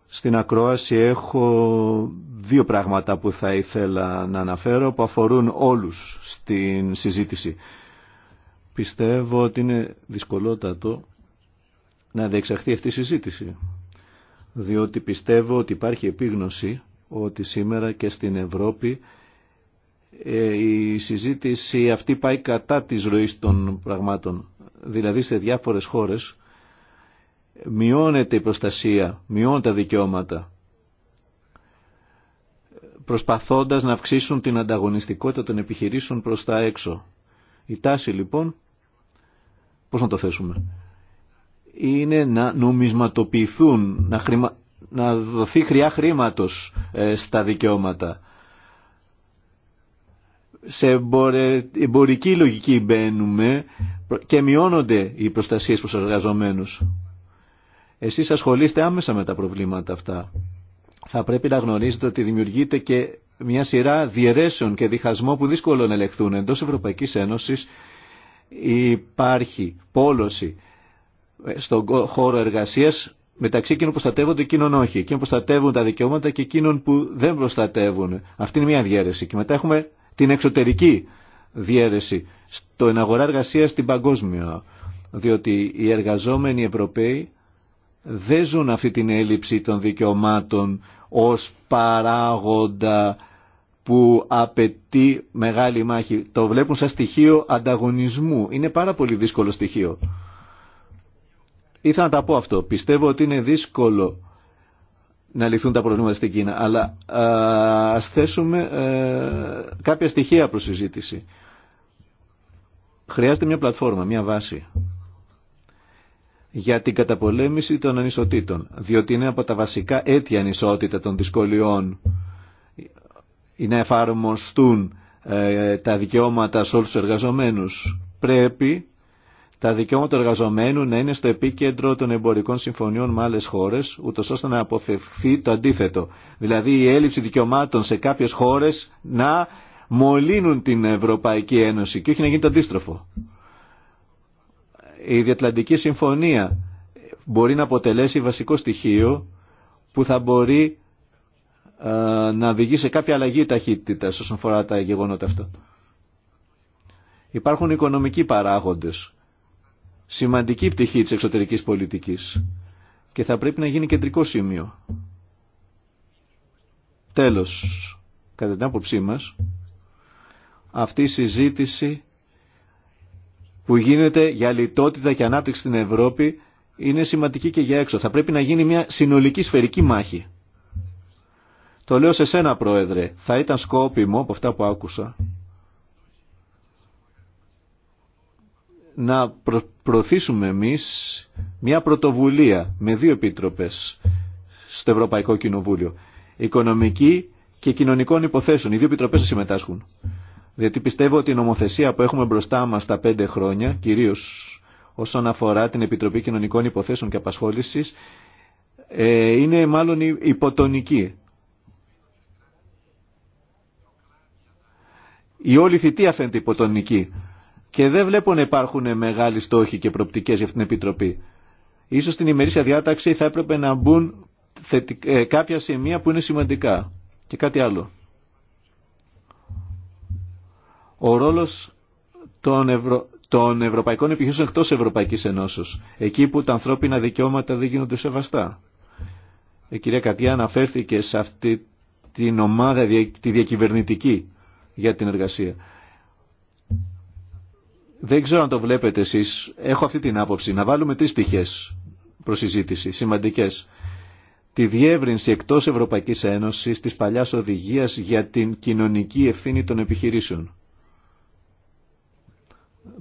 Στην ακρόαση έχω δύο πράγματα που θα ήθελα να αναφέρω που αφορούν όλους στην συζήτηση. Πιστεύω ότι είναι δυσκολότατο να διεξαχθεί αυτή η συζήτηση. Διότι πιστεύω ότι υπάρχει επίγνωση ότι σήμερα και στην Ευρώπη ε, η συζήτηση αυτή πάει κατά της ροής των πραγμάτων δηλαδή σε διάφορες χώρες, μειώνεται η προστασία, μειώνουν τα δικαιώματα, προσπαθώντας να αυξήσουν την ανταγωνιστικότητα των επιχειρήσεων προς τα έξω. Η τάση λοιπόν, πώς να το θέσουμε, είναι να νομισματοποιηθούν, να, να δοθεί χρειά χρήματος ε, στα δικαιώματα σε εμπορική λογική μπαίνουμε και μειώνονται οι προστασίες προς εργαζομένους. Εσείς ασχολείστε άμεσα με τα προβλήματα αυτά. Θα πρέπει να γνωρίζετε ότι δημιουργείται και μια σειρά διαιρέσεων και διχασμό που δύσκολο να ελεγχθούν. Εντός Ευρωπαϊκής Ένωσης υπάρχει πόλωση ε, στον χώρο εργασίας μεταξύ εκείνων που προστατεύονται και εκείνων όχι. Εκείνων που προστατεύουν τα δικαιώματα και εκείνων που δεν προστατεύουν. Αυτή είναι μια διαίρεση. Και μετά έχουμε την εξωτερική διέρεση στο εναγορά εργασία στην παγκόσμια. Διότι οι εργαζόμενοι Ευρωπαίοι δεν ζουν αυτή την έλλειψη των δικαιωμάτων ως παράγοντα που απαιτεί μεγάλη μάχη. Το βλέπουν σαν στοιχείο ανταγωνισμού. Είναι πάρα πολύ δύσκολο στοιχείο. Ήθελα να τα πω αυτό. Πιστεύω ότι είναι δύσκολο να λυθούν τα προβλήματα στην Κίνα. Αλλά α θέσουμε ε, κάποια στοιχεία προ συζήτηση. Χρειάζεται μια πλατφόρμα, μια βάση για την καταπολέμηση των ανισοτήτων, διότι είναι από τα βασικά αίτια ανισότητα των δυσκολιών να εφαρμοστούν ε, τα δικαιώματα σε όλους τους εργαζομένους. Πρέπει τα δικαιώματα του εργαζομένου να είναι στο επίκεντρο των εμπορικών συμφωνιών με άλλε χώρε, ούτω ώστε να αποφευχθεί το αντίθετο. Δηλαδή η έλλειψη δικαιωμάτων σε κάποιε χώρε να μολύνουν την Ευρωπαϊκή Ένωση και όχι να γίνει το αντίστροφο. Η Διατλαντική Συμφωνία μπορεί να αποτελέσει βασικό στοιχείο που θα μπορεί ε, να οδηγεί σε κάποια αλλαγή ταχύτητα όσον αφορά τα γεγονότα αυτά. Υπάρχουν οικονομικοί παράγοντες σημαντική πτυχή της εξωτερικής πολιτικής και θα πρέπει να γίνει κεντρικό σημείο. Τέλος, κατά την άποψή μας, αυτή η συζήτηση που γίνεται για λιτότητα και ανάπτυξη στην Ευρώπη είναι σημαντική και για έξω. Θα πρέπει να γίνει μια συνολική σφαιρική μάχη. Το λέω σε σένα, Πρόεδρε. Θα ήταν σκόπιμο από αυτά που άκουσα να προωθήσουμε εμείς μια πρωτοβουλία με δύο επιτροπές στο Ευρωπαϊκό Κοινοβούλιο. Οικονομική και κοινωνικών υποθέσεων. Οι δύο επιτροπές συμμετάσχουν. Διότι πιστεύω ότι η νομοθεσία που έχουμε μπροστά μας τα πέντε χρόνια, κυρίως όσον αφορά την Επιτροπή Κοινωνικών Υποθέσεων και Απασχόλησης, ε, είναι μάλλον υποτονική. Η όλη θητεία φαίνεται υποτονική και δεν βλέπω να υπάρχουν μεγάλοι στόχοι και προπτικές για αυτήν την Επιτροπή. Ίσως στην ημερήσια διάταξη θα έπρεπε να μπουν ε, κάποια σημεία που είναι σημαντικά. Και κάτι άλλο. Ο ρόλο των, ευρωπαϊκών επιχειρήσεων εκτό Ευρωπαϊκής Ενώσεω, Εκεί που τα ανθρώπινα δικαιώματα δεν γίνονται σεβαστά. Η κυρία Κατιά αναφέρθηκε σε αυτή την ομάδα, τη διακυβερνητική για την εργασία. Δεν ξέρω αν το βλέπετε εσείς, έχω αυτή την άποψη, να βάλουμε τρεις πτυχές προς συζήτηση, σημαντικές. Τη διεύρυνση εκτός Ευρωπαϊκής Ένωσης της παλιάς οδηγίας για την κοινωνική ευθύνη των επιχειρήσεων.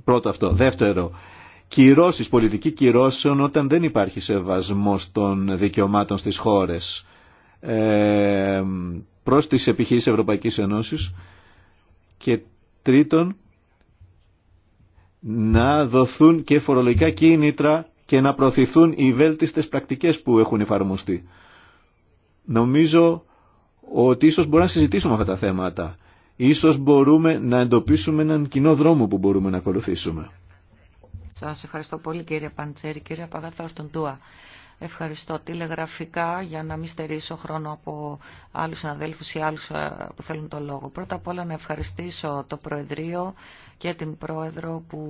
Πρώτο αυτό. Δεύτερο, κυρώσεις, πολιτική κυρώσεων όταν δεν υπάρχει σεβασμός των δικαιωμάτων στις χώρες ε, προς τις επιχειρήσεις Ευρωπαϊκής Ένωσης και τρίτον να δοθούν και φορολογικά κίνητρα και να προωθηθούν οι βέλτιστες πρακτικές που έχουν εφαρμοστεί. Νομίζω ότι ίσως μπορούμε να συζητήσουμε αυτά τα θέματα. Ίσως μπορούμε να εντοπίσουμε έναν κοινό δρόμο που μπορούμε να ακολουθήσουμε. Σας ευχαριστώ πολύ κύριε Παντσέρη, κύριε Παγαθόρτον Τούα. Ευχαριστώ τηλεγραφικά για να μην στερήσω χρόνο από άλλους συναδέλφους ή άλλους ε, που θέλουν το λόγο. Πρώτα απ' όλα να ευχαριστήσω το Προεδρείο και την Πρόεδρο που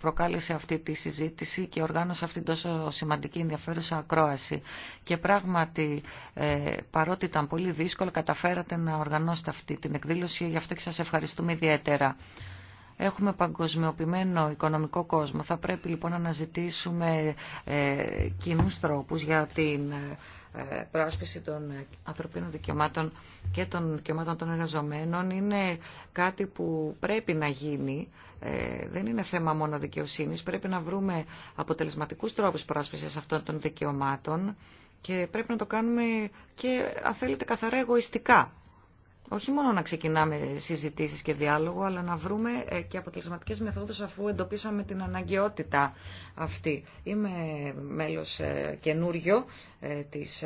προκάλεσε αυτή τη συζήτηση και οργάνωσε αυτή τόσο σημαντική ενδιαφέρουσα ακρόαση. Και πράγματι, ε, παρότι ήταν πολύ δύσκολο, καταφέρατε να οργανώσετε αυτή την εκδήλωση, γι' αυτό και σας ευχαριστούμε ιδιαίτερα. Έχουμε παγκοσμιοποιημένο οικονομικό κόσμο. Θα πρέπει λοιπόν να αναζητήσουμε ε, κοινούς τρόπους για την ε, ε, πράσπιση των ανθρωπίνων δικαιωμάτων και των δικαιωμάτων των εργαζομένων. Είναι κάτι που πρέπει να γίνει. Δεν είναι θέμα μόνο δικαιοσύνης. Πρέπει να βρούμε αποτελεσματικούς τρόπους πράσπισης αυτών των δικαιωμάτων και πρέπει να το κάνουμε και αν θέλετε καθαρά εγωιστικά όχι μόνο να ξεκινάμε συζητήσεις και διάλογο, αλλά να βρούμε ε, και αποτελεσματικές μεθόδους αφού εντοπίσαμε την αναγκαιότητα αυτή. Είμαι μέλος ε, καινούριο ε, της,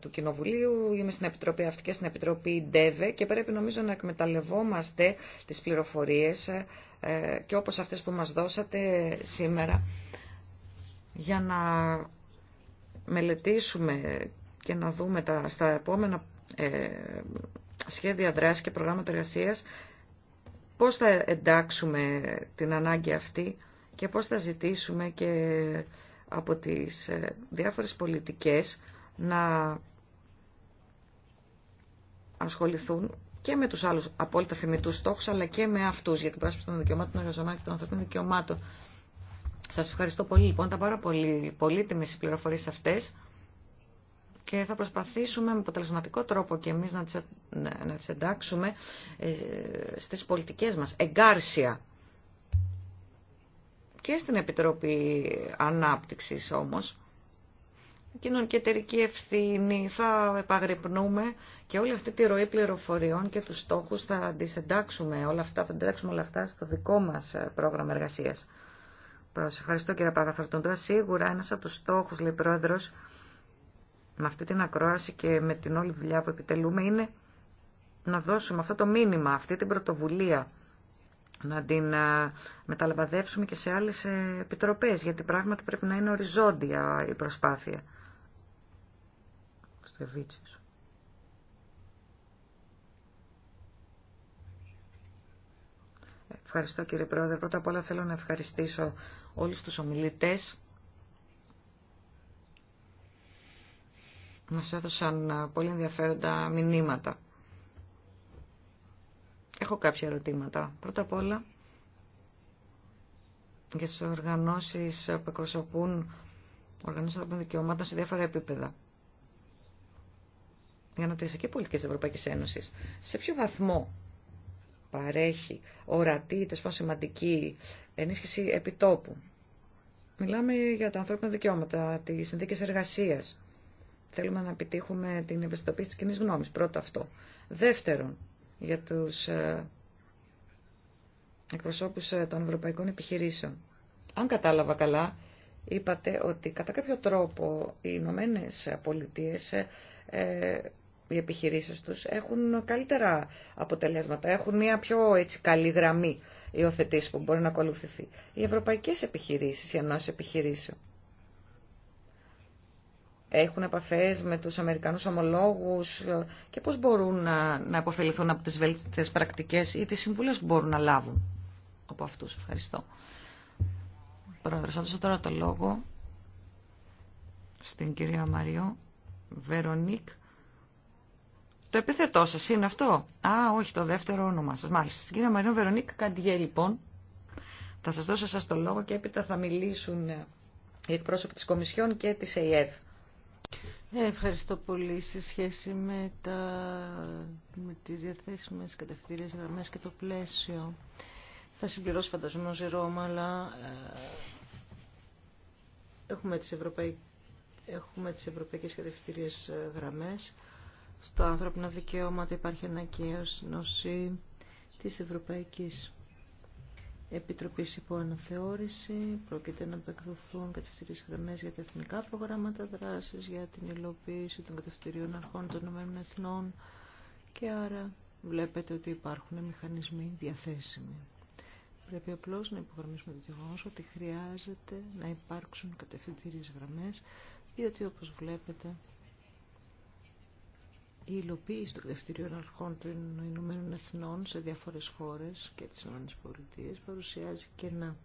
του Κοινοβουλίου, είμαι στην Επιτροπή αυτή και στην Επιτροπή ΔΕΒΕ και πρέπει νομίζω να εκμεταλλευόμαστε τις πληροφορίες και όπως αυτές που μας δώσατε σήμερα για να μελετήσουμε και να δούμε τα, στα επόμενα σχέδια δράση και προγράμματα εργασία, πώς θα εντάξουμε την ανάγκη αυτή και πώς θα ζητήσουμε και από τις ε, διάφορες πολιτικές να ασχοληθούν και με τους άλλους απόλυτα θεμητούς στόχους, αλλά και με αυτούς για την πράσπιση των δικαιωμάτων των εργαζομένων και των ανθρωπίνων δικαιωμάτων. Σας ευχαριστώ πολύ λοιπόν, τα πάρα πολύ πολύτιμες οι πληροφορίες αυτές και θα προσπαθήσουμε με αποτελεσματικό τρόπο και εμείς να τις, ε, να εντάξουμε ε, στις πολιτικές μας εγκάρσια. Και στην Επιτροπή Ανάπτυξης όμως, κοινωνική εταιρική ευθύνη, θα επαγρυπνούμε και όλη αυτή τη ροή πληροφοριών και τους στόχους θα τις εντάξουμε όλα αυτά, θα εντάξουμε όλα αυτά στο δικό μας ε, πρόγραμμα εργασίας. Σας ευχαριστώ κύριε Παγαθαρτοντώ. Σίγουρα ένας από τους στόχους, λέει πρόεδρος, με αυτή την ακρόαση και με την όλη δουλειά που επιτελούμε είναι να δώσουμε αυτό το μήνυμα, αυτή την πρωτοβουλία, να την μεταλαμπαδεύσουμε και σε άλλες ε, επιτροπές, γιατί πράγματι πρέπει να είναι οριζόντια η προσπάθεια. Ευχαριστώ κύριε Πρόεδρε. Πρώτα απ' όλα θέλω να ευχαριστήσω όλους τους ομιλητές Μας έδωσαν πολύ ενδιαφέροντα μηνύματα. Έχω κάποια ερωτήματα. Πρώτα απ' όλα, για τις οργανώσεις που εκπροσωπούν οργανώσεις των δικαιωμάτων σε διάφορα επίπεδα. για να Η αναπτυξιακή πολιτικές της Ευρωπαϊκής Ένωσης, σε ποιο βαθμό παρέχει ορατή, τόσο σημαντική ενίσχυση επιτόπου. Μιλάμε για τα ανθρώπινα δικαιώματα, τις εργασίας, θέλουμε να επιτύχουμε την ευαισθητοποίηση της κοινή γνώμης. Πρώτο αυτό. Δεύτερον, για τους ε, εκπροσώπους ε, των ευρωπαϊκών επιχειρήσεων. Αν κατάλαβα καλά, είπατε ότι κατά κάποιο τρόπο οι Ηνωμένε Πολιτείε ε, οι επιχειρήσει τους έχουν καλύτερα αποτελέσματα, έχουν μια πιο έτσι, καλή γραμμή υιοθετή που μπορεί να ακολουθηθεί. Οι ευρωπαϊκές επιχειρήσεις, οι ενό επιχειρήσεων, έχουν επαφές με τους Αμερικανούς ομολόγους ε, και πώς μπορούν να, να υποφεληθούν από τις βέλτιστες πρακτικές ή τις συμβουλές που μπορούν να λάβουν από αυτούς. Ευχαριστώ. Πρόεδρος, θα δώσω τώρα το λόγο στην κυρία Μαριό Βερονίκ. Το επιθετό σας είναι αυτό. Α, όχι, το δεύτερο όνομα σας. Μάλιστα, στην κυρία Μαριό Βερονίκ Καντιέ, λοιπόν. Θα σας δώσω σας το λόγο και έπειτα θα μιλήσουν οι εκπρόσωποι της Κομισιόν και της ΕΙΕΔ. Ε, ευχαριστώ πολύ. Σε σχέση με, τα, με τις διαθέσιμες κατευθύνες γραμμές και το πλαίσιο, θα συμπληρώσω φαντασμό Ρώμα, αλλά ε, έχουμε τις, ευρωπαϊ... έχουμε τις ευρωπαϊκές κατευθυντήριες ε, γραμμές. Στα ανθρώπινα δικαιώματα υπάρχει ανακαίωση της Ευρωπαϊκής Επιτροπή Υποαναθεώρηση. Πρόκειται να επεκδοθούν κατευθυντήριε γραμμέ για τα εθνικά προγράμματα δράση, για την υλοποίηση των κατευθυντήριων αρχών των ΗΠΑ και άρα βλέπετε ότι υπάρχουν μηχανισμοί διαθέσιμοι. Πρέπει απλώ να υπογραμμίσουμε το γεγονό ότι χρειάζεται να υπάρξουν κατευθυντήριε γραμμέ, διότι όπω βλέπετε η υλοποίηση των κριτηρίων αρχών των Ηνωμένων Εθνών σε διάφορες χώρες και τις Ηνωμένες Πολιτείες παρουσιάζει κενά.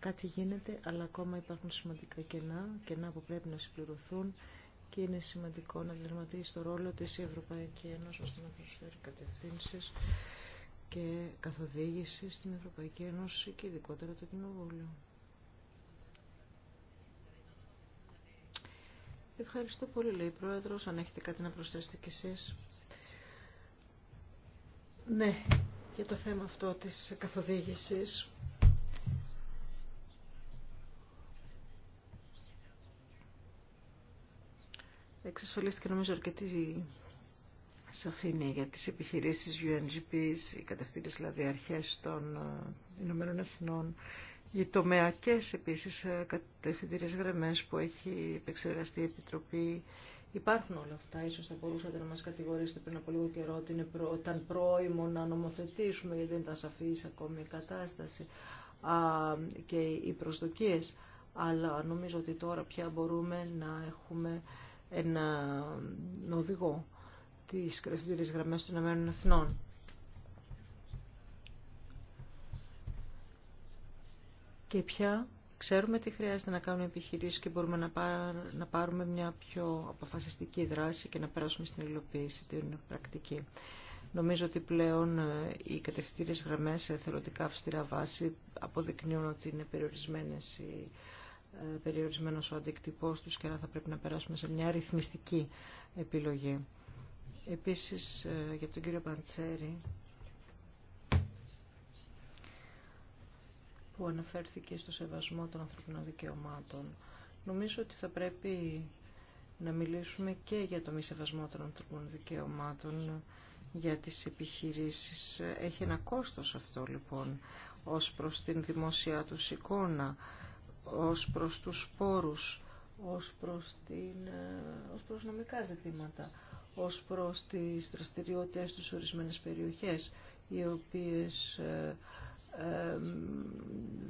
Κάτι γίνεται, αλλά ακόμα υπάρχουν σημαντικά κενά, κενά που πρέπει να συμπληρωθούν και είναι σημαντικό να δερματίσει το ρόλο της η Ευρωπαϊκή Ένωση ώστε να προσφέρει κατευθύνσεις και καθοδήγηση στην Ευρωπαϊκή Ένωση και ειδικότερα το Κοινοβούλιο. Ευχαριστώ πολύ, λέει η Πρόεδρος. Αν έχετε κάτι να προσθέσετε κι εσείς. Ναι, για το θέμα αυτό της καθοδήγησης. Εξασφαλίστηκε νομίζω αρκετή σαφήνεια για τις επιχειρήσεις UNGPs, οι κατευθύνες δηλαδή αρχές των ε, Ηνωμένων Εθνών οι τομεακές επίσης ε, κατευθυντήριες γραμμές που έχει επεξεργαστεί η Επιτροπή Υπάρχουν όλα αυτά. Ίσως θα μπορούσατε να μας κατηγορήσετε πριν από λίγο καιρό ότι είναι ήταν πρόημο να νομοθετήσουμε γιατί δεν ήταν σαφή ακόμη η κατάσταση α, και οι προσδοκίες. Αλλά νομίζω ότι τώρα πια μπορούμε να έχουμε ένα οδηγό τις κρατητήρης γραμμές των Ηνωμένων Εθνών. και πια ξέρουμε τι χρειάζεται να κάνουμε επιχειρήσεις και μπορούμε να πάρουμε μια πιο αποφασιστική δράση και να περάσουμε στην υλοποίηση, την πρακτική. Νομίζω ότι πλέον ε, οι κατευθυντήριες γραμμές σε θελοντικά αυστηρά βάση αποδεικνύουν ότι είναι περιορισμένες ε, περιορισμένος ο αντικτυπός τους και άρα θα πρέπει να περάσουμε σε μια ρυθμιστική επιλογή. Επίσης ε, για τον κύριο Παντσέρη που αναφέρθηκε στο σεβασμό των ανθρωπινών δικαιωμάτων. Νομίζω ότι θα πρέπει να μιλήσουμε και για το μη σεβασμό των ανθρωπινών δικαιωμάτων για τις επιχειρήσεις. Έχει ένα κόστος αυτό λοιπόν ως προς την δημόσια του εικόνα, ως προς τους πόρους, ως προς, την, ε, προς νομικά ζητήματα, ως προς τις δραστηριότητες τους ορισμένες περιοχές, οι οποίες ε,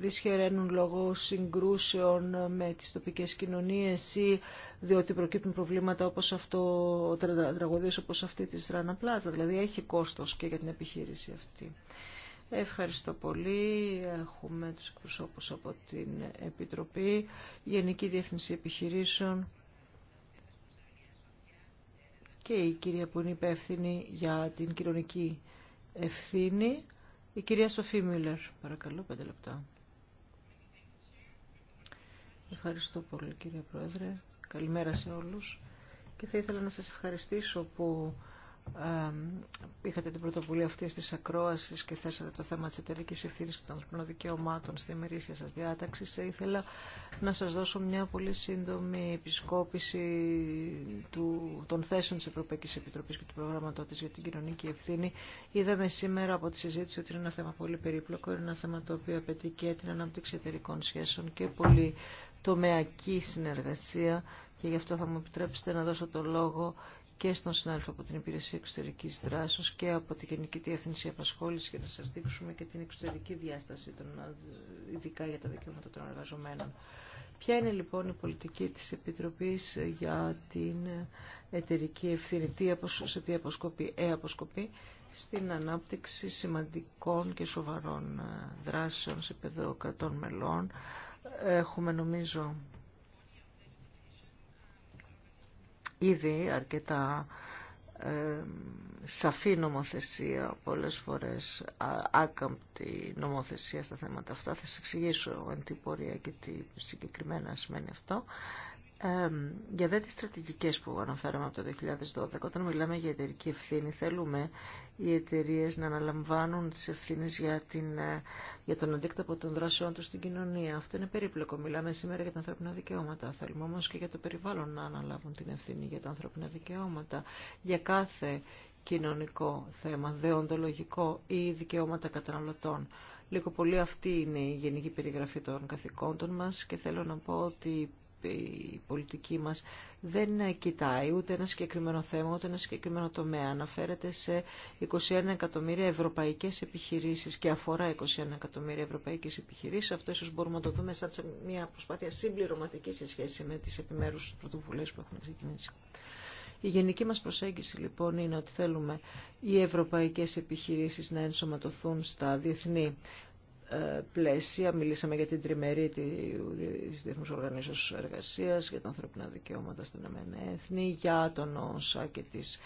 δυσχεραίνουν λόγω συγκρούσεων με τις τοπικές κοινωνίες ή διότι προκύπτουν προβλήματα όπως αυτό, τραγωδίες όπως αυτή της Ράνα Δηλαδή έχει κόστος και για την επιχείρηση αυτή. Ευχαριστώ πολύ. Έχουμε τους εκπροσώπους από την Επιτροπή Γενική Διεύθυνση Επιχειρήσεων και η κυρία που είναι υπεύθυνη για την κοινωνική ευθύνη. Η κυρία Σοφή Μίλλερ, παρακαλώ, πέντε λεπτά. Ευχαριστώ πολύ κύριε Πρόεδρε. Καλημέρα σε όλους. Και θα ήθελα να σας ευχαριστήσω που είχατε την πρωτοβουλία αυτή τη ακρόαση και θέσατε το θέμα τη εταιρική ευθύνη και των ανθρωπίνων δικαιωμάτων στη μερίσια σα διάταξη, θα ήθελα να σα δώσω μια πολύ σύντομη επισκόπηση του, των θέσεων τη Ευρωπαϊκή Επιτροπή και του προγράμματό τη για την κοινωνική ευθύνη. Είδαμε σήμερα από τη συζήτηση ότι είναι ένα θέμα πολύ περίπλοκο, είναι ένα θέμα το οποίο απαιτεί και την ανάπτυξη εταιρικών σχέσεων και πολύ τομεακή συνεργασία και γι' αυτό θα μου επιτρέψετε να δώσω το λόγο και στον συνάδελφο από την Υπηρεσία εξωτερική Δράσεω και από την Γενική Διεύθυνση Απασχόληση για να σα δείξουμε και την εξωτερική διάσταση των, ε, ειδικά για τα δικαιώματα των εργαζομένων. Ποια είναι λοιπόν η πολιτική της Επιτροπής για την εταιρική ευθύνη, σε τι αποσκοπεί, ε, αποσκοπεί στην ανάπτυξη σημαντικών και σοβαρών ε, δράσεων σε επίπεδο κρατών μελών. Έχουμε νομίζω ήδη αρκετά ε, σαφή νομοθεσία πολλές φορές άκαμπτη νομοθεσία στα θέματα αυτά θα σας εξηγήσω εν τι πορεία και τι συγκεκριμένα σημαίνει αυτό ε, για δε τις στρατηγικές που αναφέραμε από το 2012, όταν μιλάμε για εταιρική ευθύνη, θέλουμε οι εταιρείε να αναλαμβάνουν τις ευθύνες για, την, ε, για τον αντίκτυπο των δράσεών τους στην κοινωνία. Αυτό είναι περίπλοκο. Μιλάμε σήμερα για τα ανθρώπινα δικαιώματα. Θέλουμε όμως και για το περιβάλλον να αναλάβουν την ευθύνη για τα ανθρώπινα δικαιώματα. Για κάθε κοινωνικό θέμα, δεοντολογικό ή δικαιώματα καταναλωτών. Λίγο πολύ αυτή είναι η γενική περιγραφή των καθηκόντων μας και θέλω να πω ότι η πολιτική μας δεν κοιτάει ούτε ένα συγκεκριμένο θέμα, ούτε ένα συγκεκριμένο τομέα. Αναφέρεται σε 21 εκατομμύρια ευρωπαϊκές επιχειρήσεις και αφορά 21 εκατομμύρια ευρωπαϊκές επιχειρήσεις. Αυτό ίσως μπορούμε να το δούμε σαν μια προσπάθεια συμπληρωματική σε σχέση με τις επιμέρους πρωτοβουλίες που έχουν ξεκινήσει. Η γενική μας προσέγγιση λοιπόν είναι ότι θέλουμε οι ευρωπαϊκές επιχειρήσεις να ενσωματωθούν στα διεθνή ε, πλαίσια. Μιλήσαμε για την τριμερή της Διεθνούς Οργανίσεως Εργασίας, για τα ανθρώπινα δικαιώματα στην ΕΕ, για τον ΩΣΑ και τις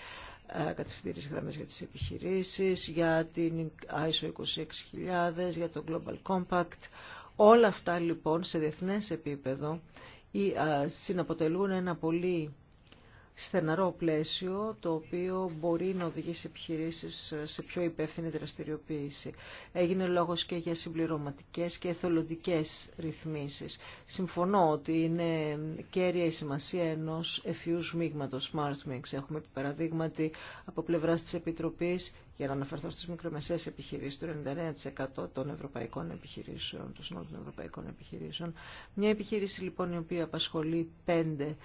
ε, κατευθυντήριες γραμμές για τις επιχειρήσεις, για την ISO 26000, για το Global Compact. Όλα αυτά λοιπόν σε διεθνές επίπεδο συναποτελούν ένα πολύ στεναρό πλαίσιο το οποίο μπορεί να οδηγήσει επιχειρήσεις σε πιο υπεύθυνη δραστηριοποίηση. Έγινε λόγος και για συμπληρωματικές και εθελοντικές ρυθμίσεις. Συμφωνώ ότι είναι κέρια η σημασία ενός εφιού μείγματος Smart Mix. Έχουμε παραδείγματι από πλευρά της Επιτροπής για να αναφερθώ στις μικρομεσαίες επιχειρήσεις, το 99% των ευρωπαϊκών επιχειρήσεων, των συνόλων των ευρωπαϊκών επιχειρήσεων. Μια επιχείρηση λοιπόν η οποία απασχολεί πέντε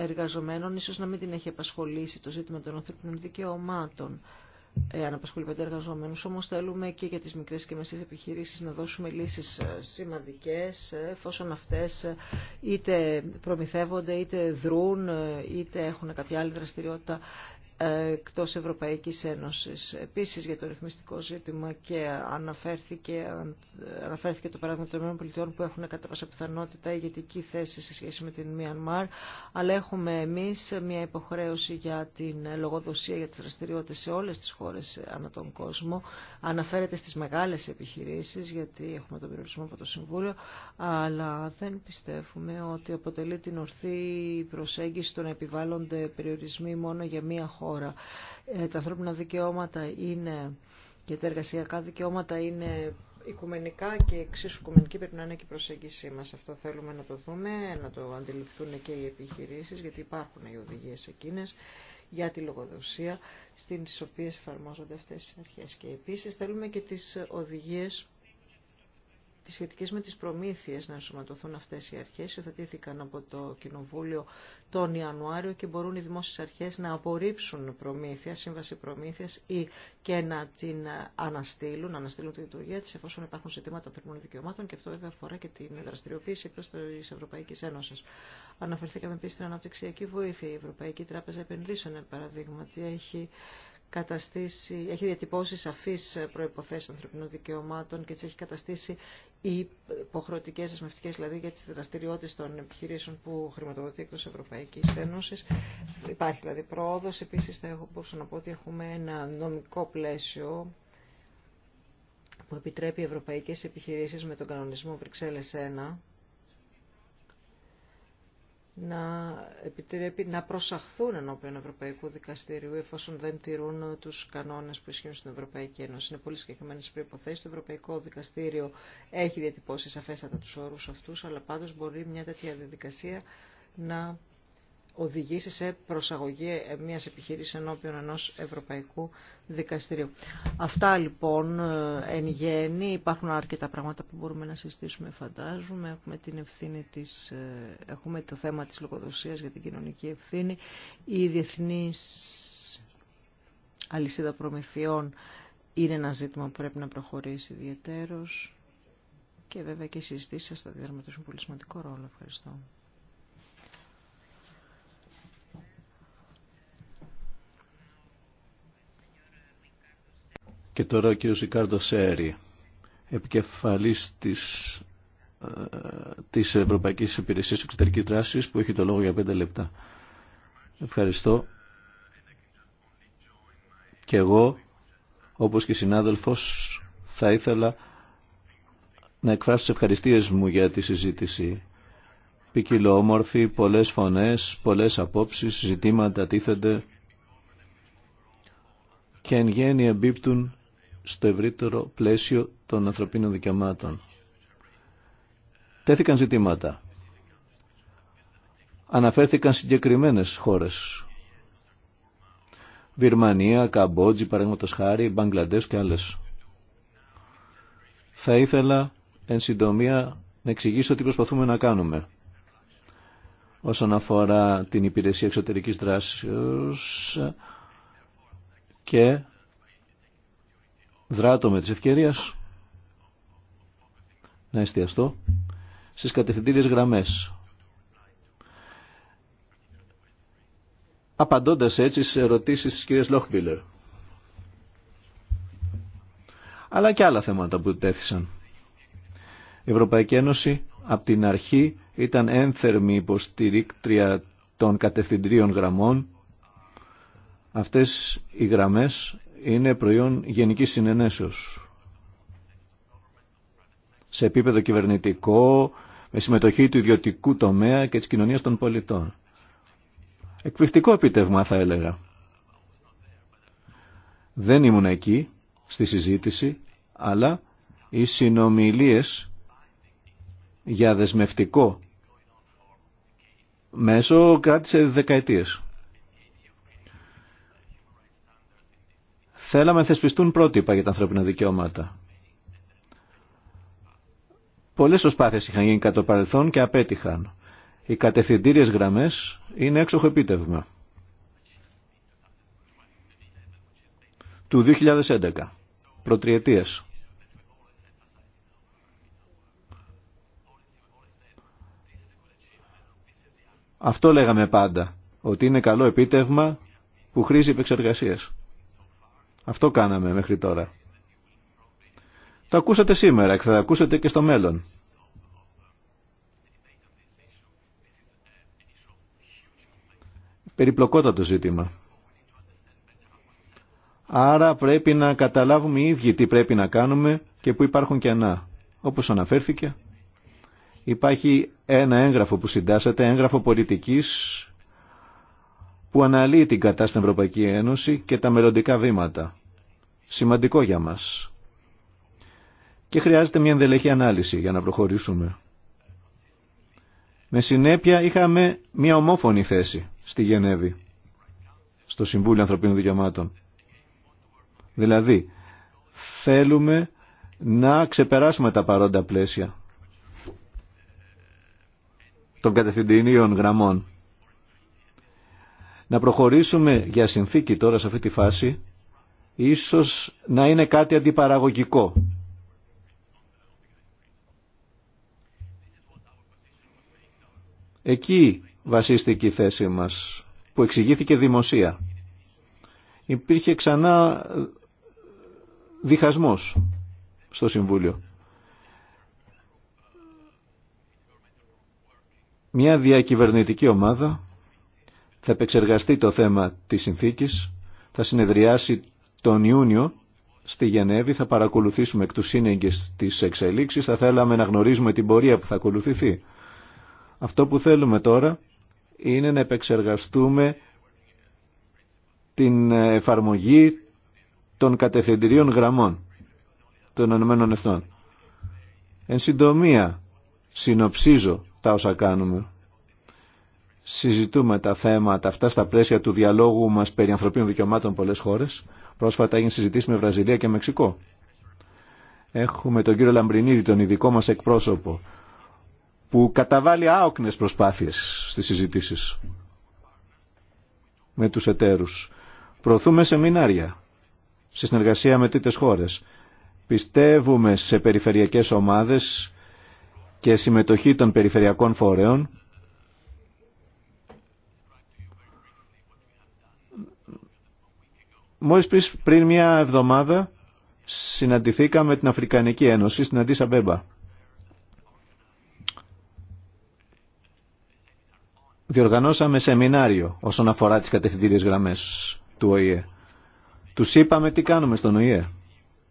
εργαζομένων ίσως να μην την έχει απασχολήσει το ζήτημα των ανθρώπινων δικαιωμάτων ε, αν απασχολεί εργαζόμενους. Όμως θέλουμε και για τις μικρές και μεσές επιχειρήσεις να δώσουμε λύσεις ε, σημαντικές, ε, εφόσον αυτές είτε προμηθεύονται, είτε δρούν, είτε έχουν κάποια άλλη δραστηριότητα εκτός Ευρωπαϊκής Ένωσης. Επίσης για το ρυθμιστικό ζήτημα και αναφέρθηκε, αναφέρθηκε το παράδειγμα των ΗΠΑ που έχουν κατά πάσα πιθανότητα ηγετική θέση σε σχέση με την Μιανμάρ, αλλά έχουμε εμείς μια υποχρέωση για την λογοδοσία για τις δραστηριότητες σε όλες τις χώρες ανά τον κόσμο. Αναφέρεται στις μεγάλες επιχειρήσεις, γιατί έχουμε τον περιορισμό από το Συμβούλιο, αλλά δεν πιστεύουμε ότι αποτελεί την ορθή προσέγγιση το να επιβάλλονται περιορισμοί μόνο για μία χώρα χώρα. Ε, τα ανθρώπινα δικαιώματα είναι και τα εργασιακά δικαιώματα είναι οικουμενικά και εξίσου οικουμενική πρέπει να είναι και η προσέγγιση μας. Αυτό θέλουμε να το δούμε, να το αντιληφθούν και οι επιχειρήσεις, γιατί υπάρχουν οι οδηγίες εκείνες για τη λογοδοσία, στις οποίες εφαρμόζονται αυτές οι αρχές. Και επίσης θέλουμε και τις οδηγίες τις σχετικές με τις προμήθειες να ενσωματωθούν αυτές οι αρχές υιοθετήθηκαν από το Κοινοβούλιο τον Ιανουάριο και μπορούν οι δημόσιες αρχές να απορρίψουν προμήθεια, σύμβαση προμήθειας ή και να την αναστείλουν, να αναστείλουν τη λειτουργία της εφόσον υπάρχουν ζητήματα ανθρωπίνων δικαιωμάτων και αυτό βέβαια αφορά και την δραστηριοποίηση εκτός της Ευρωπαϊκής Ένωσης. Αναφερθήκαμε επίσης στην αναπτυξιακή βοήθεια. Η Ευρωπαϊκή Τράπεζα Επενδύσεων, παραδείγματι, έχει καταστήσει, έχει διατυπώσει σαφείς προϋποθέσεις ανθρωπινών δικαιωμάτων και τις έχει καταστήσει οι υποχρεωτικές δεσμευτικές δηλαδή για τι δραστηριότητε των επιχειρήσεων που χρηματοδοτεί εκτός Ευρωπαϊκή Ένωση. Υπάρχει δηλαδή πρόοδο. Επίσης θα έχω, μπορούσα να πω ότι έχουμε ένα νομικό πλαίσιο που επιτρέπει οι ευρωπαϊκές επιχειρήσεις με τον κανονισμό Βρυξέλλες 1 να επιτρέπει να προσαχθούν ενώπιον Ευρωπαϊκού Δικαστηρίου εφόσον δεν τηρούν του κανόνε που ισχύουν στην Ευρωπαϊκή Ένωση. Είναι πολύ συγκεκριμένε προποθέσει. Το Ευρωπαϊκό Δικαστήριο έχει διατυπώσει σαφέστατα του όρου αυτού, αλλά πάντω μπορεί μια τέτοια διαδικασία να οδηγήσει σε προσαγωγή μιας επιχείρησης ενώπιον ενός ευρωπαϊκού δικαστηρίου. Αυτά λοιπόν ε, εν γέννη. Υπάρχουν αρκετά πράγματα που μπορούμε να συζητήσουμε φαντάζομαι. Έχουμε, την ευθύνη της, ε, έχουμε το θέμα της λογοδοσίας για την κοινωνική ευθύνη. Η διεθνής αλυσίδα προμηθειών είναι ένα ζήτημα που πρέπει να προχωρήσει ιδιαίτερος. Και βέβαια και οι συζητήσεις θα διδραματίσουν πολύ σημαντικό ρόλο. Ευχαριστώ. Και τώρα ο κ. Ρικάρδο Σέρι, επικεφαλής της, ε, της Ευρωπαϊκής Υπηρεσίας Εξωτερικής Δράσης που έχει το λόγο για πέντε λεπτά. Ευχαριστώ. Και εγώ, όπως και συνάδελφος, θα ήθελα να εκφράσω τις ευχαριστίες μου για τη συζήτηση. Ποικιλόμορφη, πολλές φωνές, πολλές απόψεις, ζητήματα τίθενται και εν γέννη εμπίπτουν στο ευρύτερο πλαίσιο των ανθρωπίνων δικαιωμάτων. Τέθηκαν ζητήματα. Αναφέρθηκαν συγκεκριμένες χώρες. Βιρμανία, Καμπότζη, παραδείγματο χάρη, Μπαγκλαντές και άλλες. Θα ήθελα εν συντομία να εξηγήσω τι προσπαθούμε να κάνουμε όσον αφορά την υπηρεσία εξωτερικής δράσης και δράτω με τις ευκαιρίες να εστιαστώ στις κατευθυντήριες γραμμές. Απαντώντας έτσι σε ερωτήσεις της κυρίας Λόχμπιλερ. Αλλά και άλλα θέματα που τέθησαν. Η Ευρωπαϊκή Ένωση από την αρχή ήταν ένθερμη υποστηρίκτρια των κατευθυντήριων γραμμών. Αυτές οι γραμμές είναι προϊόν γενικής συνενέσεως. Σε επίπεδο κυβερνητικό, με συμμετοχή του ιδιωτικού τομέα και της κοινωνίας των πολιτών. Εκπληκτικό επιτεύγμα θα έλεγα. Δεν ήμουν εκεί στη συζήτηση, αλλά οι συνομιλίες για δεσμευτικό μέσο κράτησε δεκαετίες. Θέλαμε να θεσπιστούν πρότυπα για τα ανθρώπινα δικαιώματα. Πολλέ προσπάθειε είχαν γίνει κατά το παρελθόν και απέτυχαν. Οι κατευθυντήριε γραμμέ είναι έξοχο επίτευγμα. Του 2011, Προτριετία. Αυτό λέγαμε πάντα, ότι είναι καλό επίτευγμα που χρήζει επεξεργασίας. Αυτό κάναμε μέχρι τώρα. Το ακούσατε σήμερα και θα το ακούσετε και στο μέλλον. Περιπλοκότατο ζήτημα. Άρα πρέπει να καταλάβουμε οι ίδιοι τι πρέπει να κάνουμε και που υπάρχουν κενά. Όπως αναφέρθηκε, υπάρχει ένα έγγραφο που συντάσσεται, έγγραφο πολιτικής που αναλύει την κατάσταση στην Ευρωπαϊκή Ένωση και τα μελλοντικά βήματα σημαντικό για μας. Και χρειάζεται μια ενδελεχή ανάλυση για να προχωρήσουμε. Με συνέπεια είχαμε μια ομόφωνη θέση στη Γενέβη, στο Συμβούλιο Ανθρωπίνων Δικαιωμάτων. Δηλαδή, θέλουμε να ξεπεράσουμε τα παρόντα πλαίσια των κατευθυντηρίων γραμμών. Να προχωρήσουμε για συνθήκη τώρα σε αυτή τη φάση ίσως να είναι κάτι αντιπαραγωγικό. Εκεί βασίστηκε η θέση μας, που εξηγήθηκε δημοσία. Υπήρχε ξανά διχασμός στο Συμβούλιο. Μια διακυβερνητική ομάδα θα επεξεργαστεί το θέμα της συνθήκης, θα συνεδριάσει τον Ιούνιο στη Γενέβη θα παρακολουθήσουμε εκ του σύνεγγες τις εξελίξεις, θα θέλαμε να γνωρίζουμε την πορεία που θα ακολουθηθεί. Αυτό που θέλουμε τώρα είναι να επεξεργαστούμε την εφαρμογή των κατευθυντηρίων γραμμών των Ηνωμένων Εν συντομία, συνοψίζω τα όσα κάνουμε. Συζητούμε τα θέματα αυτά στα πλαίσια του διαλόγου μας περί ανθρωπίνων δικαιωμάτων πολλές χώρες. Πρόσφατα έγινε συζητήσει με Βραζιλία και Μεξικό. Έχουμε τον κύριο Λαμπρινίδη, τον ειδικό μας εκπρόσωπο, που καταβάλει άοκνες προσπάθειες στις συζητήσεις με τους εταίρους. Προωθούμε σεμινάρια σε συνεργασία με τίτες χώρες. Πιστεύουμε σε περιφερειακές ομάδες και συμμετοχή των περιφερειακών φορέων Μόλις πριν μια εβδομάδα συναντηθήκαμε με την Αφρικανική Ένωση στην Αντίσα Μπέμπα. Διοργανώσαμε σεμινάριο όσον αφορά τις κατευθυντήριες γραμμές του ΟΗΕ. Τους είπαμε τι κάνουμε στον ΟΗΕ,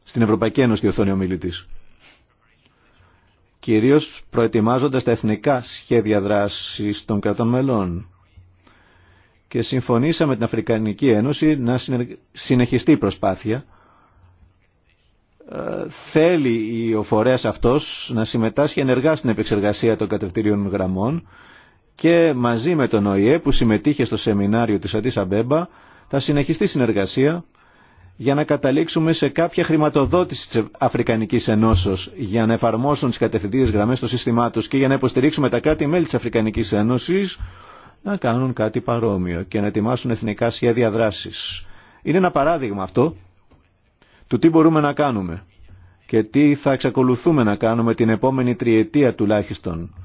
στην Ευρωπαϊκή Ένωση διορθώνει ο μιλητής. Κυρίως προετοιμάζοντας τα εθνικά σχέδια δράσης των κρατών μελών και συμφωνήσαμε με την Αφρικανική Ένωση να συνεχιστεί η προσπάθεια. Ε, θέλει ο φορέας αυτός να συμμετάσχει ενεργά στην επεξεργασία των κατευθυντήριων γραμμών και μαζί με τον ΟΗΕ που συμμετείχε στο σεμινάριο της Αντίσα Μπέμπα θα συνεχιστεί συνεργασία για να καταλήξουμε σε κάποια χρηματοδότηση της Αφρικανικής Ενώσεως για να εφαρμόσουν τις κατευθυντήριες γραμμές στο σύστημά τους και για να υποστηρίξουμε τα κράτη-μέλη της Αφρικανικής Ένωσης να κάνουν κάτι παρόμοιο και να ετοιμάσουν εθνικά σχέδια δράσης. Είναι ένα παράδειγμα αυτό του τι μπορούμε να κάνουμε και τι θα εξακολουθούμε να κάνουμε την επόμενη τριετία τουλάχιστον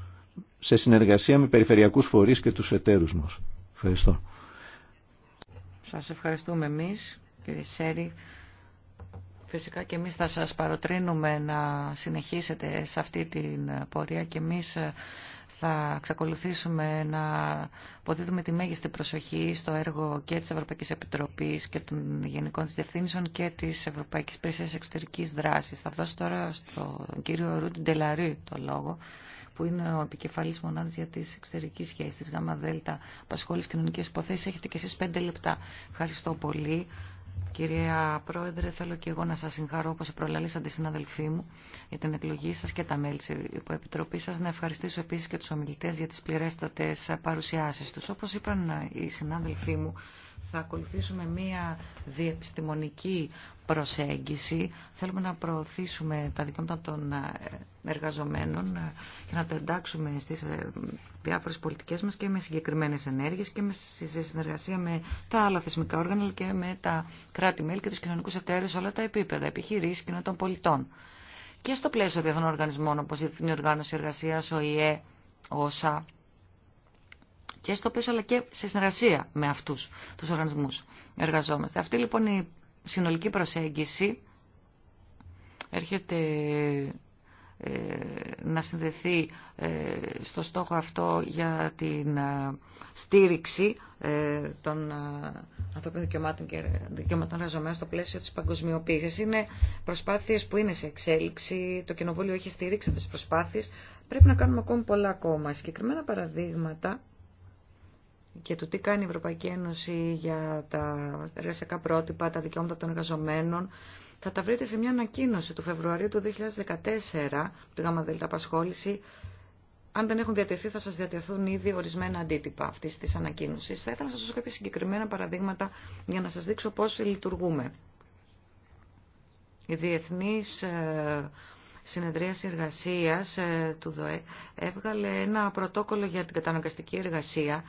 σε συνεργασία με περιφερειακούς φορείς και τους εταίρους μας. Ευχαριστώ. Σας ευχαριστούμε εμείς, κύριε Σέρη. Φυσικά και εμείς θα σας παροτρύνουμε να συνεχίσετε σε αυτή την πορεία και εμείς θα εξακολουθήσουμε να αποδίδουμε τη μέγιστη προσοχή στο έργο και της Ευρωπαϊκής Επιτροπής και των Γενικών της Διευθύνσεων και της Ευρωπαϊκής Υπηρεσίας Εξωτερικής Δράσης. Θα δώσω τώρα στον κύριο Ρούντι Ντελαρή το λόγο που είναι ο επικεφαλής μονάδας για τις εξωτερικές σχέσεις της ΓΔ Πασχόλης Κοινωνικές Υποθέσεις. Έχετε και εσείς πέντε λεπτά. Ευχαριστώ πολύ. Κυρία Πρόεδρε, θέλω και εγώ να σας συγχαρώ όπως προλαλήσατε συναδελφοί μου για την εκλογή σας και τα μέλη της Επιτροπής σας. Να ευχαριστήσω επίσης και τους ομιλητές για τις πληρέστατες παρουσιάσεις τους. Όπως είπαν οι συνάδελφοί μου, θα ακολουθήσουμε μία διεπιστημονική προσέγγιση. Θέλουμε να προωθήσουμε τα δικαιώματα των εργαζομένων και ε, να τα εντάξουμε στις ε, διάφορες πολιτικές μας και με συγκεκριμένες ενέργειες και με συνεργασία με τα άλλα θεσμικά όργανα και με τα κράτη-μέλη και τους κοινωνικούς εταίρους σε όλα τα επίπεδα, επιχειρήσεις και των πολιτών. Και στο πλαίσιο διεθνών οργανισμών όπως η Διεθνή Οργάνωση Εργασίας, ο όσα και στο πίσω αλλά και σε συνεργασία με αυτού, του οργανισμού. εργαζόμαστε. Αυτή λοιπόν η συνολική προσέγγιση έρχεται ε, να συνδεθεί ε, στο στόχο αυτό για την ε, στήριξη των ανθρώπινων δικαιωμάτων και δικαιωμάτων εργαζομένων στο πλαίσιο της παγκοσμιοποίησης. Είναι προσπάθειες που είναι σε εξέλιξη, το Κοινοβούλιο έχει στηρίξει τις προσπάθειες, πρέπει να κάνουμε ακόμη πολλά ακόμα. Συγκεκριμένα παραδείγματα και του τι κάνει η Ευρωπαϊκή Ένωση για τα εργασιακά πρότυπα, τα δικαιώματα των εργαζομένων, θα τα βρείτε σε μια ανακοίνωση του Φεβρουαρίου του 2014 από τη ΓΔ Απασχόληση. Αν δεν έχουν διατεθεί, θα σα διατεθούν ήδη ορισμένα αντίτυπα αυτή τη ανακοίνωση. Θα ήθελα να σα δώσω κάποια συγκεκριμένα παραδείγματα για να σα δείξω πώ λειτουργούμε. Η διεθνή ε, συνεδρίαση εργασία ε, του ΔΟΕ έβγαλε ένα πρωτόκολλο για την καταναγκαστική εργασία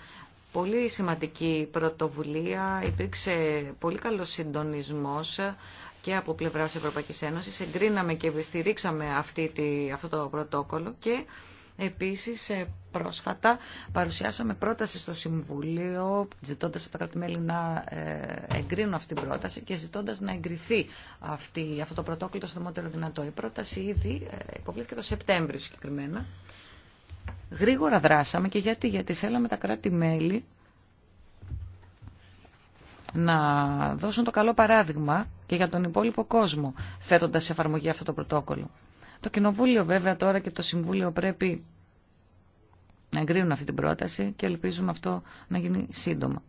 Πολύ σημαντική πρωτοβουλία, υπήρξε πολύ καλός συντονισμός και από πλευράς Ευρωπαϊκής Ένωσης. Εγκρίναμε και στηρίξαμε αυτή τη, αυτό το πρωτόκολλο και επίσης ε, πρόσφατα παρουσιάσαμε πρόταση στο Συμβούλιο ζητώντας από τα κρατη να ε, εγκρίνουν αυτή την πρόταση και ζητώντας να εγκριθεί αυτή, αυτό το πρωτόκολλο στο δυνατό. Η πρόταση ήδη ε, υποβλήθηκε το Σεπτέμβριο συγκεκριμένα Γρήγορα δράσαμε και γιατί, γιατί θέλαμε τα κράτη-μέλη να δώσουν το καλό παράδειγμα και για τον υπόλοιπο κόσμο, θέτοντας σε εφαρμογή αυτό το πρωτόκολλο. Το Κοινοβούλιο βέβαια τώρα και το Συμβούλιο πρέπει να εγκρίνουν αυτή την πρόταση και ελπίζουμε αυτό να γίνει σύντομα.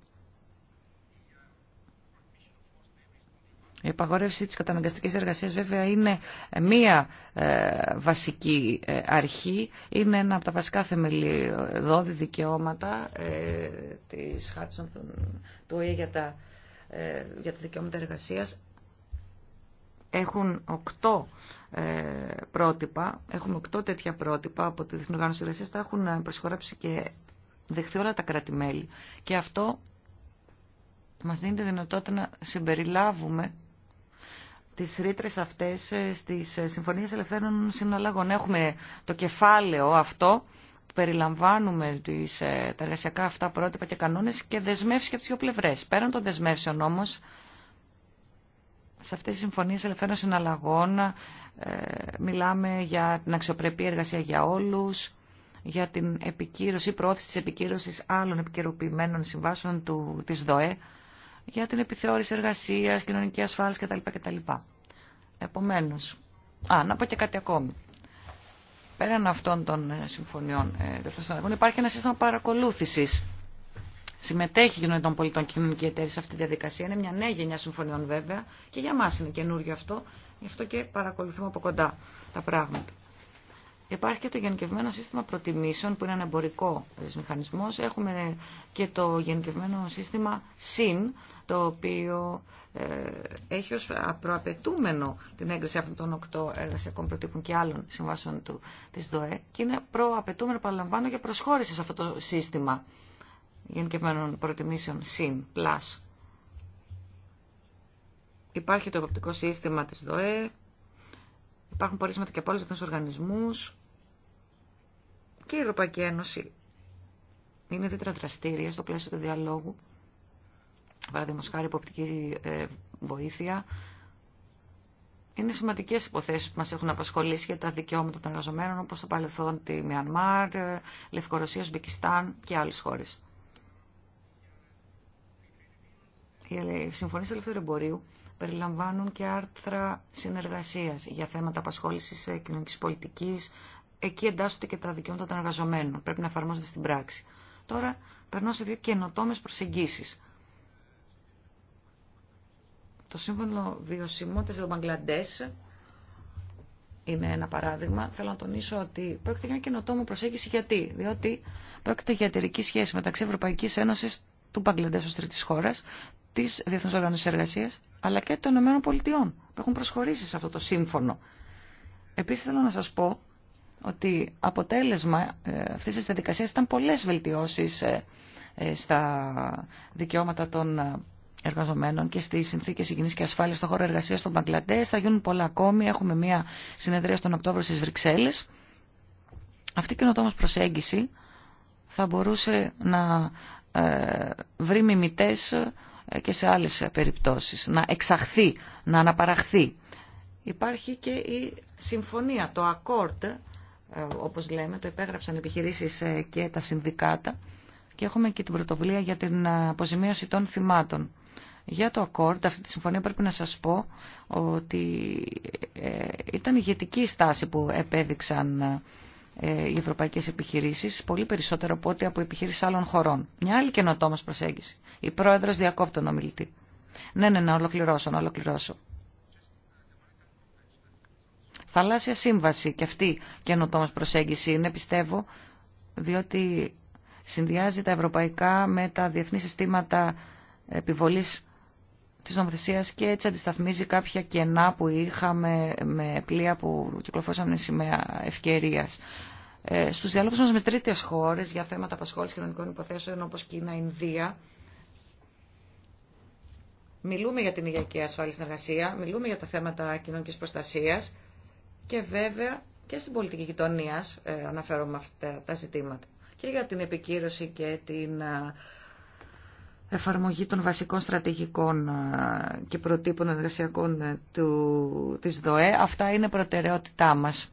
Η απαγόρευση της καταναγκαστικής εργασίας βέβαια είναι ε, μία ε, βασική ε, αρχή, είναι ένα από τα βασικά θεμελιώδη δικαιώματα της χάρτης του ΟΗΕ για τα, για τα δικαιώματα εργασίας. Έχουν οκτώ πρότυπα, έχουμε οκτώ τέτοια πρότυπα από τη Διεθνή Οργάνωση Εργασίας, τα έχουν προσχωράψει και δεχθεί όλα τα κράτη-μέλη. Και αυτό μας δίνει τη δυνατότητα να συμπεριλάβουμε τις ρήτρε αυτές ε, στις ε, συμφωνίες ελευθέρων συναλλαγών. Έχουμε το κεφάλαιο αυτό που περιλαμβάνουμε τις, ε, τα εργασιακά αυτά πρότυπα και κανόνες και δεσμεύσει και από τις δύο πλευρές. Πέραν των δεσμεύσεων όμως, σε αυτές τις συμφωνίες ελευθέρων συναλλαγών μιλάμε για την αξιοπρεπή εργασία για όλους, για την επικύρωση, πρόθεση της επικύρωσης άλλων επικαιροποιημένων συμβάσεων του, της ΔΟΕ, για την επιθεώρηση εργασία, κοινωνική ασφάλεια κτλ. κτλ. Επομένως, α, να πω και κάτι ακόμη. Πέραν αυτών των ε, συμφωνιών ε, υπάρχει ένα σύστημα παρακολούθηση. Συμμετέχει η κοινωνία των πολιτών και η κοινωνική Εταιρεία σε αυτή τη διαδικασία. Είναι μια νέα γενιά συμφωνιών βέβαια και για μα είναι καινούργιο αυτό. Γι' αυτό και παρακολουθούμε από κοντά τα πράγματα. Υπάρχει και το γενικευμένο σύστημα προτιμήσεων που είναι ένα εμπορικό μηχανισμό. Έχουμε και το γενικευμένο σύστημα ΣΥΝ, το οποίο ε, έχει ω προαπαιτούμενο την έγκριση αυτών των οκτώ εργασιακών προτύπων και άλλων συμβάσεων τη ΔΟΕ και είναι προαπαιτούμενο, παραλαμβάνω, για προσχώρηση σε αυτό το σύστημα γενικευμένων προτιμήσεων ΣΥΝ. Υπάρχει το εποπτικό σύστημα της ΔΟΕ, Υπάρχουν πορίσματα και από άλλου διεθνεί οργανισμού. και η Ευρωπαϊκή Ένωση είναι ιδιαίτερα δραστήρια στο πλαίσιο του διαλόγου. Παραδείγματος χάρη υποπτική ε, βοήθεια. Είναι σημαντικέ υποθέσει που μα έχουν απασχολήσει για τα δικαιώματα των εργαζομένων, όπω το παρελθόν τη Μιανμάρ, ε, Λευκορωσία, Ουσμπεκιστάν και άλλε χώρε. Η Συμφωνία ελευθερου εμπορίου περιλαμβάνουν και άρθρα συνεργασίας για θέματα απασχόλησης ε, κοινωνικής πολιτικής. Εκεί εντάσσονται και τα δικαιώματα των εργαζομένων. Πρέπει να εφαρμόζονται στην πράξη. Τώρα περνώ σε δύο καινοτόμες προσεγγίσεις. Το σύμφωνο βιωσιμότητας του Μπαγκλαντές είναι ένα παράδειγμα. Θέλω να τονίσω ότι πρόκειται για μια καινοτόμο προσέγγιση γιατί. Διότι πρόκειται για εταιρική σχέση μεταξύ Ευρωπαϊκής Ένωσης του Μπαγκλαντές ως τρίτης χώρας, της Διεθνούς Οργάνωσης Εργασίας αλλά και των Ηνωμένων Πολιτειών που έχουν προσχωρήσει σε αυτό το σύμφωνο. Επίσης θέλω να σας πω ότι αποτέλεσμα ε, αυτή τη διαδικασία ήταν πολλές βελτιώσεις ε, ε, στα δικαιώματα των εργαζομένων και στι συνθήκε υγιεινή και ασφάλεια στον χώρο εργασία των Μπαγκλαντέ. Θα γίνουν πολλά ακόμη. Έχουμε μία συνεδρία στον Οκτώβριο στι Βρυξέλλε. Αυτή η καινοτόμω προσέγγιση θα μπορούσε να βρει μιμητέ και σε άλλες περιπτώσεις, να εξαχθεί, να αναπαραχθεί. Υπάρχει και η συμφωνία, το ακόρτ, ε, όπως λέμε, το επέγραψαν επιχειρήσεις ε, και τα συνδικάτα και έχουμε και την πρωτοβουλία για την ε, αποζημίωση των θυμάτων. Για το ακόρτ, αυτή τη συμφωνία πρέπει να σας πω ότι ήταν ηγετική στάση που επέδειξαν ε, οι ευρωπαϊκέ επιχειρήσει, πολύ περισσότερο από ό,τι από επιχειρήσει άλλων χωρών. Μια άλλη καινοτόμα προσέγγιση. Η πρόεδρο διακόπτει τον ομιλητή. Ναι, ναι, να ολοκληρώσω, να ολοκληρώσω. Θαλάσσια σύμβαση και αυτή καινοτόμα προσέγγιση είναι, πιστεύω, διότι συνδυάζει τα ευρωπαϊκά με τα διεθνή συστήματα επιβολής Τη νομοθεσία και έτσι αντισταθμίζει κάποια κενά που είχαμε με πλοία που κυκλοφόρησαν με σημαία ευκαιρία. Ε, στους διάλογους μας με τρίτες χώρε για θέματα απασχόληση κοινωνικών υποθέσεων όπω Κίνα, Ινδία, μιλούμε για την υγειακή ασφάλεια στην εργασία, μιλούμε για τα θέματα κοινωνική προστασία και βέβαια και στην πολιτική γειτονία ε, αναφέρομαι αυτά τα ζητήματα και για την επικύρωση και την ε, εφαρμογή των βασικών στρατηγικών ε, και προτύπων εργασιακών ε, του, της ΔΟΕ. Αυτά είναι προτεραιότητά μας.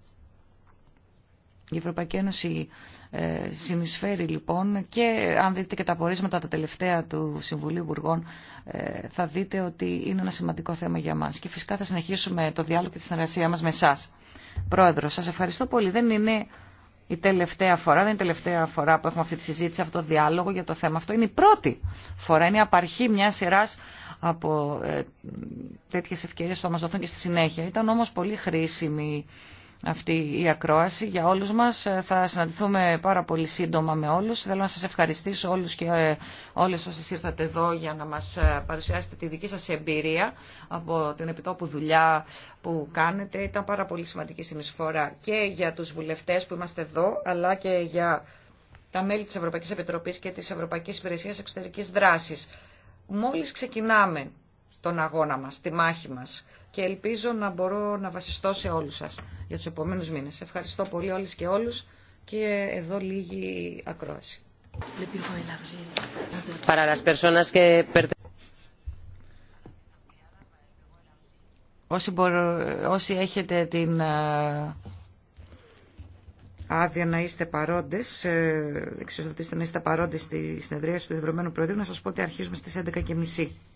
Η Ευρωπαϊκή Ένωση ε, συνεισφέρει λοιπόν και αν δείτε και τα απορίσματα τα τελευταία του Συμβουλίου Υπουργών θα δείτε ότι είναι ένα σημαντικό θέμα για μας. Και φυσικά θα συνεχίσουμε το διάλογο και τη συνεργασία μας με εσά. Πρόεδρο, σας ευχαριστώ πολύ. Δεν είναι η τελευταία φορά, δεν είναι η τελευταία φορά που έχουμε αυτή τη συζήτηση, αυτό το διάλογο για το θέμα αυτό. Είναι η πρώτη φορά, είναι η απαρχή μια σειρά από ε, τέτοιε ευκαιρίε που θα μα δοθούν και στη συνέχεια. Ήταν όμω πολύ χρήσιμη αυτή η ακρόαση για όλους μας. Ε, θα συναντηθούμε πάρα πολύ σύντομα με όλους. Θέλω να σας ευχαριστήσω όλους και ε, όλες όσες ήρθατε εδώ για να μας ε, παρουσιάσετε τη δική σας εμπειρία από την επιτόπου δουλειά που κάνετε. Ήταν πάρα πολύ σημαντική συνεισφορά και για τους βουλευτές που είμαστε εδώ, αλλά και για τα μέλη της Ευρωπαϊκής Επιτροπής και της Ευρωπαϊκής Υπηρεσίας Εξωτερικής Δράσης. Μόλις ξεκινάμε τον αγώνα μας, τη μάχη μας, και ελπίζω να μπορώ να βασιστώ σε όλους σας για τους επόμενους μήνες. Ευχαριστώ πολύ όλες και όλους και εδώ λίγη ακρόαση. Όσοι, μπορώ, έχετε την ε, άδεια να είστε παρόντες, ε, εξοδοτήστε να είστε παρόντες στη συνεδρία του Ευρωπαϊκού Προεδρείου, να σας πω ότι αρχίζουμε στις 11.30.